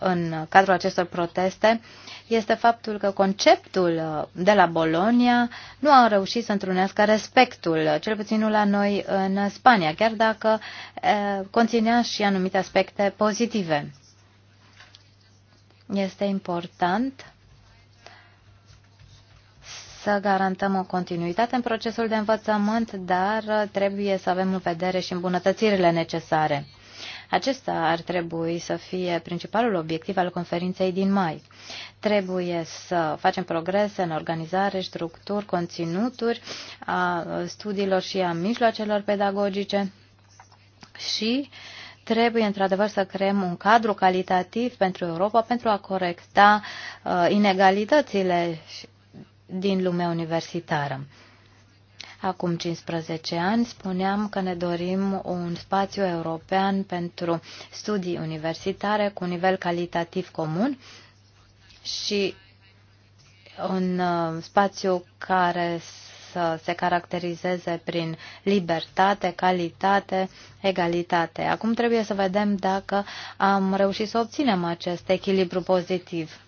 în cadrul acestor proteste este faptul că conceptul uh, de la Bolonia nu a reușit să întrunească respectul, uh, cel puțin nu la noi în Spania, chiar dacă uh, conținea și anumite aspecte pozitive. Este important să garantăm o continuitate în procesul de învățământ, dar trebuie să avem în vedere și îmbunătățirile necesare. Acesta ar trebui să fie principalul obiectiv al conferinței din mai. Trebuie să facem progrese în organizare, structuri, conținuturi a studiilor și a mijloacelor pedagogice și trebuie într-adevăr să creăm un cadru calitativ pentru Europa pentru a corecta uh, inegalitățile din lumea universitară. Acum 15 ani spuneam că ne dorim un spațiu european pentru studii universitare cu un nivel calitativ comun și un uh, spațiu care să se caracterizeze prin libertate, calitate, egalitate. Acum trebuie să vedem dacă am reușit să obținem acest echilibru pozitiv.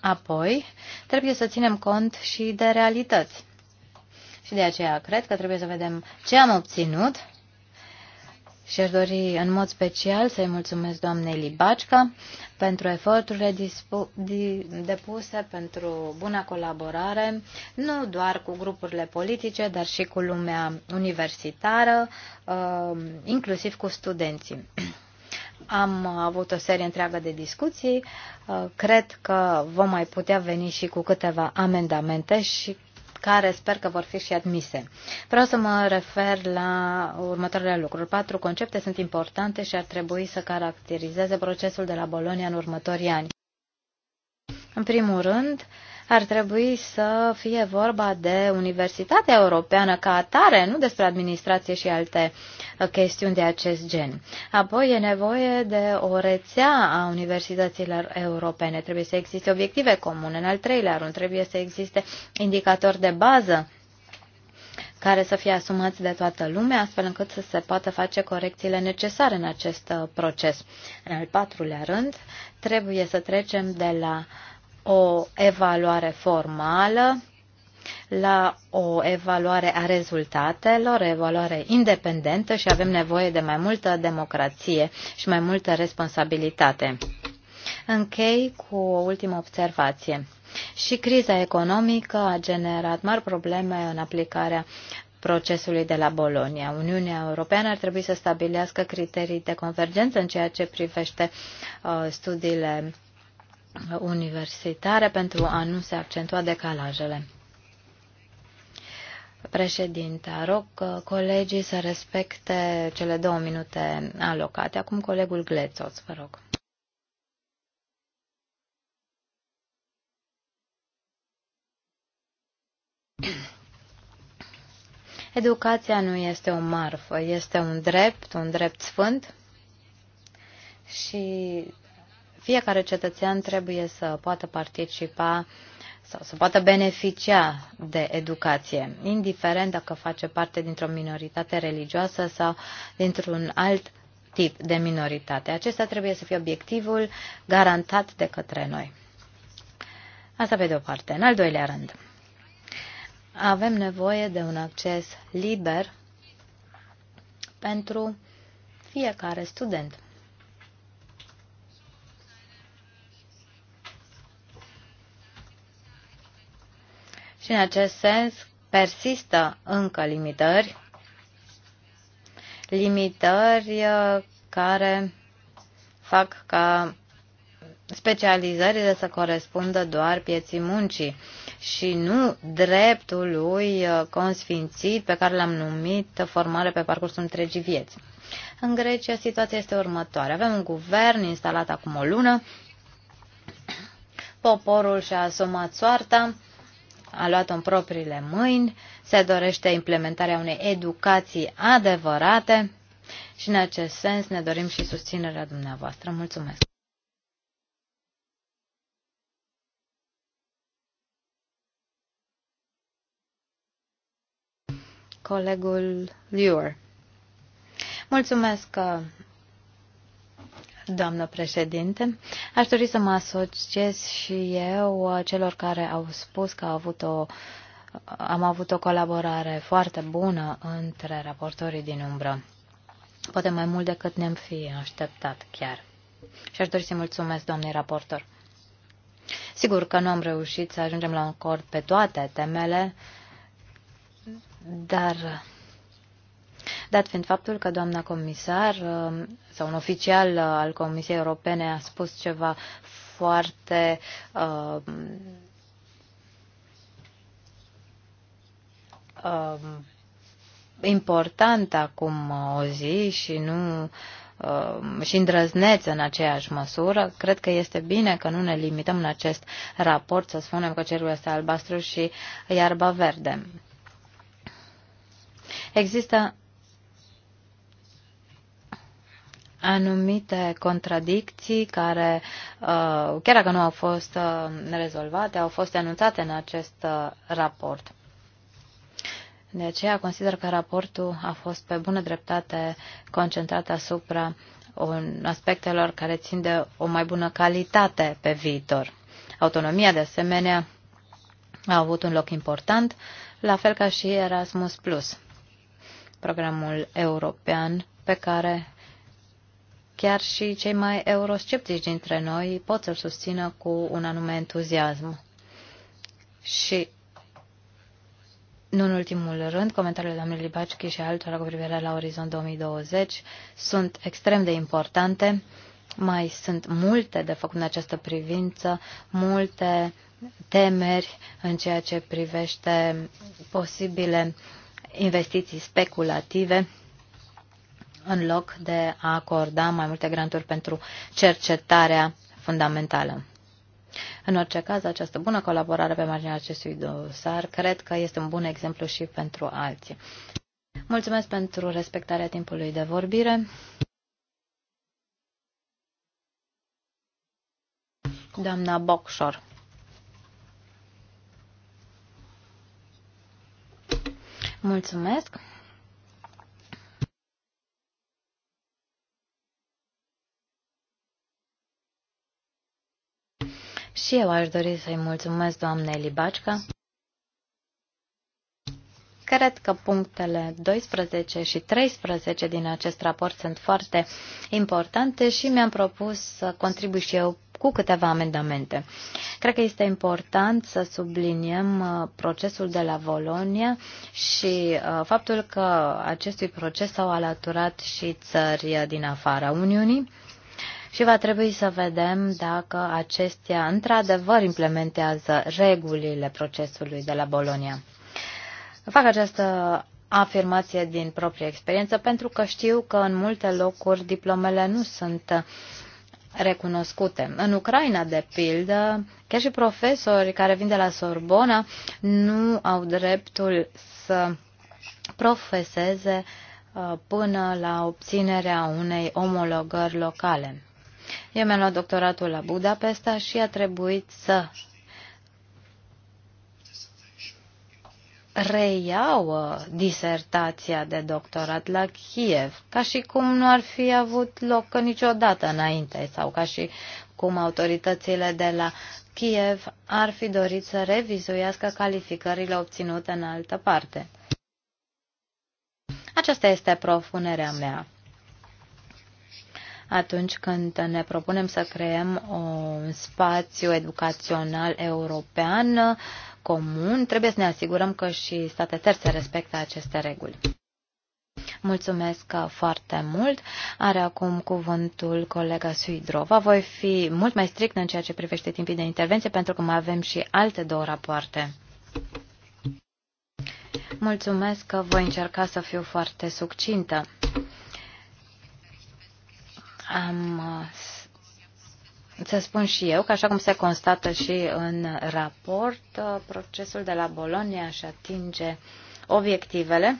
Apoi, trebuie să ținem cont și de realități. Și de aceea cred că trebuie să vedem ce am obținut și aș dori în mod special să-i mulțumesc doamnei Libacica pentru eforturile depuse, pentru buna colaborare, nu doar cu grupurile politice, dar și cu lumea universitară, uh, inclusiv cu studenții. Am avut o serie întreagă de discuții, uh, cred că vom mai putea veni și cu câteva amendamente și care sper că vor fi și admise. Vreau să mă refer la următoarele lucruri. Patru concepte sunt importante și ar trebui să caracterizeze procesul de la Bolonia în următorii ani. În primul rând, uh, ar trebui să fie vorba de Universitatea Europeană ca atare, nu despre administrație și alte uh, chestiuni de acest gen. Apoi e nevoie de o rețea a universităților europene. Trebuie să existe obiective comune. În al treilea rând, trebuie să existe indicatori de bază care să fie asumați de toată lumea, astfel încât să se poată face corecțiile necesare în acest uh, proces. În al patrulea rând, trebuie să trecem de la o evaluare formală, la o evaluare a rezultatelor, evaluare independentă și avem nevoie de mai multă democrație și mai multă responsabilitate. Închei cu o ultimă observație. Și criza economică a generat mari probleme în aplicarea procesului de la Bolonia. Uniunea Europeană ar trebui să stabilească criterii de convergență în ceea ce privește uh, studiile universitare pentru a nu se accentua decalajele. Președinta, rog uh, colegii să respecte cele două minute alocate. Acum colegul Glețoț, vă rog. Educația nu este o marfă, este un drept, un drept sfânt și fiecare cetățean trebuie să poată participa sau să poată beneficia de educație, indiferent dacă face parte dintr-o minoritate religioasă sau dintr-un alt tip de minoritate. Acesta trebuie să fie obiectivul garantat de către noi. Asta pe de o parte. În al doilea rând, avem nevoie de un acces liber pentru fiecare student. Și în acest sens persistă încă limitări, limitări uh, care fac ca specializările să corespundă doar pieții muncii și nu dreptului uh, consfințit pe care l-am numit formare pe parcursul întregii vieți. În Grecia situația este următoare. Avem un guvern instalat acum o lună, poporul și-a asumat soarta, a luat-o în propriile mâini, se dorește implementarea unei educații adevărate și în acest sens ne dorim și susținerea dumneavoastră. Mulțumesc! Colegul Lior. Mulțumesc, uh, doamnă președinte. Aș dori să mă asociez și eu celor care au spus că au avut o, am avut o colaborare foarte bună între raportorii din umbră. Poate mai mult decât ne-am fi așteptat chiar. Și aș dori să mulțumesc doamnei raportor. Sigur că nu am reușit să ajungem la un acord pe toate temele, dar dat fiind faptul că doamna comisar uh, sau un oficial uh, al Comisiei Europene a spus ceva foarte uh, um, important acum uh, o zi și nu și îndrăzneț în aceeași măsură. Cred că este bine că nu ne limităm în acest raport să spunem că cerul este albastru și iarba verde. Există anumite contradicții care, uh, chiar dacă nu au fost uh, rezolvate, au fost anunțate în acest uh, raport. De aceea consider că raportul a fost pe bună dreptate concentrat asupra aspectelor care țin de o mai bună calitate pe viitor. Autonomia, de asemenea, a avut un loc important, la fel ca și Erasmus+, programul european pe care Chiar și cei mai eurosceptici dintre noi pot să-l susțină cu un anume entuziasm. Și, nu în ultimul rând, comentariile doamnei Libacchi și altora cu privire la Orizont 2020 sunt extrem de importante. Mai sunt multe de făcut în această privință, multe temeri în ceea ce privește posibile investiții speculative în loc de a acorda mai multe granturi pentru cercetarea fundamentală. În orice caz, această bună colaborare pe marginea acestui dosar cred că este un bun exemplu și pentru alții. Mulțumesc pentru respectarea timpului de vorbire. Doamna Bocșor. Mulțumesc. Și eu aș dori să-i mulțumesc doamnei Libacica. Cred că punctele 12 și 13 din acest raport sunt foarte importante și mi-am propus să contribui și eu cu câteva amendamente. Cred că este important să subliniem uh, procesul de la Volonia și uh, faptul că acestui proces s-au alăturat și țări uh, din afara Uniunii și va trebui să vedem dacă acestea într-adevăr implementează regulile procesului de la Bolonia. Fac această afirmație din proprie experiență pentru că știu că în multe locuri diplomele nu sunt recunoscute. În Ucraina, de pildă, chiar și profesori care vin de la Sorbona nu au dreptul să profeseze uh, până la obținerea unei omologări locale. Eu mi-am luat doctoratul la Budapesta și a trebuit să reiau uh, disertația de doctorat la Kiev, ca și cum nu ar fi avut loc niciodată înainte sau ca și cum autoritățile de la Kiev ar fi dorit să revizuiască calificările obținute în altă parte. Aceasta este propunerea mea atunci când ne propunem să creăm un spațiu educațional european comun, trebuie să ne asigurăm că și state terțe respectă aceste reguli. Mulțumesc foarte mult. Are acum cuvântul colega Suidrova. Voi fi mult mai strict în ceea ce privește timpii de intervenție, pentru că mai avem și alte două rapoarte. Mulțumesc că voi încerca să fiu foarte succintă. Am uh, să spun și eu că, așa cum se constată și în raport, uh, procesul de la Bolonia și atinge obiectivele.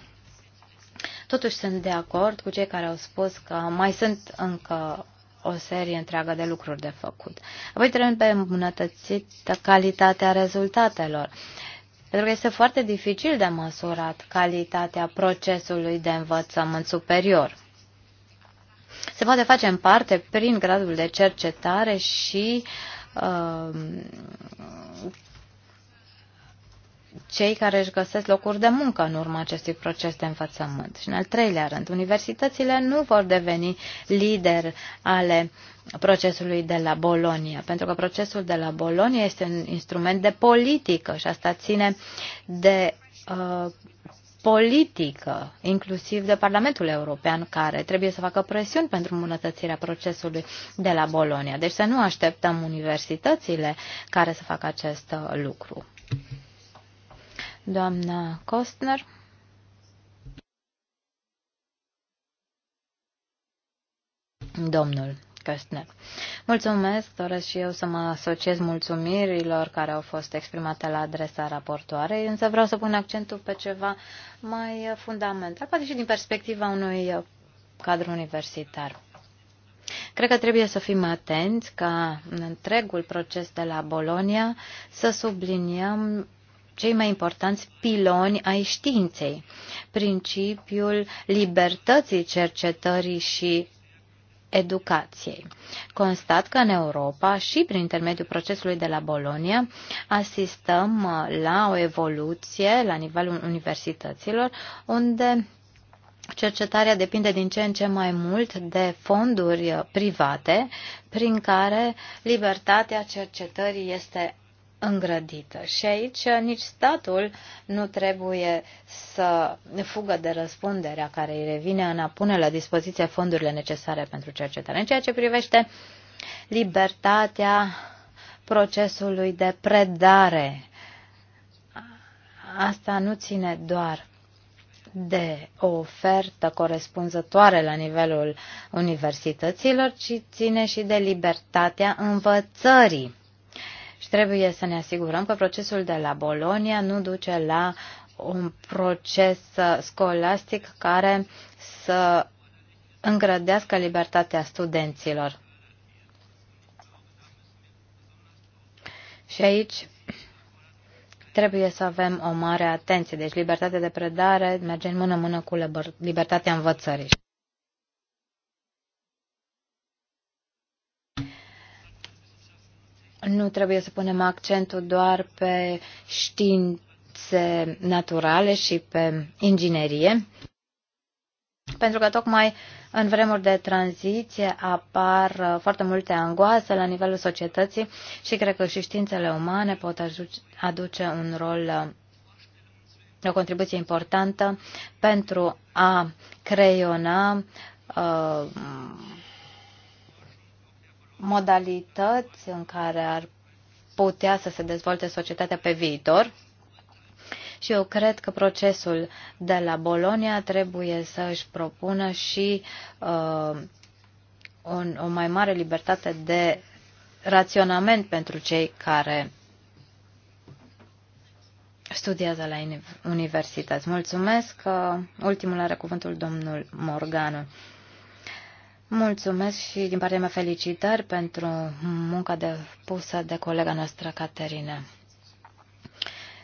Totuși sunt de acord cu cei care au spus că mai sunt încă o serie întreagă de lucruri de făcut. Apoi trebuie îmbunătățit calitatea rezultatelor. Pentru că este foarte dificil de măsurat calitatea procesului de învățământ superior se poate face în parte prin gradul de cercetare și uh, cei care își găsesc locuri de muncă în urma acestui proces de învățământ. Și în al treilea rând, universitățile nu vor deveni lideri ale procesului de la Bolonia, pentru că procesul de la Bolonia este un instrument de politică și asta ține de uh, politică, inclusiv de Parlamentul European, care trebuie să facă presiuni pentru îmbunătățirea procesului de la Bolonia. Deci să nu așteptăm universitățile care să facă acest uh, lucru. Doamna Costner. Domnul Căstner. Mulțumesc, doresc și eu să mă asociez mulțumirilor care au fost exprimate la adresa raportoarei, însă vreau să pun accentul pe ceva mai fundamental, poate și din perspectiva unui cadru universitar. Cred că trebuie să fim atenți ca în întregul proces de la Bolonia să subliniem cei mai importanți piloni ai științei, principiul libertății cercetării și educației. Constat că în Europa și prin intermediul procesului de la Bolonia asistăm uh, la o evoluție la nivelul universităților unde cercetarea depinde din ce în ce mai mult de fonduri uh, private prin care libertatea cercetării este îngrădită. Și aici uh, nici statul nu trebuie să fugă de răspunderea care îi revine în a pune la dispoziție fondurile necesare pentru cercetare. În ceea ce privește libertatea procesului de predare, asta nu ține doar de o ofertă corespunzătoare la nivelul universităților, ci ține și de libertatea învățării și trebuie să ne asigurăm că procesul de la Bolonia nu duce la un proces uh, scolastic care să îngrădească libertatea studenților. Și aici trebuie să avem o mare atenție. Deci libertatea de predare merge în mână-mână cu libertatea învățării. nu trebuie să punem accentul doar pe științe naturale și pe inginerie, pentru că tocmai în vremuri de tranziție apar uh, foarte multe angoase la nivelul societății și cred că și științele umane pot aduce un rol, uh, o contribuție importantă pentru a creiona uh, modalități în care ar putea să se dezvolte societatea pe viitor. Și eu cred că procesul de la Bolonia trebuie să își propună și uh, un, o mai mare libertate de raționament pentru cei care studiază la universități. Mulțumesc. Uh, ultimul are cuvântul domnul Morganu. Mulțumesc și din partea mea felicitări pentru munca depusă de colega noastră, Caterina.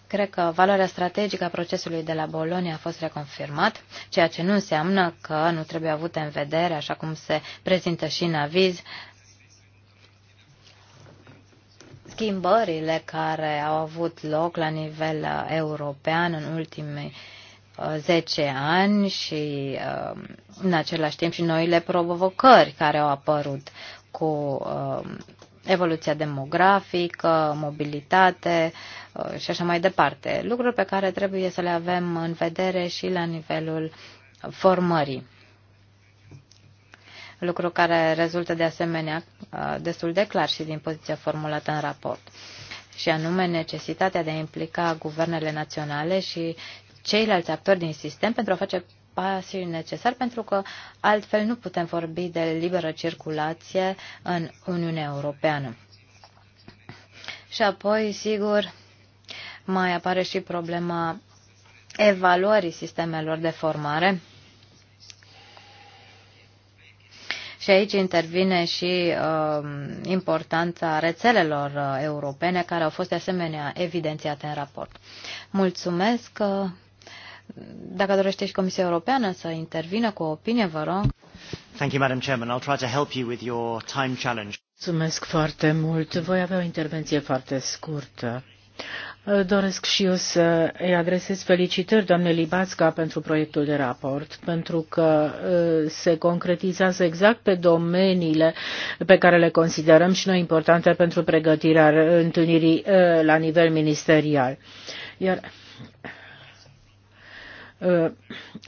Cred că valoarea strategică a procesului de la Bolonia a fost reconfirmat, ceea ce nu înseamnă că nu trebuie avut în vedere, așa cum se prezintă și în aviz, schimbările care au avut loc la nivel european în ultimii 10 uh, ani și uh, în același timp și noile provocări care au apărut cu uh, evoluția demografică, mobilitate și așa mai departe. Lucruri pe care trebuie să le avem în vedere și la nivelul formării. Lucru care rezultă de asemenea destul de clar și din poziția formulată în raport și anume necesitatea de a implica guvernele naționale și ceilalți actori din sistem pentru a face pasul necesar pentru că altfel nu putem vorbi de liberă circulație în Uniunea Europeană. Și apoi, sigur, mai apare și problema evaluării sistemelor de formare. Și aici intervine și uh, importanța rețelelor uh, europene, care au fost de asemenea evidențiate în raport. Mulțumesc! Uh, dacă dorește și Comisia Europeană să intervină cu o opinie, vă rog. Thank you, Madam Chairman. I'll try to help you with your time challenge. Mulțumesc foarte mult. Voi avea o intervenție foarte scurtă. Doresc și eu să îi adresez felicitări doamnei Libațca pentru proiectul de raport, pentru că ă, se concretizează exact pe domeniile pe care le considerăm și noi importante pentru pregătirea întâlnirii ă, la nivel ministerial. Iar Ă,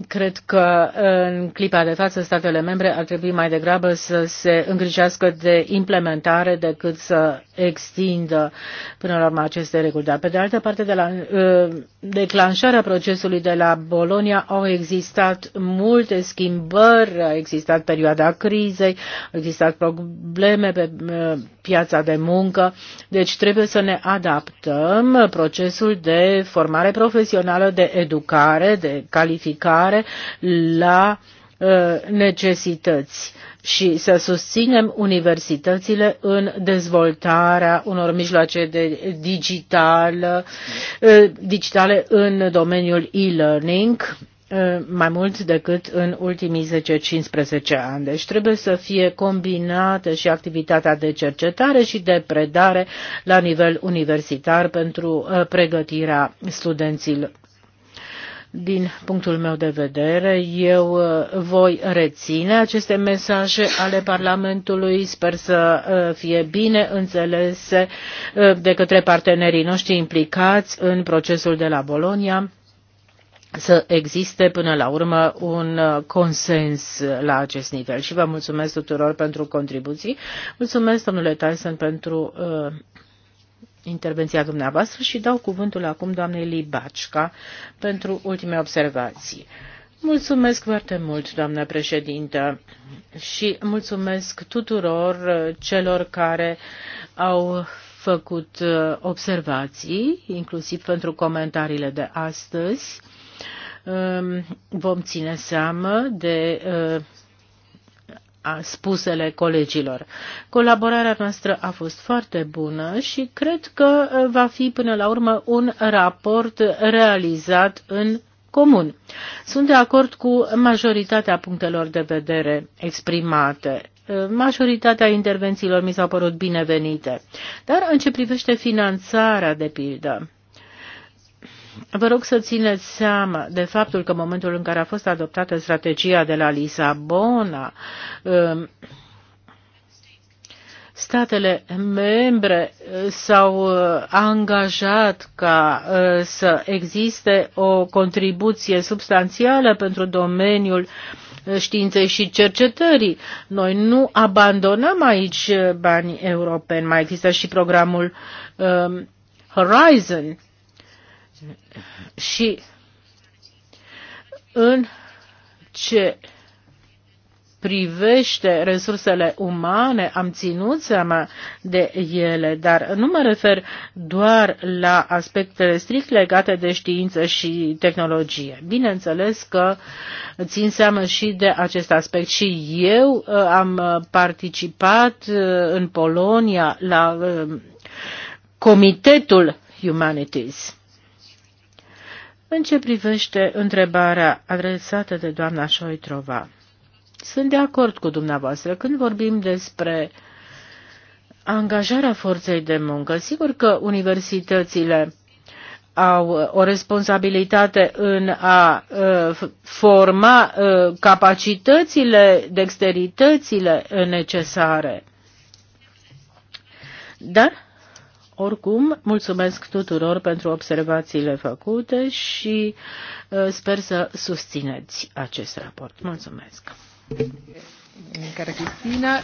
cred că ă, în clipa de față statele membre ar trebui mai degrabă să se îngrijească de implementare decât să extindă până la urmă aceste reguli. Dar pe de altă parte, de la ă, declanșarea procesului de la Bolonia au existat multe schimbări, a existat perioada crizei, au existat probleme pe piața de muncă, deci trebuie să ne adaptăm procesul de formare profesională, de educare, de calificare la uh, necesități și să susținem universitățile în dezvoltarea unor mijloace de digital, uh, digitale în domeniul e-learning Uh, mai mult decât în ultimii 10-15 ani. Deci trebuie să fie combinată și activitatea de cercetare și de predare la nivel universitar pentru uh, pregătirea studenților. Din punctul meu de vedere, eu uh, voi reține aceste mesaje ale Parlamentului, sper să fie bine înțelese de către partenerii noștri implicați în procesul de la Bologna să existe până la urmă un uh, consens la acest nivel. Și vă mulțumesc tuturor pentru contribuții. Mulțumesc, domnule Tyson, pentru uh, intervenția dumneavoastră și dau cuvântul acum doamnei Libacica pentru ultime observații. Mulțumesc foarte mult, doamnă președintă, și mulțumesc tuturor uh, celor care au făcut uh, observații, inclusiv pentru comentariile de astăzi. Ehm, vom ține seamă de ehm, spusele colegilor. Colaborarea noastră a fost foarte bună și cred că va fi până la urmă un raport realizat în comun. Sunt de acord cu majoritatea punctelor de vedere exprimate. Majoritatea intervențiilor mi s-au părut binevenite. Dar în ce privește finanțarea, de pildă, Vă rog să țineți seama de faptul că în momentul în care a fost adoptată strategia de la Lisabona, um, statele membre s-au uh, angajat ca uh, să existe o contribuție substanțială pentru domeniul uh, științei și cercetării. Noi nu abandonăm aici banii europeni. Mai există și programul um, Horizon și în ce privește resursele umane, am ținut seama de ele, dar nu mă refer doar la aspectele strict legate de știință și tehnologie. Bineînțeles că țin seama și de acest aspect și eu uh, am participat uh, în Polonia la uh, Comitetul Humanities în ce privește întrebarea adresată de doamna Șoitrova, sunt de acord cu dumneavoastră când vorbim despre angajarea forței de muncă. Sigur că universitățile au uh, o responsabilitate în a uh, forma uh, capacitățile, dexteritățile necesare. Dar oricum, mulțumesc tuturor pentru observațiile făcute și uh, sper să susțineți acest raport. Mulțumesc! Cristina,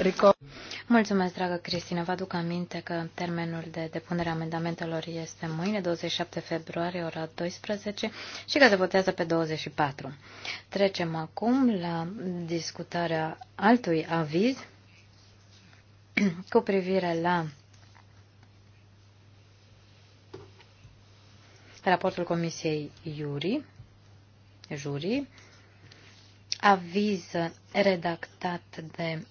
Mulțumesc, dragă Cristina. Vă aduc aminte că termenul de depunere a amendamentelor este mâine, 27 februarie, ora 12, și că se votează pe 24. Trecem acum la discutarea altui aviz cu privire la raportul Comisiei Iuri, Juri, aviz redactat de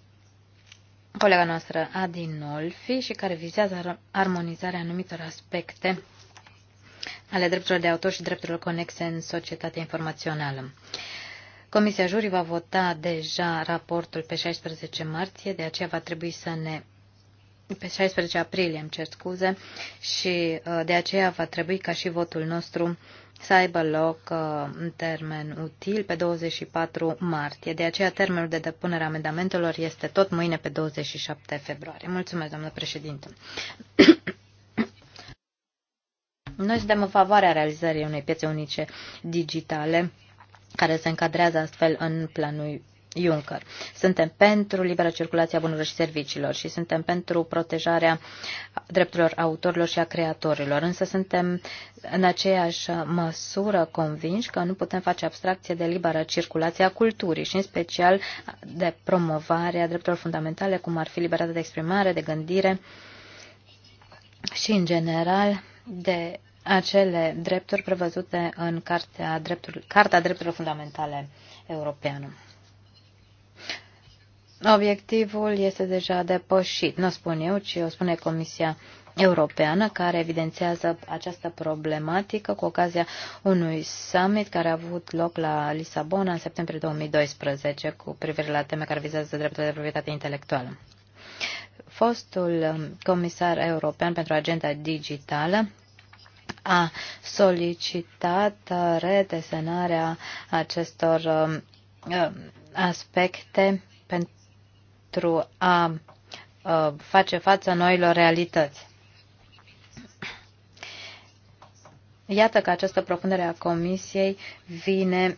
colega noastră Adinolfi și care vizează armonizarea anumitor aspecte ale drepturilor de autor și drepturilor conexe în societatea informațională. Comisia Juri va vota deja raportul pe 16 martie, de aceea va trebui să ne pe 16 aprilie, îmi cer scuze, și uh, de aceea va trebui ca și votul nostru să aibă loc uh, în termen util pe 24 martie. De aceea termenul de depunere a amendamentelor este tot mâine pe 27 februarie. Mulțumesc, doamnă președinte. [COUGHS] Noi suntem în favoarea realizării unei piețe unice digitale care se încadrează astfel în planul Juncker. Suntem pentru libera circulație a bunurilor și serviciilor și suntem pentru protejarea drepturilor autorilor și a creatorilor, însă suntem în aceeași măsură convinși că nu putem face abstracție de libera circulație a culturii și în special de promovarea drepturilor fundamentale, cum ar fi libertatea de exprimare, de gândire și, în general, de acele drepturi prevăzute în Cartea Drepturilor, Drepturilor Fundamentale Europeană. Obiectivul este deja depășit, nu spun eu, ci o spune Comisia Europeană, care evidențiază această problematică cu ocazia unui summit care a avut loc la Lisabona în septembrie 2012 cu privire la teme care vizează drepturile de proprietate intelectuală. Fostul um, comisar european pentru agenda digitală, a solicitat uh, redesenarea acestor um, uh, aspecte pentru a face față noilor realități. Iată că această propunere a Comisiei vine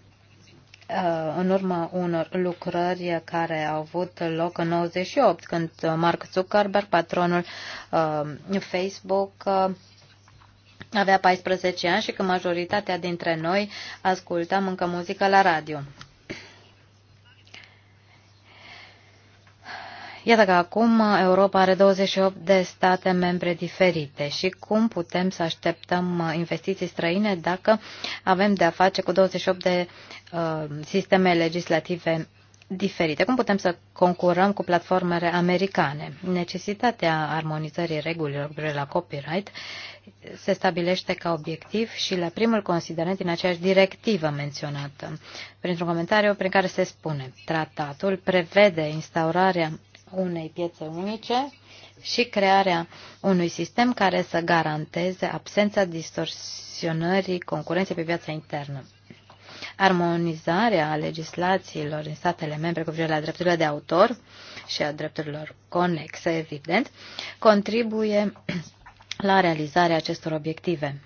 în urma unor lucrări care au avut loc în 98, când Mark Zuckerberg, patronul Facebook, avea 14 ani și că majoritatea dintre noi ascultam încă muzică la radio. Iată că acum Europa are 28 de state membre diferite și cum putem să așteptăm investiții străine dacă avem de a face cu 28 de uh, sisteme legislative diferite. Cum putem să concurăm cu platformele americane? Necesitatea armonizării regulilor de la copyright se stabilește ca obiectiv și la primul considerent din aceeași directivă menționată, printr-un comentariu prin care se spune tratatul prevede instaurarea unei piețe unice și crearea unui sistem care să garanteze absența distorsionării concurenței pe piața internă. Armonizarea legislațiilor în statele membre cu privire la drepturile de autor și a drepturilor conexe, evident, contribuie [CLEARS THROAT] la realizarea acestor obiective.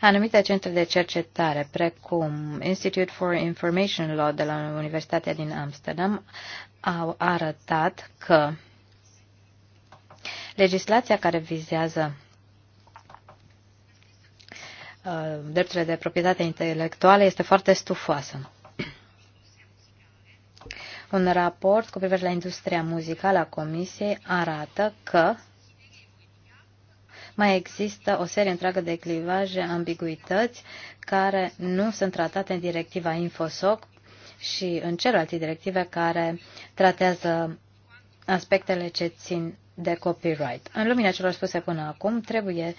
Anumite centre de cercetare, precum Institute for Information Law de la Universitatea din Amsterdam, au arătat că legislația care vizează uh, drepturile de proprietate intelectuală este foarte stufoasă. Un raport cu privire la industria muzicală a Comisiei arată că mai există o serie întreagă de clivaje, ambiguități, care nu sunt tratate în directiva InfoSoc și în celelalte directive care tratează aspectele ce țin de copyright. În lumina celor spuse până acum, trebuie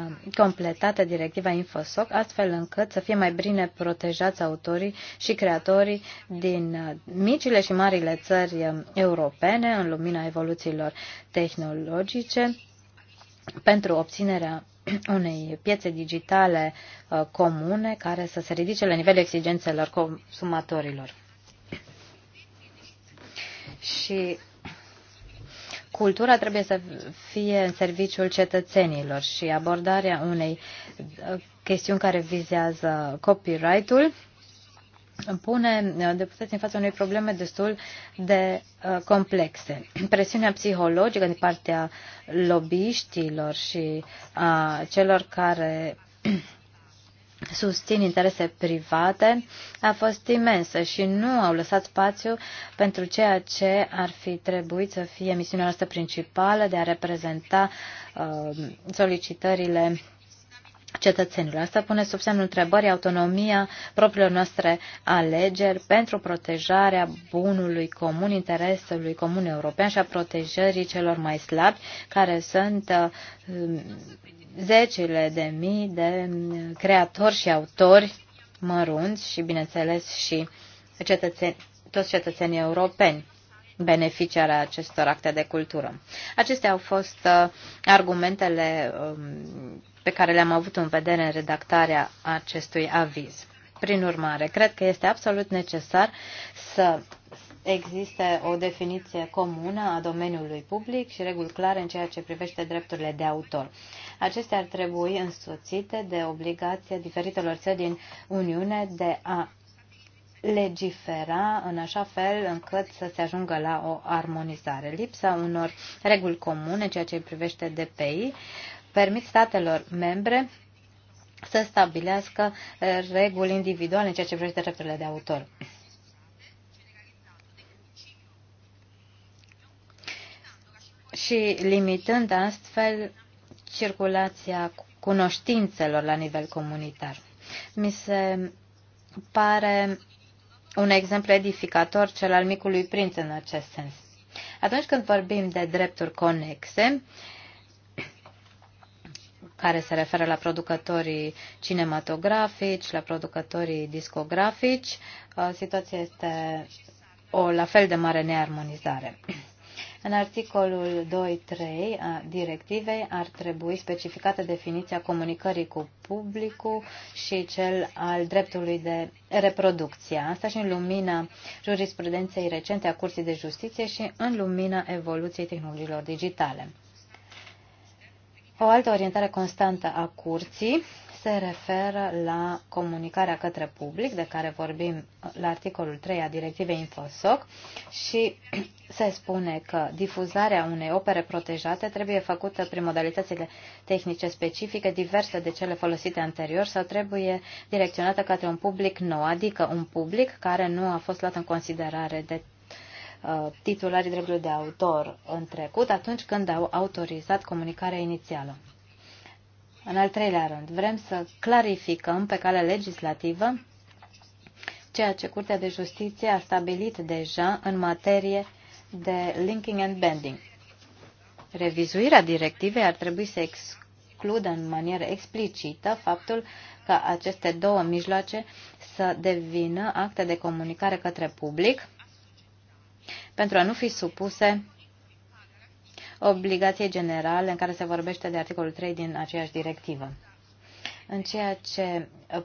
uh, completată directiva InfoSoc, astfel încât să fie mai bine protejați autorii și creatorii din uh, micile și marile țări uh, europene, în lumina evoluțiilor tehnologice pentru obținerea [CLEARS THROAT] unei piețe digitale uh, comune care să se ridice la nivelul exigențelor consumatorilor. Și cultura trebuie să fie în serviciul cetățenilor și abordarea unei uh, chestiuni care vizează copyright-ul pune uh, deputații în fața unei probleme destul de uh, complexe. Presiunea psihologică din partea lobiștilor și a celor care [CLEARS THROAT] susțin interese private a fost imensă și nu au lăsat spațiu pentru ceea ce ar fi trebuit să fie misiunea noastră principală de a reprezenta uh, solicitările cetățenilor. Asta pune sub semnul întrebării autonomia propriilor noastre alegeri pentru protejarea bunului comun, interesului comun european și a protejării celor mai slabi, care sunt uh, zecile de mii de creatori și autori mărunți și, bineînțeles, și cetățeni, toți cetățenii europeni beneficiarea acestor acte de cultură. Acestea au fost uh, argumentele um, pe care le-am avut în vedere în redactarea acestui aviz. Prin urmare, cred că este absolut necesar să existe o definiție comună a domeniului public și reguli clare în ceea ce privește drepturile de autor. Acestea ar trebui însoțite de obligația diferitelor țări din Uniune de a legifera în așa fel încât să se ajungă la o armonizare. Lipsa unor reguli comune, ceea ce privește DPI, permit statelor membre să stabilească eh, reguli individuale în ceea ce privește drepturile de autor. Și limitând astfel circulația cunoștințelor la nivel comunitar. Mi se pare un exemplu edificator cel al micului prinț în acest sens. Atunci când vorbim de drepturi conexe, care se referă la producătorii cinematografici, la producătorii discografici, uh, situația este o la fel de mare nearmonizare. În articolul 2.3 a directivei ar trebui specificată definiția comunicării cu publicul și cel al dreptului de reproducție. Asta și în lumina jurisprudenței recente a Curții de Justiție și în lumina evoluției tehnologiilor digitale. O altă orientare constantă a curții se referă la comunicarea către public, de care vorbim la articolul 3 a directivei InfoSoc și se spune că difuzarea unei opere protejate trebuie făcută prin modalitățile tehnice specifice, diverse de cele folosite anterior sau trebuie direcționată către un public nou, adică un public care nu a fost luat în considerare de uh, titularii dreptului de autor în trecut atunci când au autorizat comunicarea inițială. În al treilea rând, vrem să clarificăm pe cale legislativă ceea ce Curtea de Justiție a stabilit deja în materie de linking and bending. Revizuirea directivei ar trebui să excludă în manieră explicită faptul că aceste două mijloace să devină acte de comunicare către public pentru a nu fi supuse obligație generală în care se vorbește de articolul 3 din aceeași directivă. În ceea ce uh,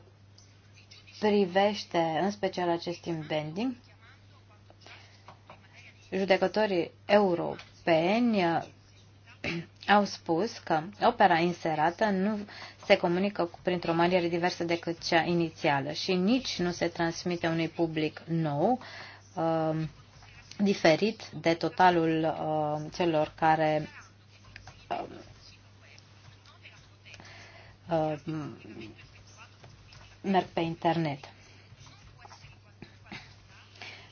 privește în special acest timp judecătorii europeni uh, [CLEARS THROAT] au spus că opera inserată nu se comunică printr-o manieră diversă decât cea inițială și nici nu se transmite unui public nou, uh, diferit de totalul uh, celor care uh, uh, merg pe internet.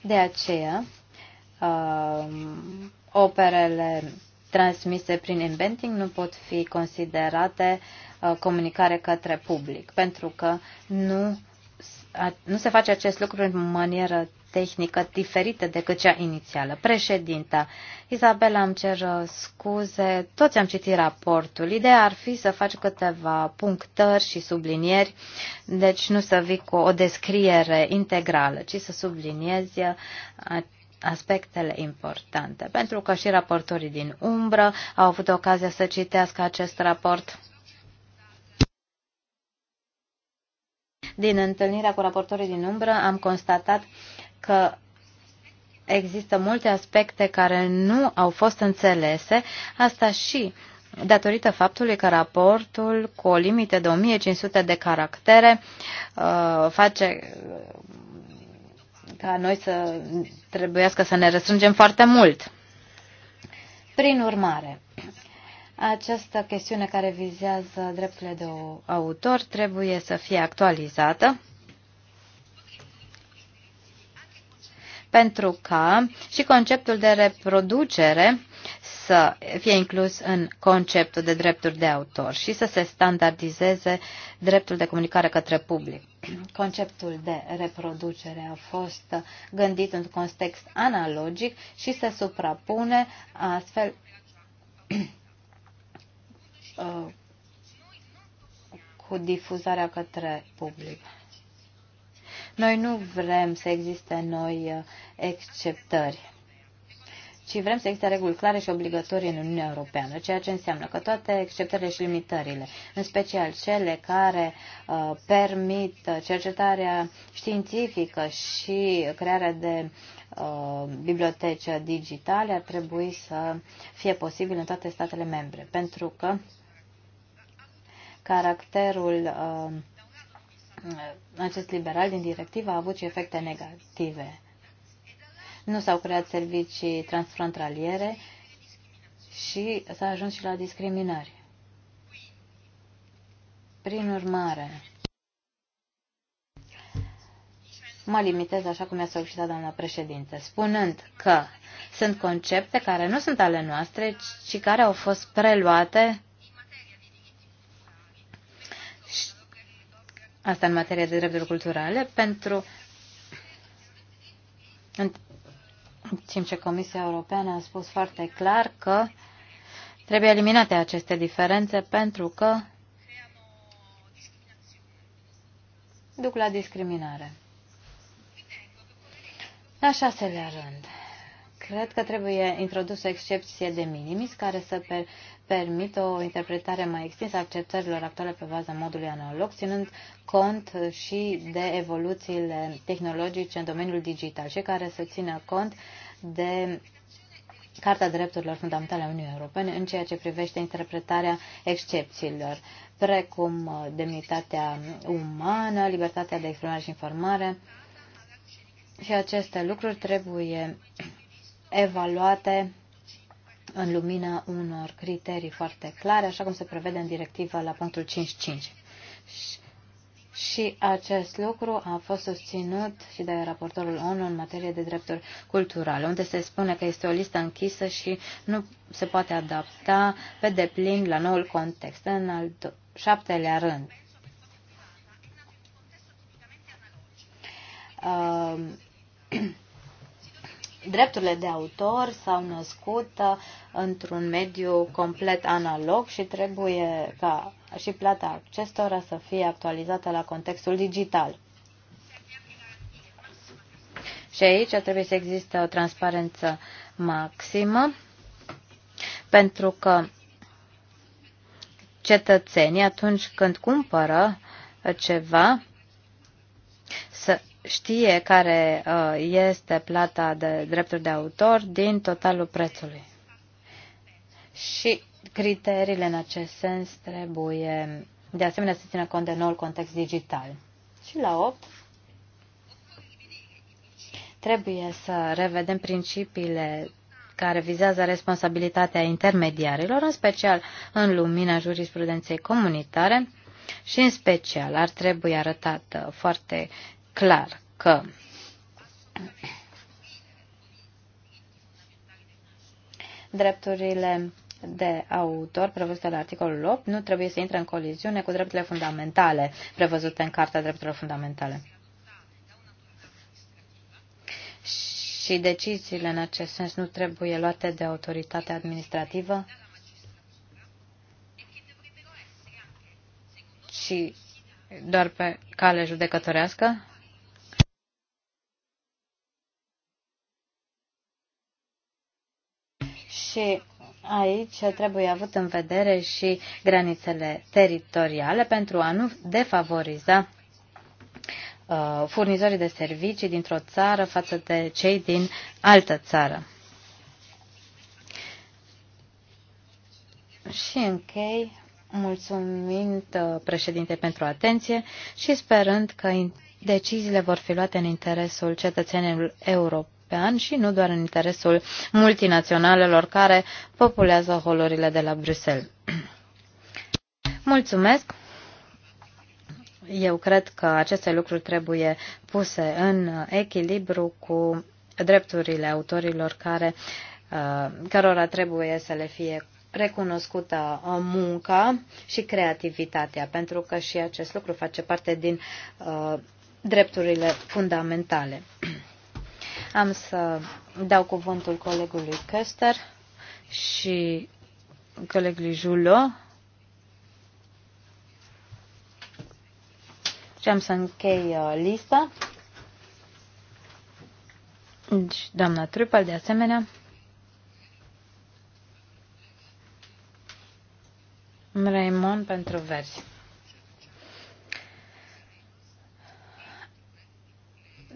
De aceea, uh, operele transmise prin inventing nu pot fi considerate uh, comunicare către public, pentru că nu, a, nu se face acest lucru în manieră tehnică diferită decât cea inițială. Președinta, Izabela, îmi cer uh, scuze, toți am citit raportul. Ideea ar fi să faci câteva punctări și sublinieri, deci nu să vii cu o descriere integrală, ci să subliniezi uh, aspectele importante, pentru că și raportorii din umbră au avut ocazia să citească acest raport. Din întâlnirea cu raportorii din umbră am constatat că există multe aspecte care nu au fost înțelese, asta și datorită faptului că raportul cu o limită de 1500 de caractere uh, face uh, ca noi să trebuiască să ne restrângem foarte mult. Prin urmare, această chestiune care vizează drepturile de autor trebuie să fie actualizată pentru ca și conceptul de reproducere să fie inclus în conceptul de drepturi de autor și să se standardizeze dreptul de comunicare către public. [CLEARS THROAT] Conceptul de reproducere a fost gândit în context analogic și se suprapune astfel [CLEARS THROAT] uh, cu difuzarea către public. Noi nu vrem să existe noi uh, exceptări ci vrem să existe reguli clare și obligatorii în Uniunea Europeană, ceea ce înseamnă că toate exceptările și limitările, în special cele care uh, permit cercetarea științifică și crearea de uh, biblioteci digitale, ar trebui să fie posibil în toate statele membre, pentru că caracterul uh, Mm, acest liberal din directivă a avut și efecte negative. Nu s-au creat servicii transfrontaliere și s-a ajuns și la discriminări. Prin urmare, mă limitez așa cum mi-a solicitat doamna președinte, spunând că sunt concepte care nu sunt ale noastre, ci care au fost preluate asta în materie de drepturi culturale, pentru în timp ce Comisia Europeană a spus foarte clar că trebuie eliminate aceste diferențe pentru că duc la discriminare. La șaselea rând. Cred că trebuie introdusă excepție de minimis care să per permit o interpretare mai extinsă a acceptărilor actuale pe baza modului analog, ținând cont și de evoluțiile tehnologice în domeniul digital și care să țină cont de Carta Drepturilor Fundamentale a Uniunii Europene în ceea ce privește interpretarea excepțiilor, precum uh, demnitatea umană, libertatea de exprimare și informare. Și aceste lucruri trebuie evaluate în lumina unor criterii foarte clare, așa cum se prevede în directivă la punctul 5.5. Și acest lucru a fost susținut și de raportorul ONU în materie de drepturi culturale, unde se spune că este o listă închisă și nu se poate adapta pe deplin la noul context. În al șaptelea rând, uh, [CLEARS THROAT] drepturile de autor s-au născut uh, într-un mediu complet analog și trebuie ca și plata acestora să fie actualizată la contextul digital. Și aici trebuie să existe o transparență maximă, pentru că cetățenii atunci când cumpără ceva, știe care uh, este plata de drepturi de autor din totalul prețului. Și criteriile în acest sens trebuie de asemenea să țină cont de noul context digital. Și la 8 trebuie să revedem principiile care vizează responsabilitatea intermediarilor, în special în lumina jurisprudenței comunitare și în special ar trebui arătat foarte clar că drepturile de autor prevăzute la articolul 8 nu trebuie să intre în coliziune cu drepturile fundamentale prevăzute în Carta Drepturilor Fundamentale. Și deciziile în acest sens nu trebuie luate de autoritatea administrativă, ci doar pe cale judecătorească, Și aici trebuie avut în vedere și granițele teritoriale pentru a nu defavoriza uh, furnizorii de servicii dintr-o țară față de cei din altă țară. Și închei mulțumind uh, președinte pentru atenție și sperând că deciziile vor fi luate în interesul cetățenilor europeni european și nu doar în interesul multinaționalelor care populează holurile de la Bruxelles. [CLEARS THROAT] Mulțumesc! Eu cred că aceste lucruri trebuie puse în echilibru cu drepturile autorilor care, uh, cărora trebuie să le fie recunoscută munca și creativitatea, pentru că și acest lucru face parte din uh, drepturile fundamentale. [CLEARS THROAT] Am să dau cuvântul colegului Köster și colegului Julo. Și am să închei uh, lista. Și deci, doamna Trupal, de asemenea. Raymond pentru verzi.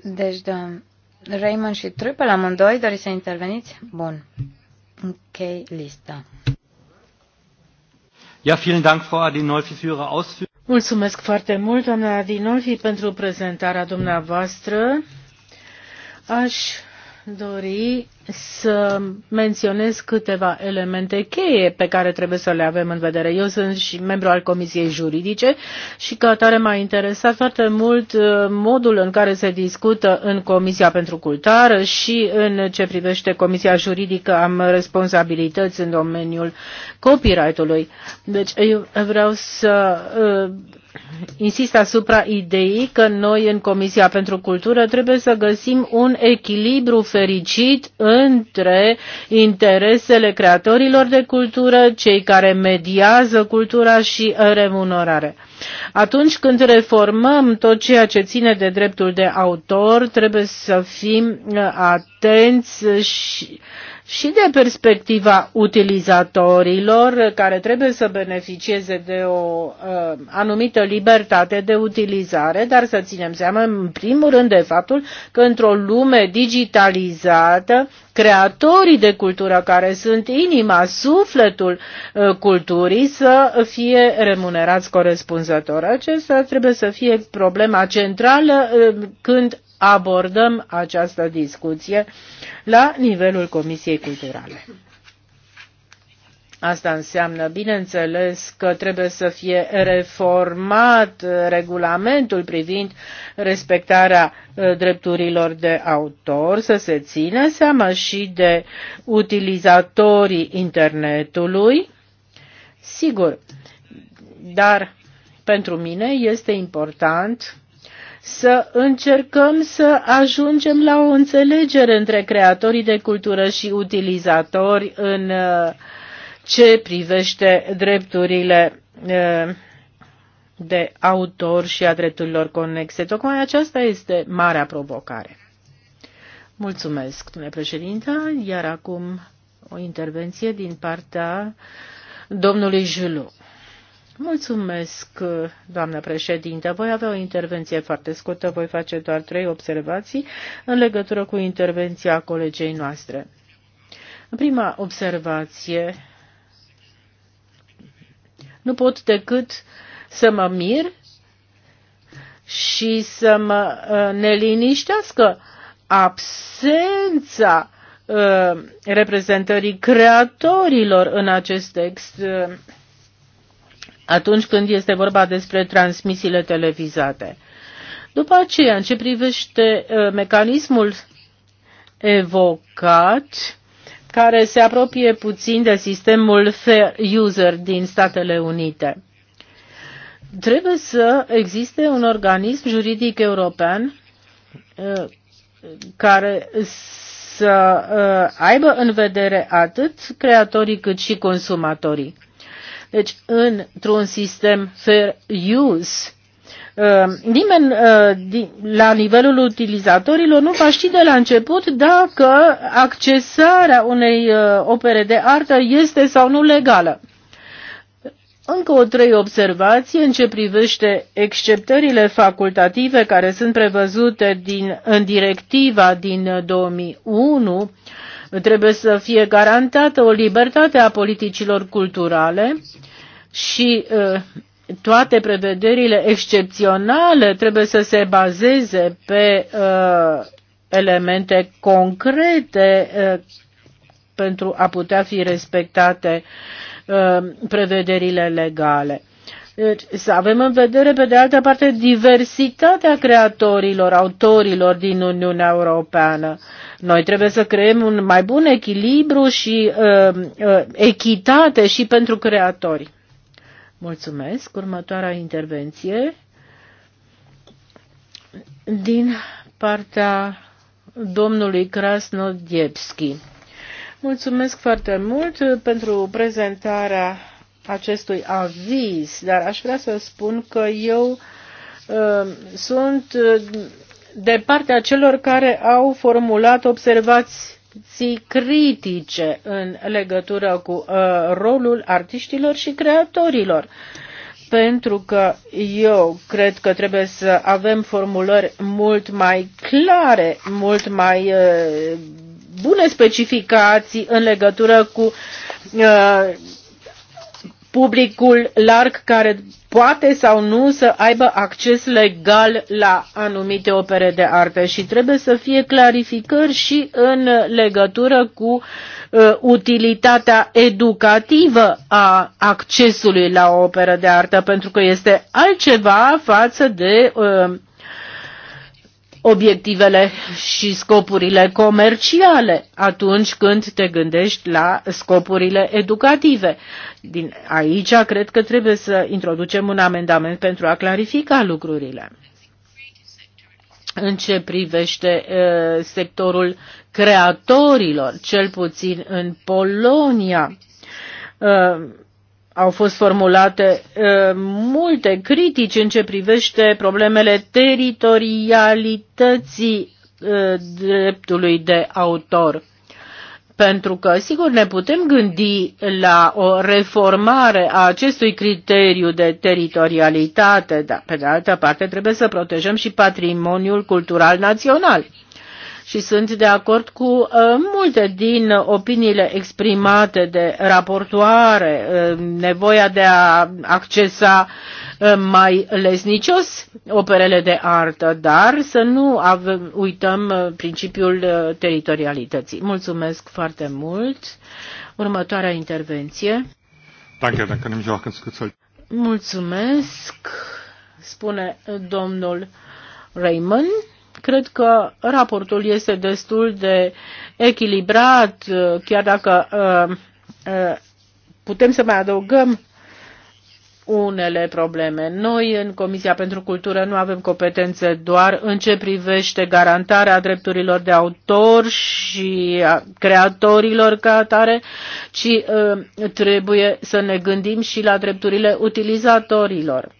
Deci, doamna... Raymond și Trupe, la amândoi, doriți să interveniți? Bun. Ok, lista. Ja, vielen Dank, Frau Adinolfi, für Ihre Ausführungen. Mulțumesc foarte mult, doamna Adinolfi, pentru prezentarea dumneavoastră. Aș dori să menționez câteva elemente cheie pe care trebuie să le avem în vedere. Eu sunt și membru al Comisiei Juridice și ca atare m-a interesat foarte mult uh, modul în care se discută în Comisia pentru Cultură și în ce privește Comisia Juridică am responsabilități în domeniul copyright-ului. Deci eu vreau să uh, insist asupra ideii că noi în Comisia pentru Cultură trebuie să găsim un echilibru fericit în între interesele creatorilor de cultură, cei care mediază cultura și remunerare. Atunci când reformăm tot ceea ce ține de dreptul de autor, trebuie să fim atenți și și de perspectiva utilizatorilor care trebuie să beneficieze de o uh, anumită libertate de utilizare, dar să ținem seama în primul rând de faptul că într-o lume digitalizată, creatorii de cultură care sunt inima, sufletul uh, culturii să fie remunerați corespunzător. Acesta trebuie să fie problema centrală uh, când abordăm această discuție la nivelul Comisiei Culturale. Asta înseamnă, bineînțeles, că trebuie să fie reformat regulamentul privind respectarea ă, drepturilor de autor, să se țină seama și de utilizatorii internetului. Sigur, dar pentru mine este important să încercăm să ajungem la o înțelegere între creatorii de cultură și utilizatori în uh, ce privește drepturile uh, de autor și a drepturilor conexe. Tocmai aceasta este marea provocare. Mulțumesc, domnule președinte, iar acum o intervenție din partea domnului Julu. Mulțumesc, doamnă președinte. Voi avea o intervenție foarte scurtă, voi face doar trei observații în legătură cu intervenția colegei noastre. Prima observație. Nu pot decât să mă mir și să mă uh, neliniștească absența uh, reprezentării creatorilor în acest text uh, atunci când este vorba despre transmisiile televizate. După aceea, în ce privește uh, mecanismul evocat, care se apropie puțin de sistemul Fair User din Statele Unite. Trebuie să existe un organism juridic european uh, care să uh, aibă în vedere atât creatorii cât și consumatorii. Deci, într-un sistem fair use, uh, nimeni uh, la nivelul utilizatorilor nu va ști de la început dacă accesarea unei uh, opere de artă este sau nu legală. Încă o trei observație în ce privește exceptările facultative care sunt prevăzute din, în directiva din 2001 Trebuie să fie garantată o libertate a politicilor culturale și uh, toate prevederile excepționale trebuie să se bazeze pe uh, elemente concrete uh, pentru a putea fi respectate uh, prevederile legale. Deci să avem în vedere, pe de altă parte, diversitatea creatorilor, autorilor din Uniunea Europeană. Noi trebuie să creăm un mai bun echilibru și uh, uh, echitate și pentru creatori. Mulțumesc. Următoarea intervenție din partea domnului Krasnodiepski. Mulțumesc foarte mult pentru prezentarea acestui aviz, dar aș vrea să spun că eu um, uh, sunt de partea celor care au formulat observații critice în legătură cu uh, rolul artiștilor și creatorilor. Pentru că eu cred că trebuie să avem formulări mult mai clare, mult mai uh, bune specificații în legătură cu uh, publicul larg care poate sau nu să aibă acces legal la anumite opere de artă și trebuie să fie clarificări și în legătură cu uh, utilitatea educativă a accesului la o operă de artă, pentru că este altceva față de uh, obiectivele și scopurile comerciale atunci când te gândești la scopurile educative. Din aici cred că trebuie să introducem un amendament pentru a clarifica lucrurile. În ce privește uh, sectorul creatorilor, cel puțin în Polonia, uh, au fost formulate multe critici în ce privește problemele teritorialității dreptului de autor. Pentru că, sigur, ne putem gândi la o reformare a acestui criteriu de teritorialitate, dar, pe de altă parte, trebuie să protejăm și patrimoniul cultural național și sunt de acord cu uh, multe din opiniile exprimate de raportoare, uh, nevoia de a accesa uh, mai lesnicios operele de artă, dar să nu uităm principiul teritorialității. Mulțumesc foarte mult. Următoarea intervenție. Mulțumesc, spune domnul Raymond. Cred că raportul este destul de echilibrat, chiar dacă uh, uh, putem să mai adăugăm unele probleme. Noi, în Comisia pentru Cultură, nu avem competențe doar în ce privește garantarea drepturilor de autor și a creatorilor ca atare, ci uh, trebuie să ne gândim și la drepturile utilizatorilor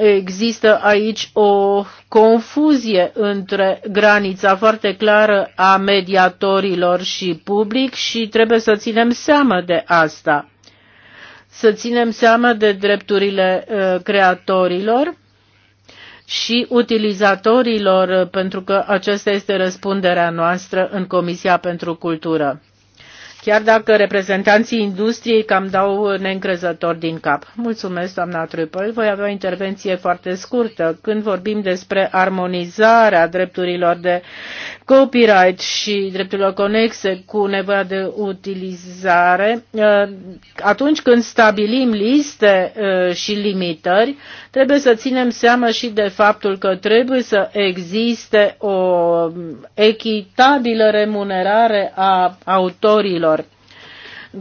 există aici o confuzie între granița foarte clară a mediatorilor și public și trebuie să ținem seama de asta. Să ținem seama de drepturile uh, creatorilor și utilizatorilor, uh, pentru că aceasta este răspunderea noastră în Comisia pentru Cultură chiar dacă reprezentanții industriei cam dau neîncrezător din cap. Mulțumesc, doamna Trupel. Voi avea o intervenție foarte scurtă. Când vorbim despre armonizarea drepturilor de copyright și drepturilor conexe cu nevoia de utilizare, uh, atunci când stabilim liste uh, și limitări, trebuie să ținem seama și de faptul că trebuie să existe o echitabilă remunerare a autorilor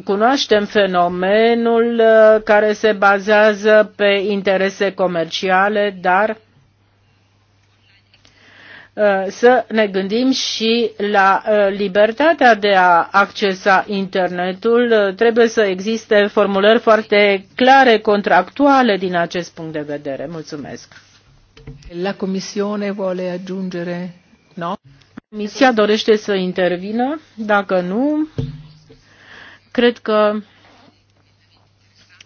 cunoaștem fenomenul uh, care se bazează pe interese comerciale, dar Uh, să ne gândim și la uh, libertatea de a accesa internetul. Uh, trebuie să existe formulări foarte clare, contractuale din acest punct de vedere. Mulțumesc. La Comisiune vole ajungere? No? Comisia dorește să intervină? Dacă nu, cred că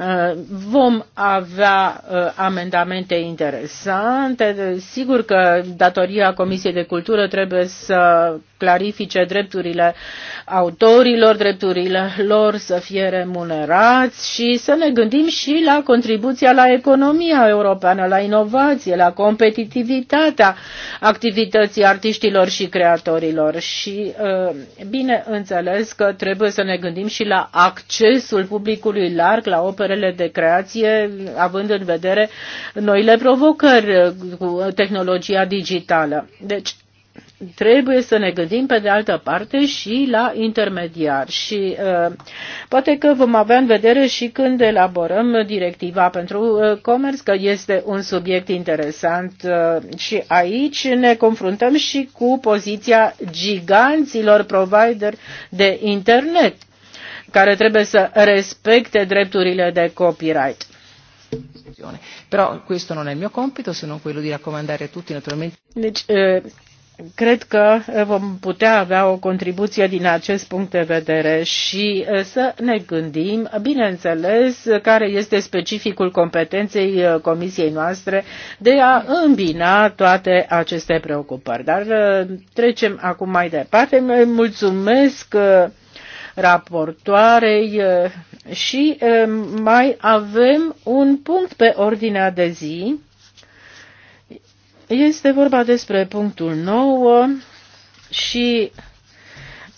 Uh, vom avea uh, amendamente interesante. Sigur că datoria Comisiei de Cultură trebuie să clarifice drepturile autorilor, drepturile lor să fie remunerați și să ne gândim și la contribuția la economia europeană, la inovație, la competitivitatea activității artiștilor și creatorilor. Și uh, bineînțeles că trebuie să ne gândim și la accesul publicului larg la operele de creație, având în vedere noile provocări uh, cu tehnologia digitală. Deci trebuie să ne gândim pe de altă parte și la intermediar și uh, poate că vom avea în vedere și când elaborăm directiva pentru uh, comerț că este un subiect interesant uh, și aici ne confruntăm și cu poziția giganților provider de internet care trebuie să respecte drepturile de copyright. Però questo non è il mio compito se non quello di raccomandare a tutti naturalmente. Deci, uh, cred că eh, vom putea avea o contribuție din acest punct de vedere și eh, să ne gândim, bineînțeles, care este specificul competenței eh, comisiei noastre de a îmbina toate aceste preocupări. Dar trecem acum mai departe. Mulțumesc raportoarei și mai avem un punct pe ordinea de zi este vorba despre punctul 9 și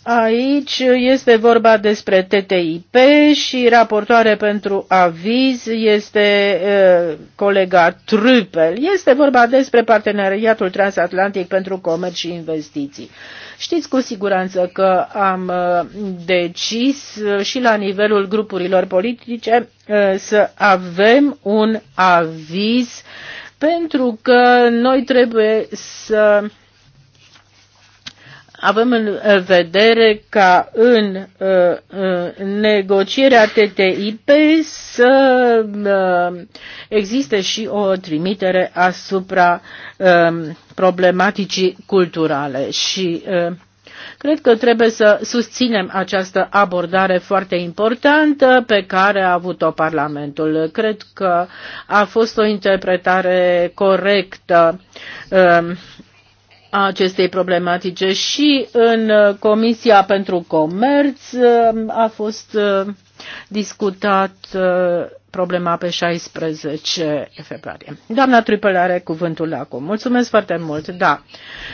aici este vorba despre TTIP și raportoare pentru aviz este uh, colega Trupel. Este vorba despre parteneriatul transatlantic pentru comerț și investiții. Știți cu siguranță că am uh, decis uh, și la nivelul grupurilor politice să avem un aviz pentru că noi trebuie să avem în vedere ca în uh, uh, negocierea TTIP să uh, existe și o trimitere asupra um, problematicii culturale și uh, Cred că trebuie să susținem această abordare foarte importantă pe care a avut-o Parlamentul. Cred că a fost o interpretare corectă um, a acestei problematice și în Comisia pentru Comerț um, a fost um, discutat uh, problema pe 16 februarie. Doamna Trupel are cuvântul acum. Mulțumesc foarte mult. Da.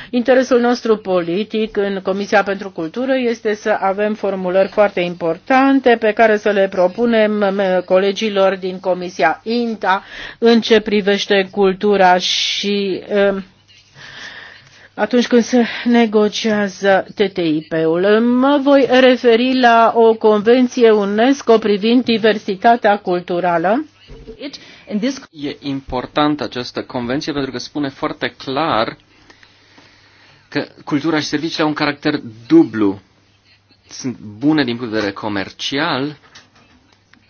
Interesul nostru politic în Comisia pentru Cultură este să avem formulări foarte importante pe care să le propunem colegilor din Comisia INTA în ce privește cultura și uh, atunci când se negociază TTIP-ul. Mă voi referi la o convenție UNESCO privind diversitatea culturală. E importantă această convenție pentru că spune foarte clar că cultura și serviciile au un caracter dublu. Sunt bune din punct de vedere comercial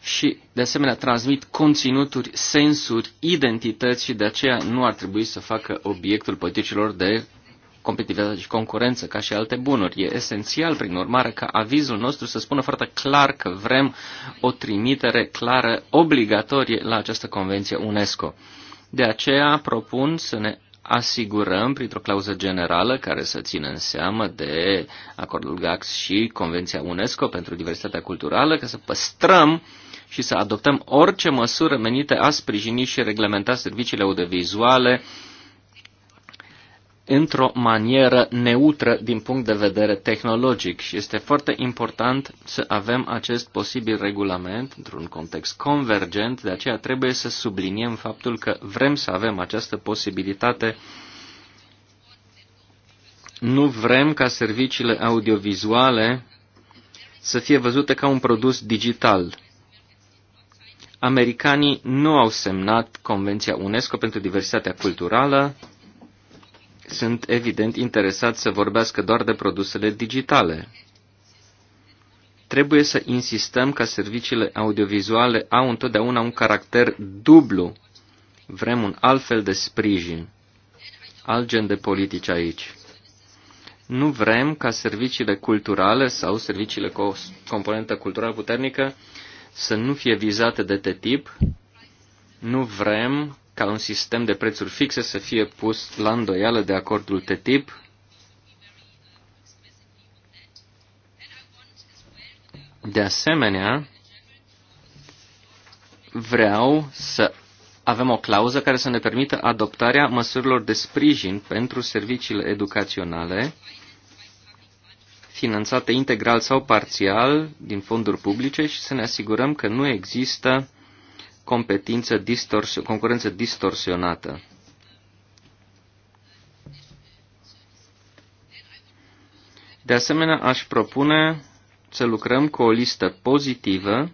și, de asemenea, transmit conținuturi, sensuri, identități și de aceea nu ar trebui să facă obiectul politicilor de competitivitate și concurență ca și alte bunuri. E esențial, prin urmare, ca avizul nostru să spună foarte clar că vrem o trimitere clară, obligatorie la această convenție UNESCO. De aceea propun să ne asigurăm printr-o clauză generală care să țină în seamă de acordul GACS și Convenția UNESCO pentru diversitatea culturală, că să păstrăm și să adoptăm orice măsură menite a sprijini și reglementa serviciile audiovizuale, într-o manieră neutră din punct de vedere tehnologic și este foarte important să avem acest posibil regulament într-un context convergent, de aceea trebuie să subliniem faptul că vrem să avem această posibilitate. Nu vrem ca serviciile audiovizuale să fie văzute ca un produs digital. Americanii nu au semnat Convenția UNESCO pentru diversitatea culturală, sunt evident interesați să vorbească doar de produsele digitale. Trebuie să insistăm ca serviciile audiovizuale au întotdeauna un caracter dublu. Vrem un alt fel de sprijin, alt gen de politici aici. Nu vrem ca serviciile culturale sau serviciile cu o componentă culturală puternică să nu fie vizate de TTIP. Nu vrem ca un sistem de prețuri fixe să fie pus la îndoială de acordul TTIP. De asemenea, vreau să avem o clauză care să ne permită adoptarea măsurilor de sprijin pentru serviciile educaționale finanțate integral sau parțial din fonduri publice și să ne asigurăm că nu există competință distors, concurență distorsionată. De asemenea, aș propune să lucrăm cu o listă pozitivă.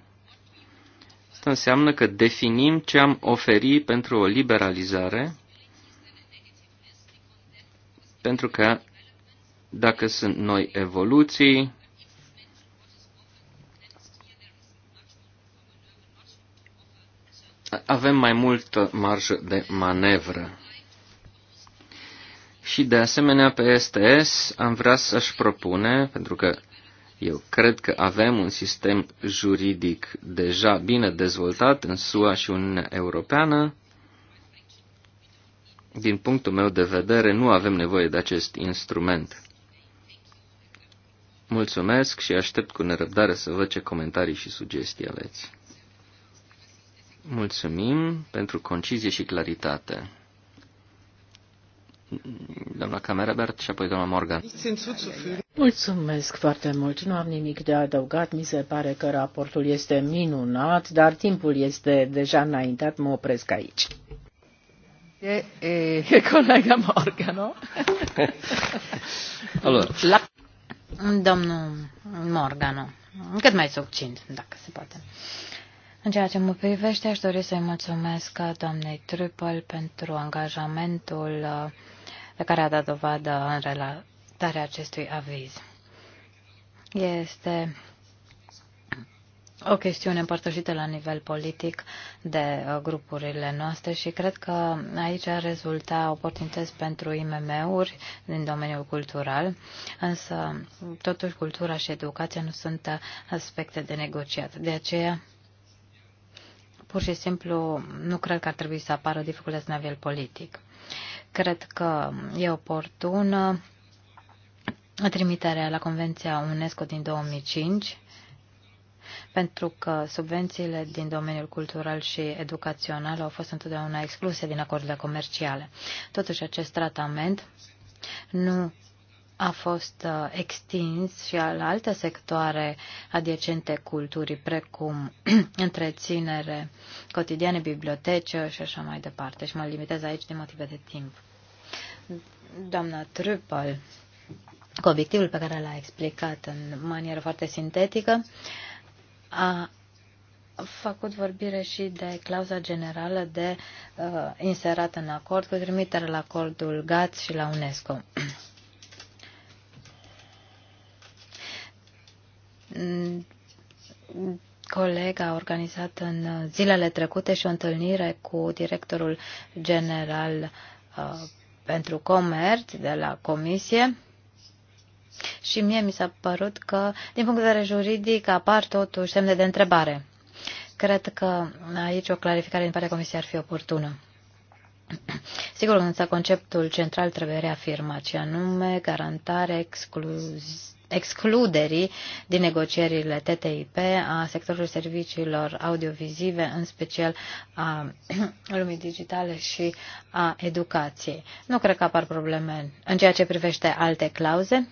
Asta înseamnă că definim ce am oferi pentru o liberalizare, pentru că dacă sunt noi evoluții, avem mai multă marjă de manevră. Și de asemenea pe STS am vrea să-și propune, pentru că eu cred că avem un sistem juridic deja bine dezvoltat în SUA și Uniunea Europeană. Din punctul meu de vedere, nu avem nevoie de acest instrument. Mulțumesc și aștept cu nerăbdare să văd ce comentarii și sugestii aveți. Mulțumim pentru concizie și claritate. Doamna Camerabert și apoi doamna Morgan. Mulțumesc foarte mult. Nu am nimic de adăugat. Mi se pare că raportul este minunat, dar timpul este deja înaintat. Mă opresc aici. E, e, colega Morgan, nu? Allora. [LAUGHS] La... Domnul Morgan. cât mai succint, dacă se poate. Uh, în ceea ce mă privește, aș dori să-i mulțumesc doamnei Trupel pentru angajamentul uh, pe care a dat dovadă în relatarea acestui aviz. Este o chestiune împărtășită la nivel politic de uh, grupurile noastre și cred că aici ar rezulta oportunități pentru IMM-uri din domeniul cultural, însă totuși cultura și educația nu sunt uh, aspecte de negociat. De aceea pur și simplu nu cred că ar trebui să apară dificultăți la nivel politic. Cred că e oportună trimiterea la Convenția UNESCO din 2005 pentru că subvențiile din domeniul cultural și educațional au fost întotdeauna excluse din acordurile comerciale. Totuși, acest tratament nu a fost uh, extins și al alte sectoare adiacente culturii, precum [CLEARS THROAT] întreținere cotidiană, bibliotece și așa mai departe. Și mă limitez aici din motive de timp. Doamna Trupel, cu obiectivul pe care l-a explicat în manieră foarte sintetică, a făcut vorbire și de clauza generală de uh, inserat în acord cu trimitere la acordul GATS și la UNESCO. [CLEARS THROAT] coleg a organizat în zilele trecute și o întâlnire cu directorul general uh, pentru comerț de la comisie și mie mi s-a părut că, din punct de vedere juridic, apar totuși semne de întrebare. Cred că aici o clarificare din partea comisiei ar fi oportună. [CLEARS THROAT] Sigur, însă conceptul central trebuie reafirmat, și anume garantarea exclus excluderii din negocierile TTIP a sectorului serviciilor audiovizive, în special a [CLEARS THROAT] lumii digitale și a educației. Nu cred că apar probleme în ceea ce privește alte clauze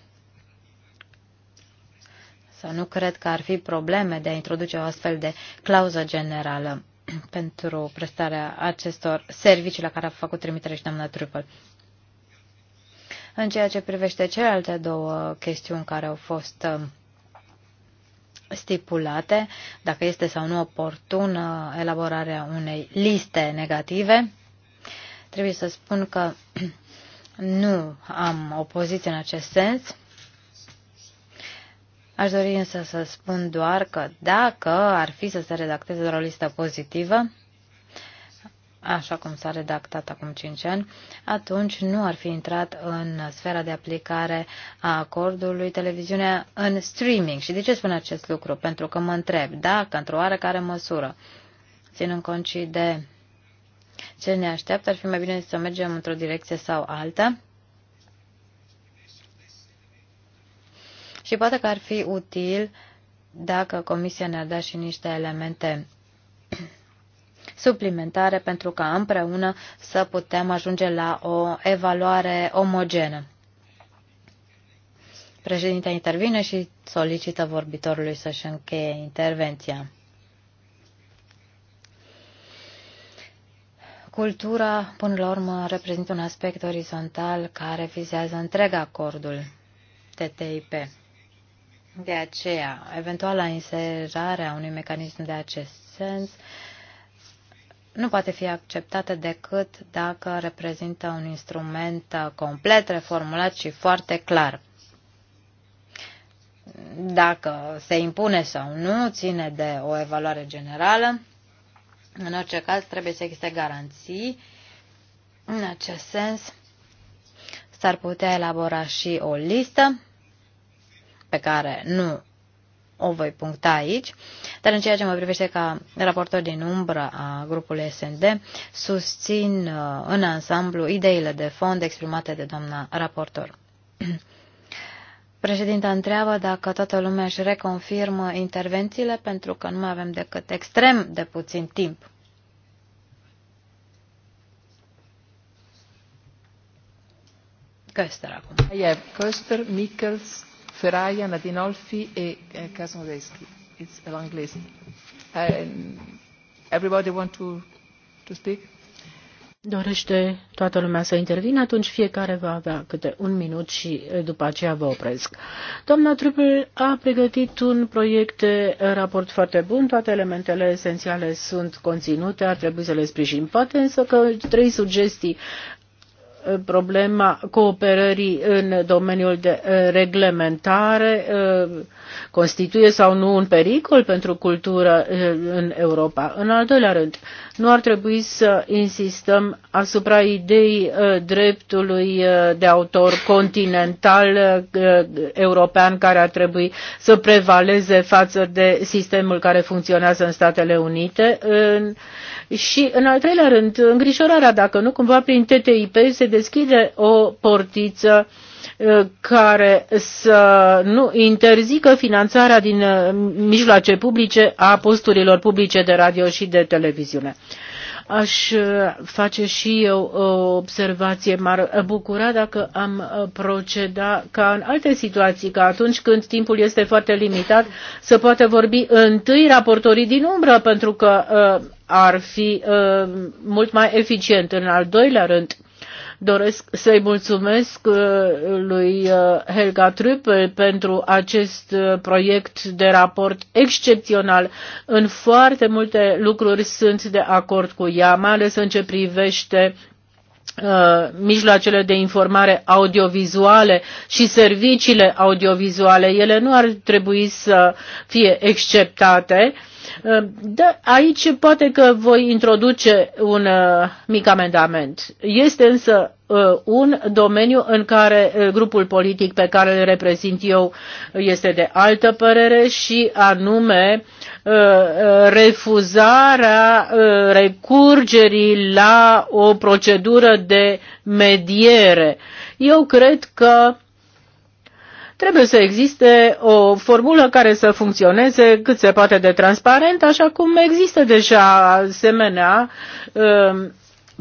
sau nu cred că ar fi probleme de a introduce o astfel de clauză generală [CLEARS THROAT] pentru prestarea acestor servicii la care a făcut trimitere și doamna Trupel. În ceea ce privește celelalte două chestiuni care au fost uh, stipulate, dacă este sau nu oportună elaborarea unei liste negative, trebuie să spun că [CLEARS THROAT] nu am opoziție în acest sens. Aș dori însă să spun doar că dacă ar fi să se redacteze doar o listă pozitivă, așa cum s-a redactat acum 5 ani, atunci nu ar fi intrat în sfera de aplicare a acordului televiziunea în streaming. Și de ce spun acest lucru? Pentru că mă întreb dacă, într-o oarecare măsură, ținând cont și de ce ne așteaptă, ar fi mai bine să mergem într-o direcție sau alta. Și poate că ar fi util dacă Comisia ne-ar da și niște elemente suplimentare pentru ca împreună să putem ajunge la o evaluare omogenă. Președintea intervine și solicită vorbitorului să-și încheie intervenția. Cultura, până la urmă, reprezintă un aspect orizontal care vizează întreg acordul TTIP. De aceea, eventuala a unui mecanism de acest sens nu poate fi acceptată decât dacă reprezintă un instrument uh, complet reformulat și foarte clar. Dacă se impune sau nu, ține de o evaluare generală. În orice caz, trebuie să existe garanții. În acest sens, s-ar putea elabora și o listă pe care nu o voi puncta aici, dar în ceea ce mă privește ca raportor din umbră a grupului SND, susțin uh, în ansamblu ideile de fond exprimate de doamna raportor. [CLEARS THROAT] Președinta întreabă dacă toată lumea își reconfirmă intervențiile pentru că nu mai avem decât extrem de puțin timp. Köster acum. Köster, Mikkels, Ferraia, Nadinolfi e eh, It's a long list. everybody want to, to speak? Dorește toată lumea să intervină, atunci fiecare va avea câte un minut și după aceea vă opresc. Doamna trupul a pregătit un proiect de raport foarte bun, toate elementele esențiale sunt conținute, ar trebui să le sprijin. Poate însă că trei sugestii problema cooperării în domeniul de eh, reglementare eh, constituie sau nu un pericol pentru cultură eh, în Europa. În al doilea rând, nu ar trebui să insistăm asupra ideii dreptului de autor continental european care ar trebui să prevaleze față de sistemul care funcționează în Statele Unite. Și în al treilea rând, îngrijorarea dacă nu cumva prin TTIP se deschide o portiță uh, care să nu interzică finanțarea din uh, mijloace publice a posturilor publice de radio și de televiziune. Aș uh, face și eu o observație. M-ar bucura dacă am proceda ca în alte situații, ca atunci când timpul este foarte limitat, să poată vorbi întâi raportorii din umbră, pentru că ar fi mult mai eficient. În al doilea rând, Doresc să-i mulțumesc uh, lui uh, Helga Trüppel pentru acest uh, proiect de raport excepțional. În foarte multe lucruri sunt de acord cu ea, mai ales în ce privește mijloacele de informare audiovizuale și serviciile audiovizuale. Ele nu ar trebui să fie exceptate. Da, aici poate că voi introduce un mic amendament. Este însă Uh, un domeniu în care uh, grupul politic pe care îl reprezint eu este de altă părere și anume uh, refuzarea recurgerii la o procedură de mediere. Eu cred că trebuie să existe o formulă care să funcționeze cât se poate de transparent, așa cum există deja asemenea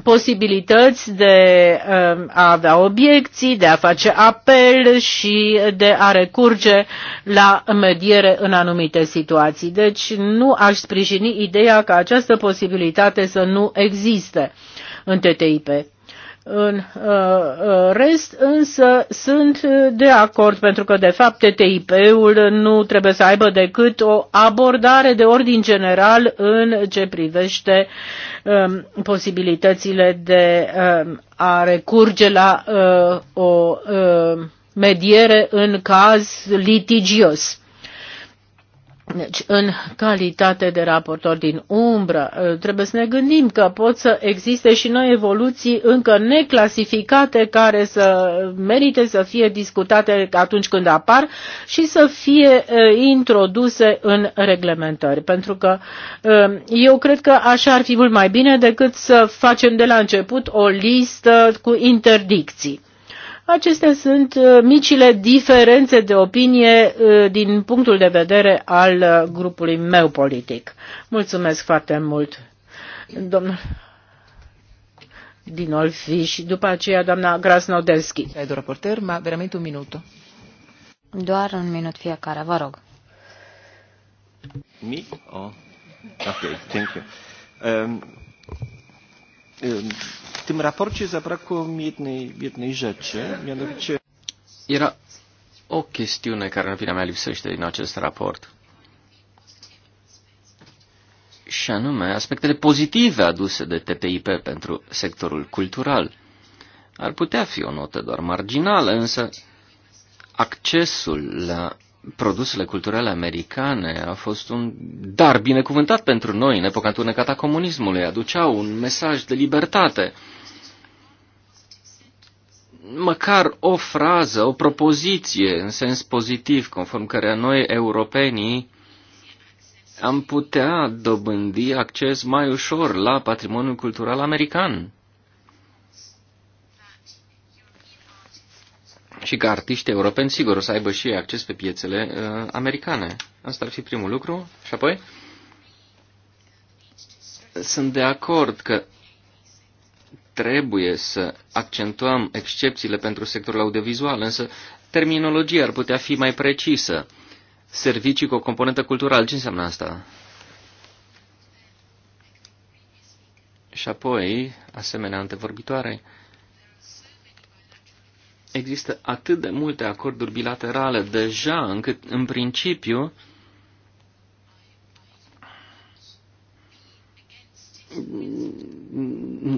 posibilități de um, a avea obiecții, de a face apel și de a recurge la mediere în anumite situații. Deci nu aș sprijini ideea ca această posibilitate să nu existe în TTIP. În uh, uh, rest, însă, sunt uh, de acord, pentru că, de fapt, TTIP-ul nu trebuie să aibă decât o abordare de ordin general în ce privește um, posibilitățile de um, a recurge la o mediere în caz litigios. Deci, în calitate de raportor din umbră, ă, trebuie să ne gândim că pot să existe și noi evoluții încă neclasificate care să merite să fie discutate atunci când apar și să fie ă, introduse în reglementări. Pentru că ă, eu cred că așa ar fi mult mai bine decât să facem de la început o listă cu interdicții. Acestea sunt uh, micile diferențe de opinie uh, din punctul de vedere al uh, grupului meu politic. Mulțumesc foarte mult, domnul Dinolfi și după aceea doamna Grasnodelski. raporter, veramente un minut. Doar un minut fiecare, vă rog. Mi Oh. Okay, thank you. Um, um, tym raporcie zabrakło mi jednej, jednej rzeczy, mianowicie... Era o chestiune care, în opinia mea, lipsește din acest raport. Și anume, aspectele pozitive aduse de TTIP pentru sectorul cultural. Ar putea fi o notă doar marginală, însă accesul la produsele culturale americane a fost un dar binecuvântat pentru noi în epoca întunecată a comunismului. Aduceau un mesaj de libertate. Măcar o frază, o propoziție în sens pozitiv, conform care noi, europenii, am putea dobândi acces mai ușor la patrimoniul cultural american. și că artiști europeni, sigur, o să aibă și acces pe piețele uh, americane. Asta ar fi primul lucru. Și apoi, sunt de acord că trebuie să accentuăm excepțiile pentru sectorul audiovizual, însă terminologia ar putea fi mai precisă. Servicii cu o componentă culturală, ce înseamnă asta? Și apoi, asemenea antevorbitoare, există atât de multe acorduri bilaterale deja, încât în principiu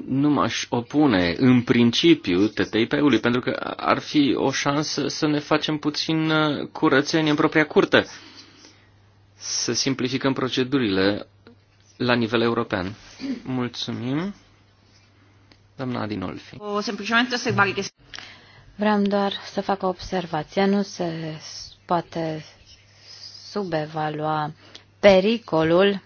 nu m-aș opune în principiu TTIP-ului, pentru că ar fi o șansă să ne facem puțin uh, curățenie în propria curte, să simplificăm procedurile la nivel european. Mulțumim. Doamna Adinolfi. O, semplicemente se Vreau doar să fac o observație. Nu se poate subevalua pericolul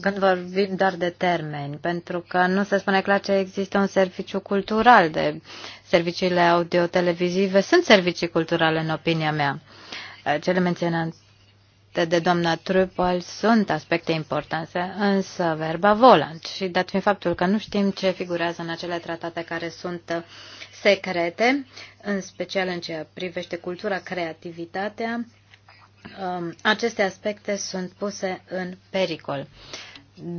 când vorbim doar de termeni, pentru că nu se spune clar ce există un serviciu cultural de serviciile audio-televizive. Sunt servicii culturale, în opinia mea. Cele menționate menționate de doamna Trupel sunt aspecte importante, însă verba volant și dat fiind faptul că nu știm ce figurează în acele tratate care sunt uh, secrete, în special în ceea privește cultura, creativitatea, um, aceste aspecte sunt puse în pericol.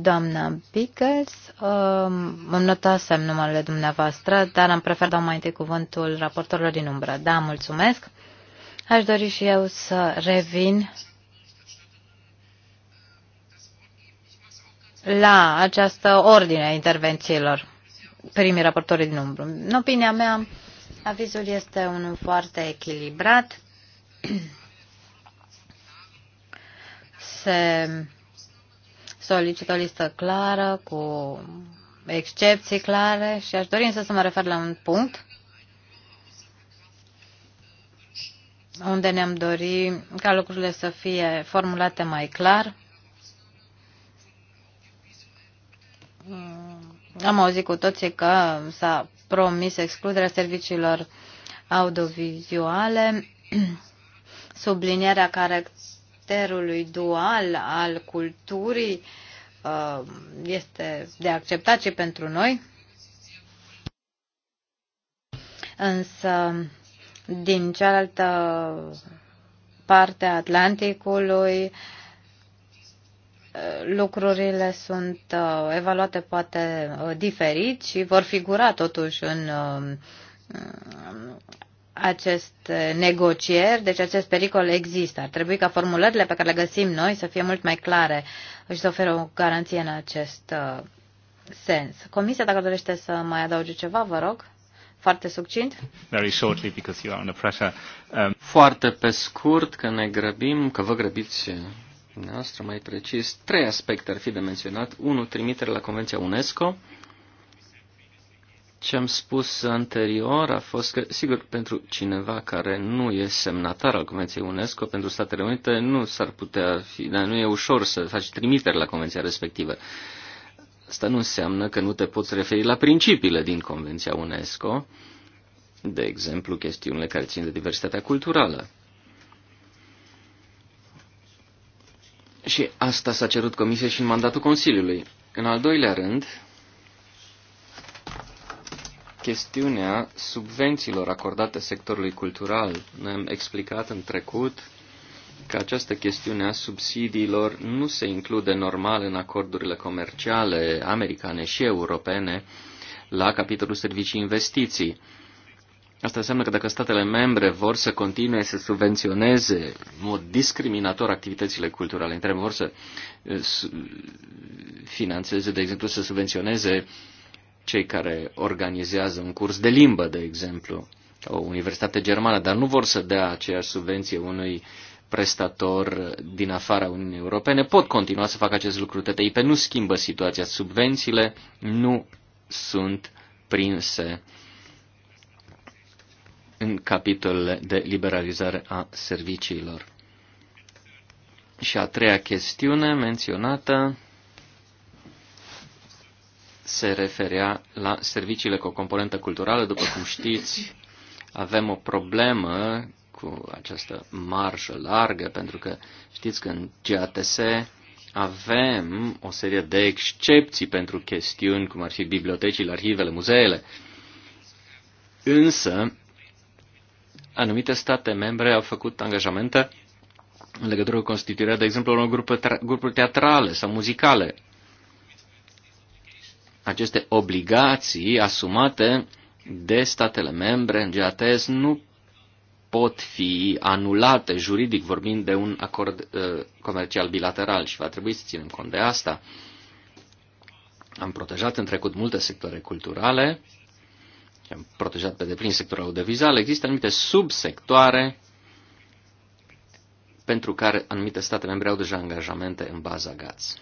Doamna Pickles, um, îmi notasem numele dumneavoastră, dar am preferat dau mai întâi cuvântul raportorilor din umbră. Da, mulțumesc. Aș dori și eu să revin la această ordine a intervențiilor primii raportori din umbră. În opinia mea, avizul este unul foarte echilibrat. [CLEARS THROAT] Se solicită o listă clară cu excepții clare și aș dori însă să mă refer la un punct unde ne-am dorit ca lucrurile să fie formulate mai clar. am auzit cu toții că s-a promis excluderea serviciilor audiovizuale, [CLEARS THROAT] sublinierea caracterului dual al culturii uh, este de acceptat și pentru noi. Însă, din cealaltă parte a Atlanticului, uh, lucrurile sunt uh, evaluate poate uh, diferit și vor figura totuși în um, uh, acest negocieri, deci acest pericol există. Ar trebui ca formulările pe care le găsim noi să fie mult mai clare și să oferă o garanție în acest sens. Comisia, dacă dorește să mai adauge ceva, vă rog. Foarte succint. Very shortly because you are under pressure. Um... Foarte pe scurt, că ne grăbim, că vă grăbiți dumneavoastră, mai precis, trei aspecte ar fi de menționat. Unul, trimitere la Convenția UNESCO. Ce am spus anterior a fost că, sigur, pentru cineva care nu e semnatar al Convenției UNESCO, pentru Statele Unite nu s-ar putea fi, dar nu e ușor să faci trimitere la Convenția respectivă. Asta nu înseamnă că nu te poți referi la principiile din Convenția UNESCO, de exemplu, chestiunile care țin de diversitatea culturală Și asta s-a cerut comisiei și în mandatul Consiliului. În al doilea rând, chestiunea subvențiilor acordate sectorului cultural. Noi am explicat în trecut că această chestiune a subsidiilor nu se include normal în acordurile comerciale americane și europene la capitolul servicii investiții. Asta înseamnă că dacă statele membre vor să continue să subvenționeze în mod discriminator activitățile culturale, între vor să eh, financeze, de exemplu, să subvenționeze cei care organizează un curs de limbă, de exemplu, o universitate germană, dar nu vor să dea aceeași subvenție unui prestator din afara Uniunii Europene, pot continua să facă acest lucru. TTIP nu schimbă situația. Subvențiile nu sunt prinse în capitolele de liberalizare a serviciilor. Și a treia chestiune menționată se referea la serviciile cu o componentă culturală. După cum știți, avem o problemă cu această marjă largă, pentru că știți că în GATS avem o serie de excepții pentru chestiuni cum ar fi bibliotecile, arhivele, muzeele. Însă, anumite state membre au făcut angajamente în legătură cu constituirea, de exemplu, unor grupuri, grupuri teatrale sau muzicale. Aceste obligații asumate de statele membre în GATS nu pot fi anulate juridic vorbind de un acord uh, comercial bilateral și va trebui să ținem cont de asta. Am protejat în trecut multe sectoare culturale am protejat pe deplin sectorul audiovizual, există anumite subsectoare pentru care anumite state membre au deja angajamente în baza GATS.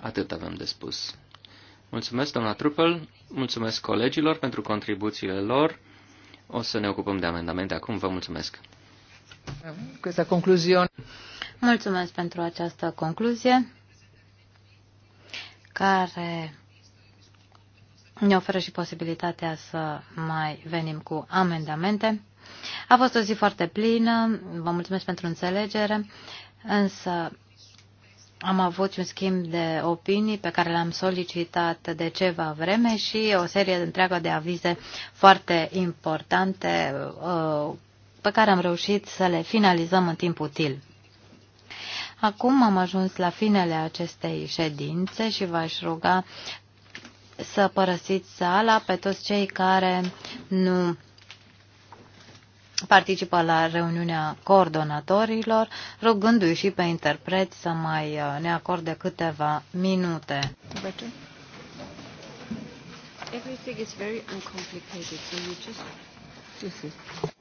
Atât avem de spus. Mulțumesc, doamna Truppel, mulțumesc colegilor pentru contribuțiile lor. O să ne ocupăm de amendamente acum. Vă mulțumesc. Questa concluzie. Mulțumesc pentru această concluzie care ne oferă și posibilitatea să mai venim cu amendamente. A fost o zi foarte plină, vă mulțumesc pentru înțelegere, însă am avut un schimb de opinii pe care le-am solicitat de ceva vreme și o serie întreagă de avize foarte importante uh, pe care am reușit să le finalizăm în timp util. Acum am ajuns la finele acestei ședințe și v-aș ruga să părăsiți sala pe toți cei care nu participă la reuniunea coordonatorilor, rugându-i și pe interpreți să mai uh, ne acorde câteva minute. Everything is very uncomplicated, so you just...